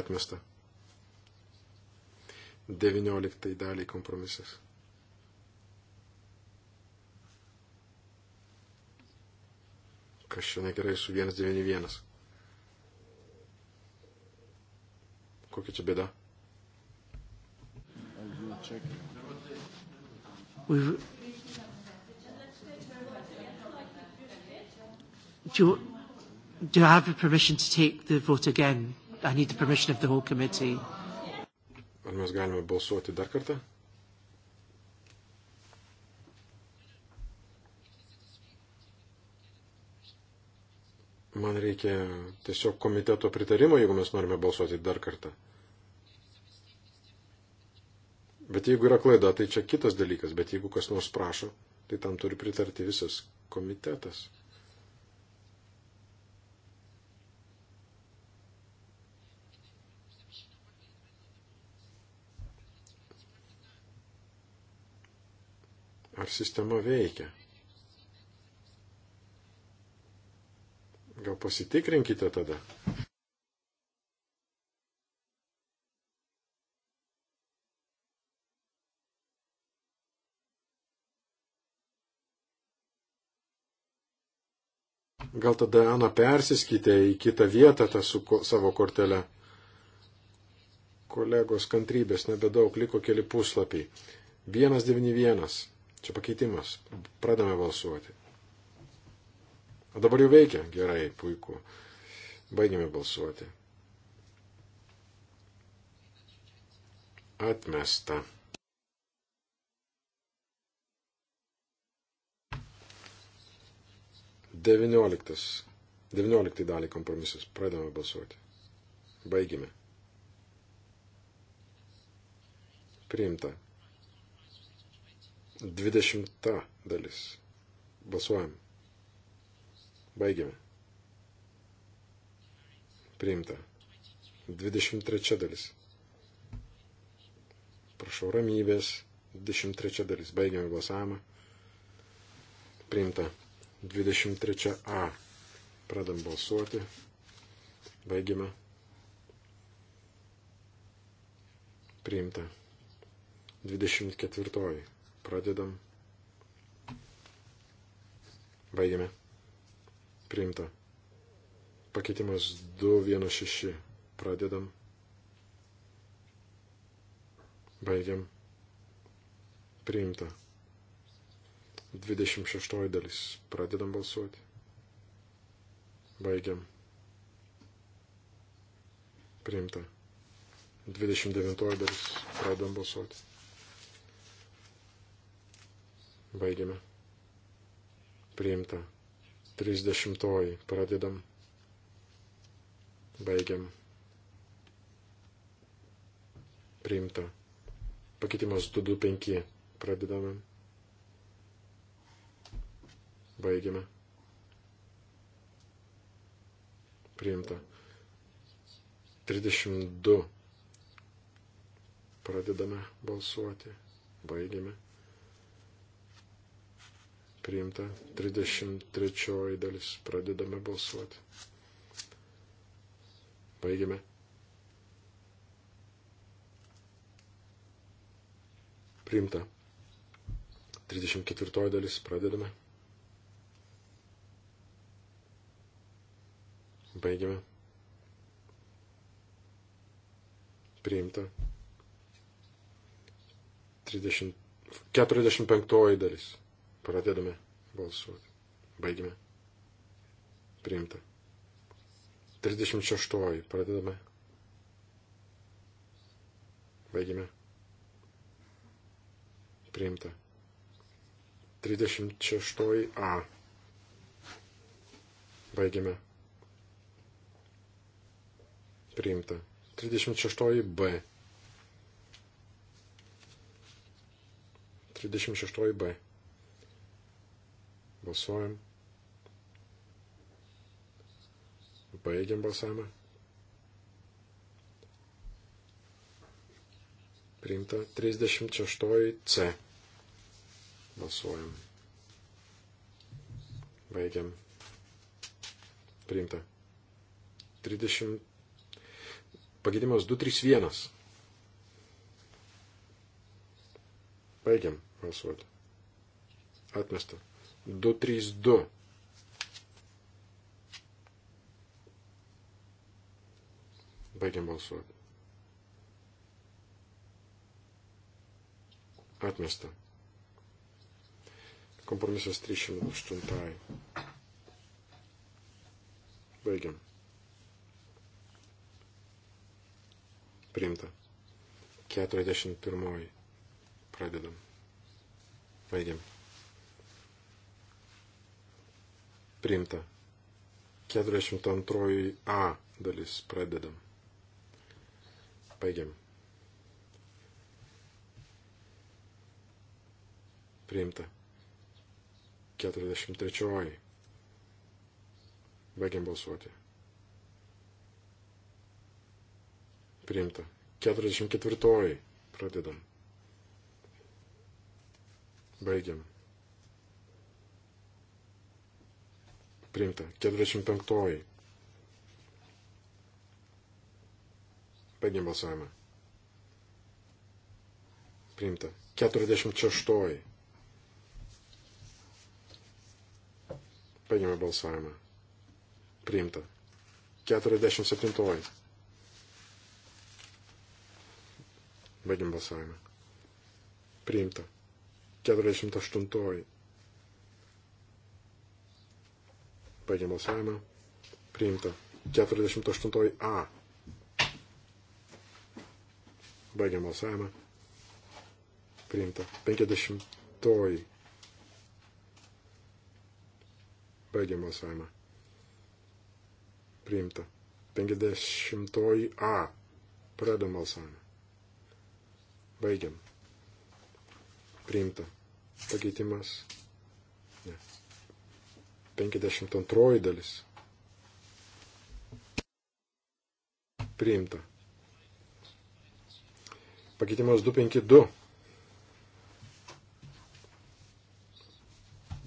Atmesta. 19 daliai kompromisas. Kas čia negerai su 191. Kokia čia bėda? Už... Do you, do you have the permission to take the vote again? I need the permission of the whole committee. Ar mes galime balsuoti dar kartą? Man reikia tiesiog komiteto pritarimo, jeigu mes norime balsuoti dar kartą. Bet jeigu yra klaida, tai čia kitas dalykas, bet jeigu kas nors prašo, tai tam turi pritarti visas komitetas. Ar sistema veikia? pasitikrinkite tada. Gal tada Ana persiskite į kitą vietą tą su ko, savo kortelę. Kolegos kantrybės nebedaug, liko keli puslapiai. 191. Čia pakeitimas. Pradame balsuoti. O dabar jau veikia. Gerai, puiku. Baigėme balsuoti. Atmesta. Devynioliktas. Devynioliktai dalį kompromisas. Pradame balsuoti. Baigime. Priimta. Dvidešimta dalis. Balsuojame. Baigiame. Priimta. 23 dalis. Prašau ramybės. 23 dalis. Baigiame balsavimą. Priimta. 23 A. Pradam balsuoti. Baigiame. Priimta. 24. Pradedam. Baigiame. Priimta. Pakeitimas 216. Pradedam. Baigiam. Priimta. 26 dalis. Pradedam balsuoti. Baigiam. Priimta. 29 dalis. Pradedam balsuoti. Baigiame. Priimta. 30. Pradedam. Baigiam. Priimta. Pakeitimas 225. Pradedame. Baigiame. Priimta. 32. Pradedame balsuoti. Baigiame priimta 33 dalis. Pradedame balsuoti. Baigiame. Priimta 34 dalis. Pradedame. Baigiame. Priimta 30, 45 dalis. Pradedame balsuoti. Baigime. Priimta. 36. Pradedame. Baigime. Priimta. 36. A. Baigime. Priimta. 36. B. 36. B. Balsuojam. Baigiam balsavimą. Priimta 36C. Balsuojam. Baigiam. Priimta. 30. Pagėdimas 231. Baigiam balsuoti. Atmesta. 232. Baigiam balsuoti. Atmesta. Kompromisas 308. Baigiam. Priimta. 41. Pradedam. Baigiam. Priimta. 42 A dalis pradedam. Baigiam. Priimta. 43. Baigiam balsuoti. Priimta. 44. Pradedam. Baigiam. priimta. 45. Baigėm balsavimą. Priimta. 46. Baigėme balsavimą. Priimta. 47. Baigėm balsavimą. Priimta. 48. Baigiam balsavimą. Priimta. 48 A. Baigiam balsavimą. Priimta. 50. Baigiam balsavimą. Priimta. 50 A. Pradam balsavimą. Baigiam. Priimta. Pakeitimas 52 dalis. Priimta. Pakeitimas 252.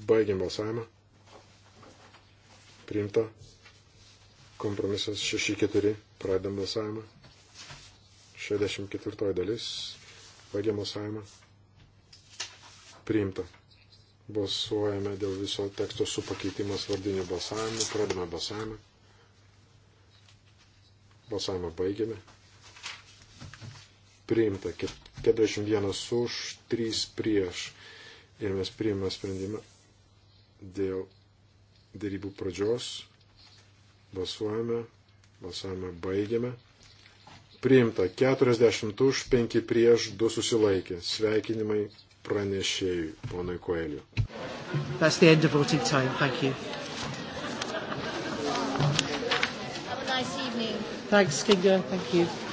Baigiam balsavimą. Priimta. Kompromisas 6-4. Pradedam balsavimą. 64 dalis. Baigiam balsavimą. Priimta. Balsuojame dėl viso teksto su pakeitimas vardiniu balsavimu. Pradame balsavimą. Balsavimą baigiame. Priimta 41 už, 3 prieš. Ir mes priimame sprendimą dėl dėrybų pradžios. Balsuojame. Balsavimą baigiame. Priimta 40 už, 5 prieš, 2 susilaikė. Sveikinimai pranešėjui, ponui Koeliu. That's the end of voting time. Thank you. Have a nice evening. Thanks, Kinga. Thank you.